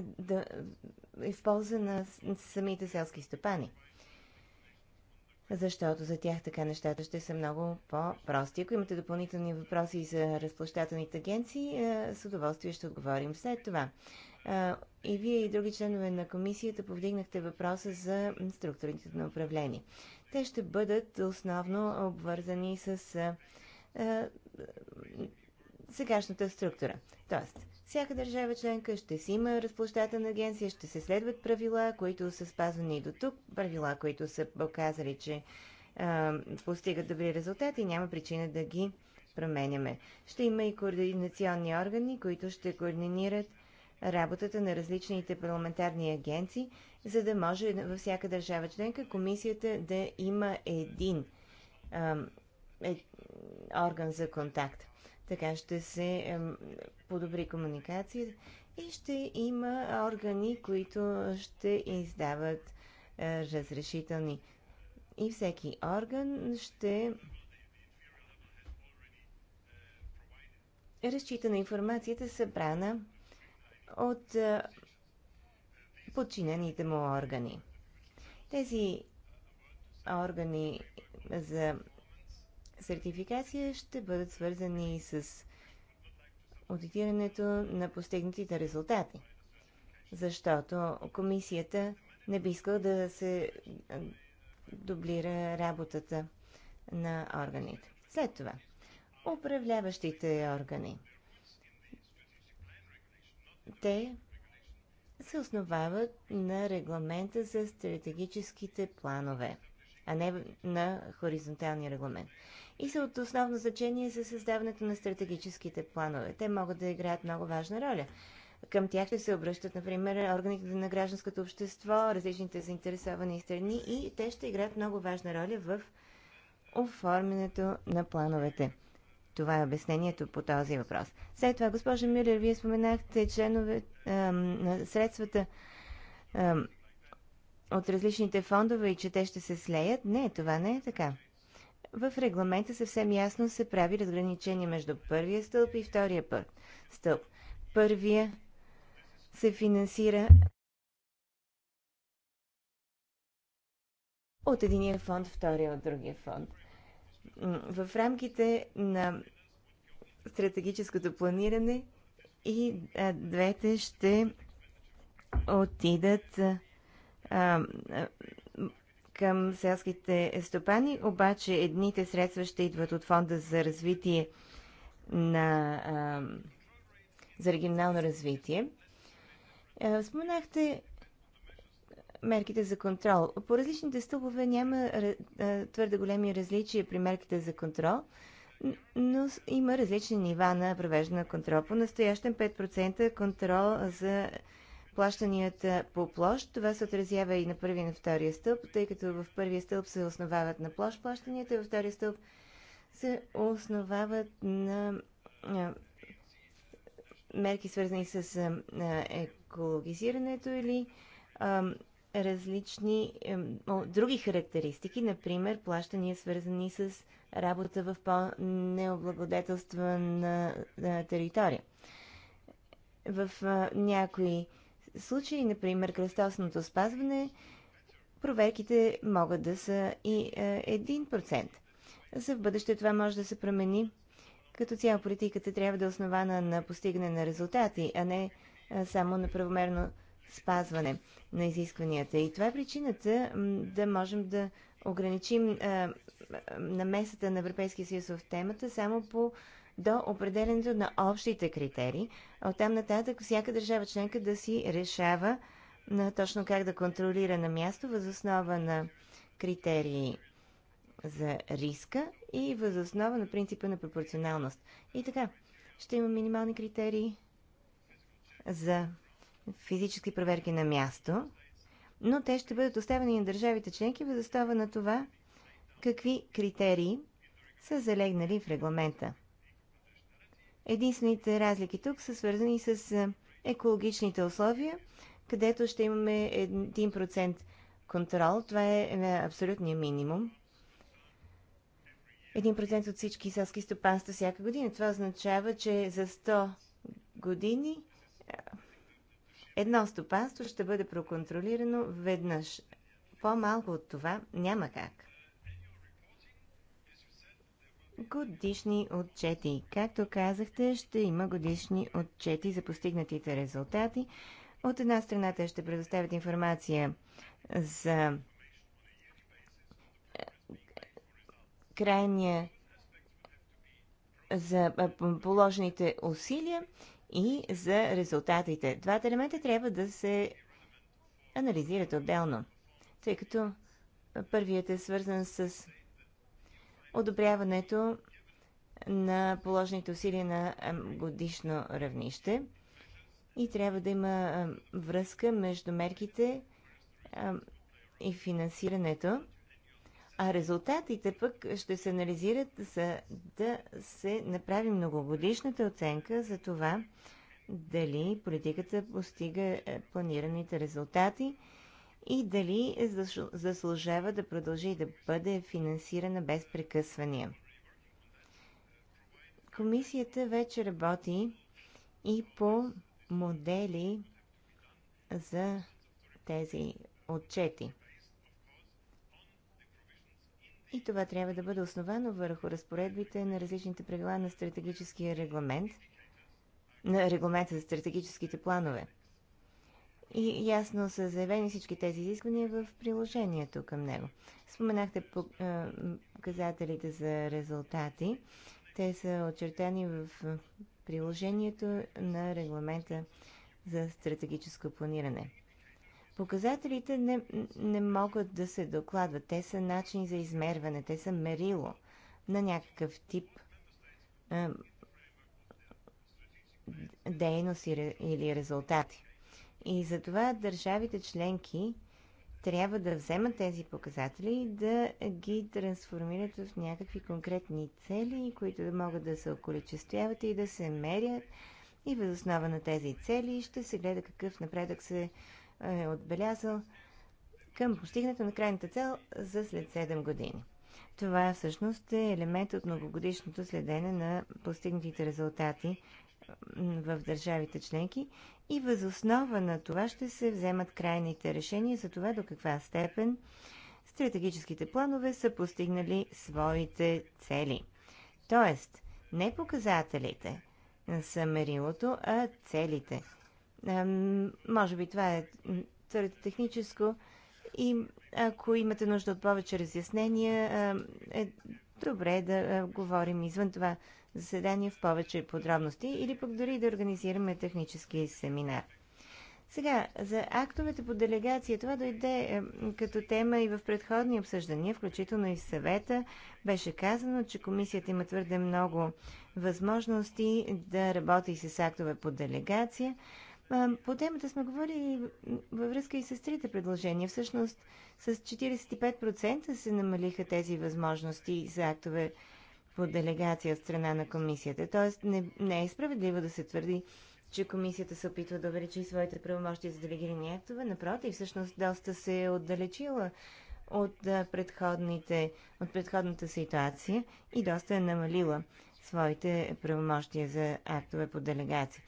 да, в полза на самите селски стопани. Защото за тях така нещата ще са много по-прости. Ако имате допълнителни въпроси за разплащателните агенции, е, с удоволствие ще отговорим след това. Е, и вие и други членове на комисията повдигнахте въпроса за структурите на управление. Те ще бъдат основно обвързани с е, сегашната структура. Тоест, всяка държава членка ще си има разплащателна агенция, ще се следват правила, които са спазвани и до тук, правила, които са показали, че а, постигат добри резултати и няма причина да ги променяме. Ще има и координационни органи, които ще координират работата на различните парламентарни агенции, за да може във всяка държава членка комисията да има един а, е, орган за контакт. Така ще се подобри комуникацията и ще има органи, които ще издават е, разрешителни. И всеки орган ще разчита на информацията събрана от е, подчинените му органи. Тези органи за сертификация ще бъдат свързани с аудитирането на постигнатите резултати. Защото комисията не би искала да се дублира работата на органите. След това, управляващите органи. Те се основават на регламента за стратегическите планове, а не на хоризонталния регламент и са от основно значение за създаването на стратегическите планове. Те могат да играят много важна роля. Към тях ще се обръщат, например, органите на гражданското общество, различните заинтересовани страни и те ще играят много важна роля в оформянето на плановете. Това е обяснението по този въпрос. След това, госпожа Мюлер, вие споменахте членове, на средствата от различните фондове и че те ще се слеят. Не, това не е така в регламента съвсем ясно се прави разграничение между първия стълб и втория път. стълб. Първия се финансира от единия фонд, втория от другия фонд. В рамките на стратегическото планиране и двете ще отидат към селските стопани, обаче едните средства ще идват от Фонда за развитие на, за регионално развитие. Споменахте мерките за контрол. По различните стълбове няма твърде големи различия при мерките за контрол, но има различни нива на провеждане на контрол. По настоящен 5% контрол за плащанията по площ. Това се отразява и на първи и на втория стълб, тъй като в първия стълб се основават на площ плащанията, във втория стълб се основават на мерки свързани с екологизирането или различни други характеристики, например плащания свързани с работа в по-необлагодетелствана територия. В някои случаи, например кръстосното спазване, проверките могат да са и 1%. Е, За в бъдеще това може да се промени. Като цяло политиката трябва да е основана на постигане на резултати, а не е, само на правомерно спазване на изискванията. И това е причината да можем да ограничим е, намесата на Европейския съюз в темата само по до определенето на общите критерии. От там нататък всяка държава членка да си решава на точно как да контролира на място възоснова на критерии за риска и възоснова на принципа на пропорционалност. И така, ще има минимални критерии за физически проверки на място, но те ще бъдат оставени на държавите членки възоснова на това какви критерии са залегнали в регламента. Единствените разлики тук са свързани с екологичните условия, където ще имаме 1% контрол. Това е на е, абсолютния минимум. 1% от всички селски стопанства всяка година. Това означава, че за 100 години едно стопанство ще бъде проконтролирано веднъж. По-малко от това няма как годишни отчети. Както казахте, ще има годишни отчети за постигнатите резултати. От една страна те ще предоставят информация за е, крайния за е, положените усилия и за резултатите. Двата елемента трябва да се анализират отделно, тъй като е, първият е свързан с одобряването на положените усилия на годишно равнище и трябва да има връзка между мерките и финансирането, а резултатите пък ще се анализират за да се направи многогодишната оценка за това дали политиката постига е, планираните резултати и дали заслужава да продължи да бъде финансирана без прекъсвания. Комисията вече работи и по модели за тези отчети. И това трябва да бъде основано върху разпоредбите на различните правила на стратегическия регламент, на регламента за стратегическите планове и ясно са заявени всички тези изисквания в приложението към него. Споменахте е, показателите за резултати. Те са очертани в приложението на регламента за стратегическо планиране. Показателите не, не могат да се докладват. Те са начини за измерване, те са мерило на някакъв тип е, дейност или резултати. И затова държавите членки трябва да вземат тези показатели и да ги трансформират в някакви конкретни цели, които да могат да се околичествяват и да се мерят. И въз основа на тези цели ще се гледа какъв напредък се е отбелязал към постигната на крайната цел за след 7 години. Това всъщност е елемент от многогодишното следене на постигнатите резултати в държавите членки и възоснова на това ще се вземат крайните решения за това до каква степен стратегическите планове са постигнали своите цели. Тоест, не показателите са мерилото, а целите. Може би това е твърде техническо и ако имате нужда от повече разяснения, е добре да говорим извън това заседание в повече подробности или пък дори да организираме технически семинар. Сега, за актовете по делегация, това дойде е, като тема и в предходни обсъждания, включително и в съвета. Беше казано, че комисията има твърде много възможности да работи с актове по делегация. По темата сме говорили във връзка и с трите предложения. Всъщност с 45% се намалиха тези възможности за актове по делегация от страна на комисията. Тоест не, не е справедливо да се твърди, че комисията се опитва да увеличи своите правомощия за делегирани актове. Напротив, всъщност доста се е отдалечила от, предходните, от предходната ситуация и доста е намалила своите правомощия за актове по делегация.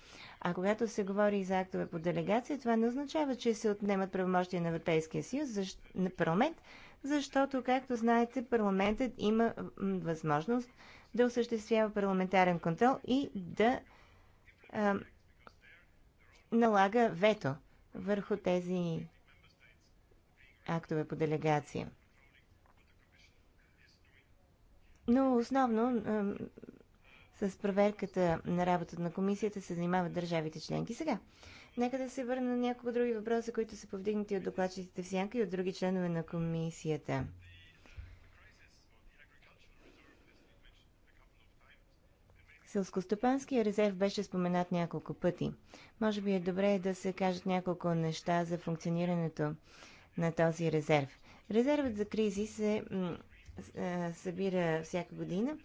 А когато се говори за актове по делегация, това не означава, че се отнемат правомощия на Европейския съюз, защ... на парламент, защото, както знаете, парламентът има възможност да осъществява парламентарен контрол и да а, налага вето върху тези актове по делегация. Но основно с проверката на работата на комисията се занимават държавите членки. Сега, нека да се върна на няколко други въпроса, които са повдигнати от докладчиците в Сянка и от други членове на комисията. Селскостопанския резерв беше споменат няколко пъти. Може би е добре да се кажат няколко неща за функционирането на този резерв. Резервът за кризи се събира всяка година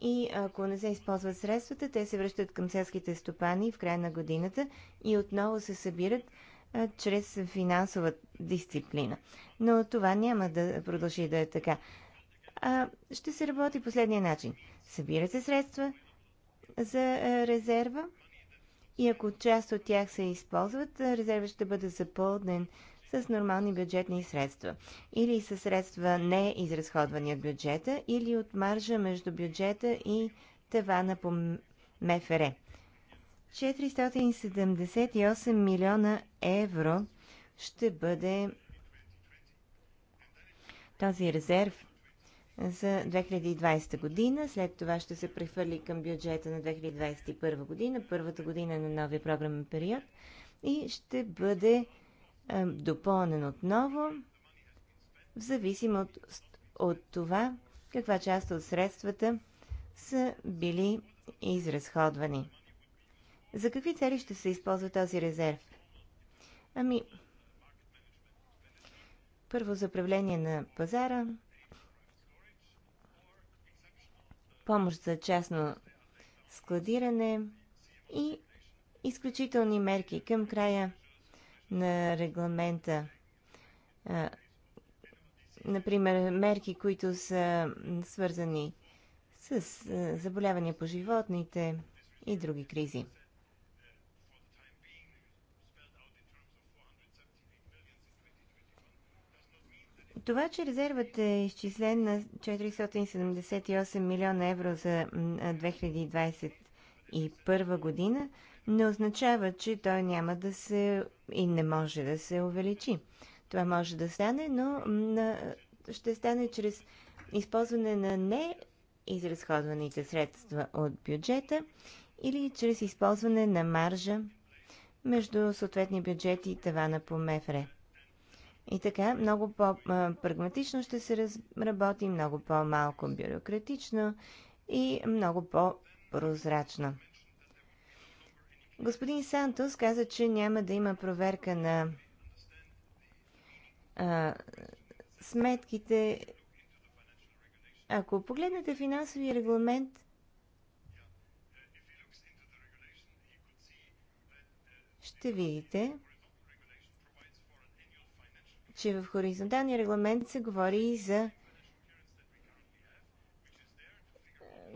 и ако не се използват средствата, те се връщат към селските стопани в края на годината и отново се събират а, чрез финансова дисциплина. Но това няма да продължи да е така. А, ще се работи последния начин. Събират се средства за резерва и ако част от тях се използват, резерва ще бъде запълнен с нормални бюджетни средства. Или с средства не изразходвани от бюджета, или от маржа между бюджета и тавана по МФР. 478 милиона евро ще бъде този резерв за 2020 година. След това ще се прехвърли към бюджета на 2021 година, първата година на новия програмен период и ще бъде е, допълнен отново, в зависимост от това каква част от средствата са били изразходвани. За какви цели ще се използва този резерв? Ами, първо за правление на пазара, помощ за частно складиране и изключителни мерки към края на регламента. Например, мерки, които са свързани с заболявания по животните и други кризи. Това, че резервът е изчислен на 478 милиона евро за 2021 година, не означава, че той няма да се и не може да се увеличи. Това може да стане, но на, ще стане чрез използване на не изразходваните средства от бюджета или чрез използване на маржа между съответни бюджети и тавана по МФР. И така, много по-прагматично ще се работи, много по-малко бюрократично и много по-прозрачно. Господин Сантос каза, че няма да има проверка на а, сметките. Ако погледнете финансовия регламент, ще видите, че в хоризонталния регламент се говори и за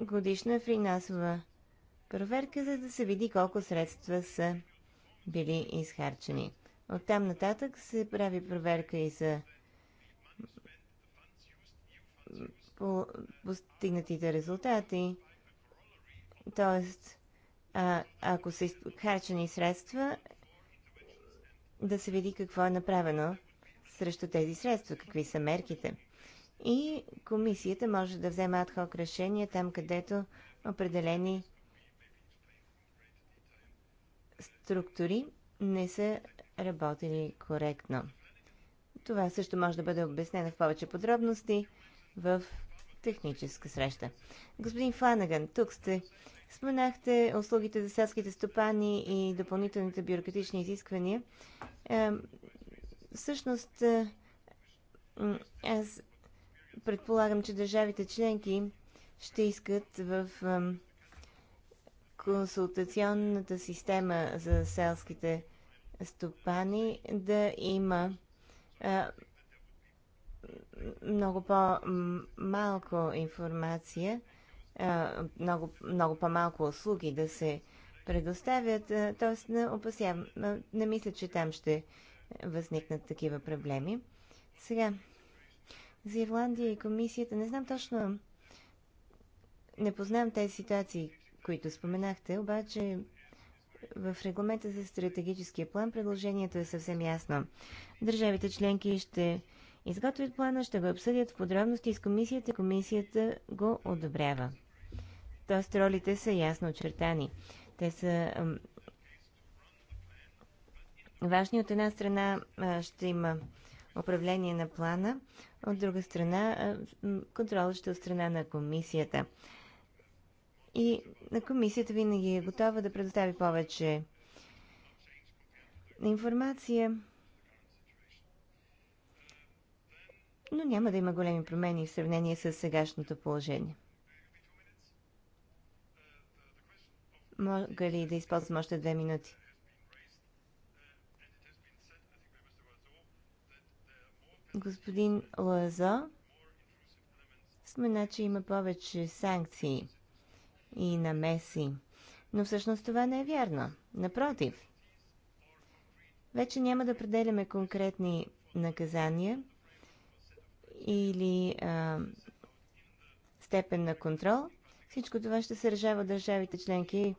годишна финансова проверка, за да се види колко средства са били изхарчени. От там нататък се прави проверка и за по постигнатите резултати. Тоест, а, ако са изхарчени средства, да се види какво е направено срещу тези средства, какви са мерките. И комисията може да взема адхок решения там, където определени структури не са работили коректно. Това също може да бъде обяснено в повече подробности в техническа среща. Господин Фланаган, тук сте. Споменахте услугите за селските стопани и допълнителните бюрократични изисквания. всъщност, е, аз предполагам, че държавите членки ще искат в консултационната система за селските стопани да има а, много по-малко информация, а, много, много по-малко услуги да се предоставят. Т.е. не опасявам, не мисля, че там ще възникнат такива проблеми. Сега, за Ирландия и комисията, не знам точно, не познавам тези ситуации които споменахте, обаче в регламента за стратегическия план предложението е съвсем ясно. Държавите членки ще изготвят плана, ще го обсъдят в подробности с комисията, комисията го одобрява. Тоест ролите са ясно очертани. Те са важни. От една страна ще има управление на плана, от друга страна контрол ще от страна на комисията. И на комисията винаги е готова да предостави повече информация. Но няма да има големи промени в сравнение с сегашното положение. Мога ли да използвам още две минути? Господин Лазо спомена, че има повече санкции и намеси. Но всъщност това не е вярно. Напротив, вече няма да определяме конкретни наказания или а, степен на контрол. Всичко това ще се решава държавите членки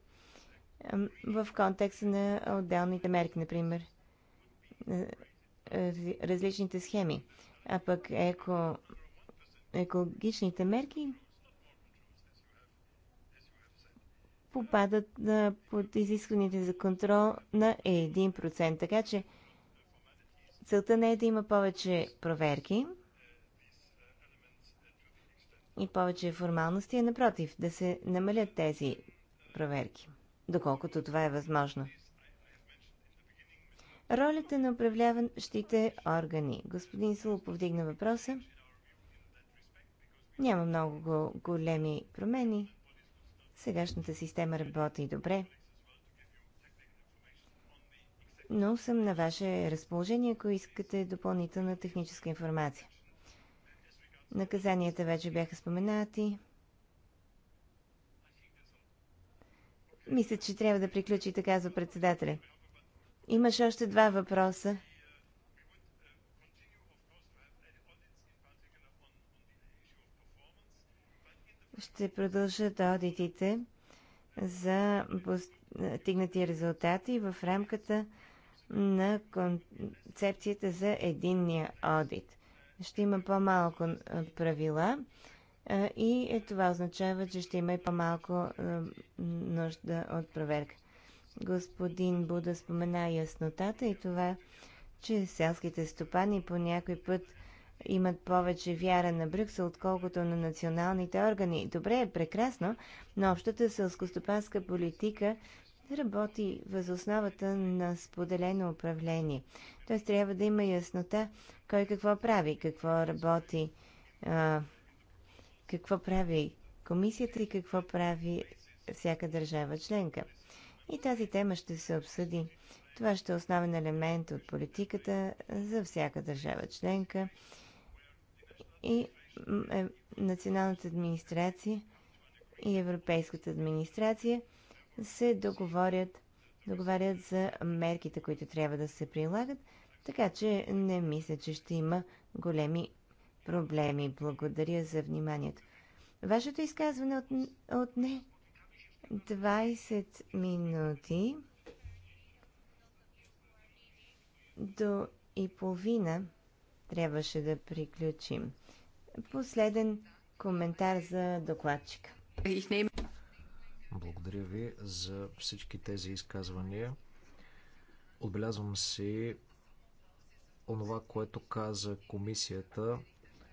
в контекста на отделните мерки, например различните схеми. А пък еко, екологичните мерки попадат а, под изискваните за контрол на 1%. Така че целта не е да има повече проверки и повече формалности, а напротив, да се намалят тези проверки, доколкото това е възможно. Ролята на управляващите органи. Господин Сул повдигна въпроса. Няма много големи промени Сегашната система работи добре. Но съм на ваше разположение, ако искате допълнителна техническа информация. Наказанията вече бяха споменати. Мисля, че трябва да приключи така за председателя. Имаш още два въпроса. ще продължат одитите за постигнати резултати в рамката на концепцията за единния одит. Ще има по-малко е, правила е, и е, това означава, че ще има и по-малко нужда от проверка. Господин Буда спомена яснотата и това, че селските стопани по някой път имат повече вяра на Брюксел, отколкото на националните органи. Добре, е прекрасно, но общата селскостопанска политика работи въз основата на споделено управление. Тоест трябва да има яснота кой какво прави, какво работи, а, какво прави комисията и какво прави всяка държава членка. И тази тема ще се обсъди. Това ще е основен елемент от политиката за всяка държава членка и е, националната администрация и европейската администрация се договорят, договарят за мерките, които трябва да се прилагат, така че не мисля, че ще има големи проблеми. Благодаря за вниманието. Вашето изказване от, от не 20 минути до и половина трябваше да приключим. Последен коментар за докладчика. Благодаря ви за всички тези изказвания. Отбелязвам си онова, което каза комисията,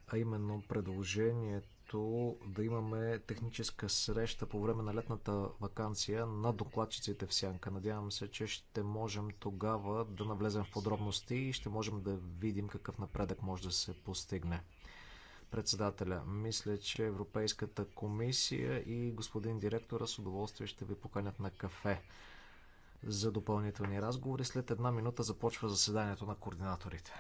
а именно предложението да имаме техническа среща по време на летната вакансия на докладчиците в Сянка. Надявам се, че ще можем тогава да навлезем в подробности и ще можем да видим какъв напредък може да се постигне. Председателя, мисля, че Европейската комисия и господин директора с удоволствие ще ви поканят на кафе за допълнителни разговори. След една минута започва заседанието на координаторите.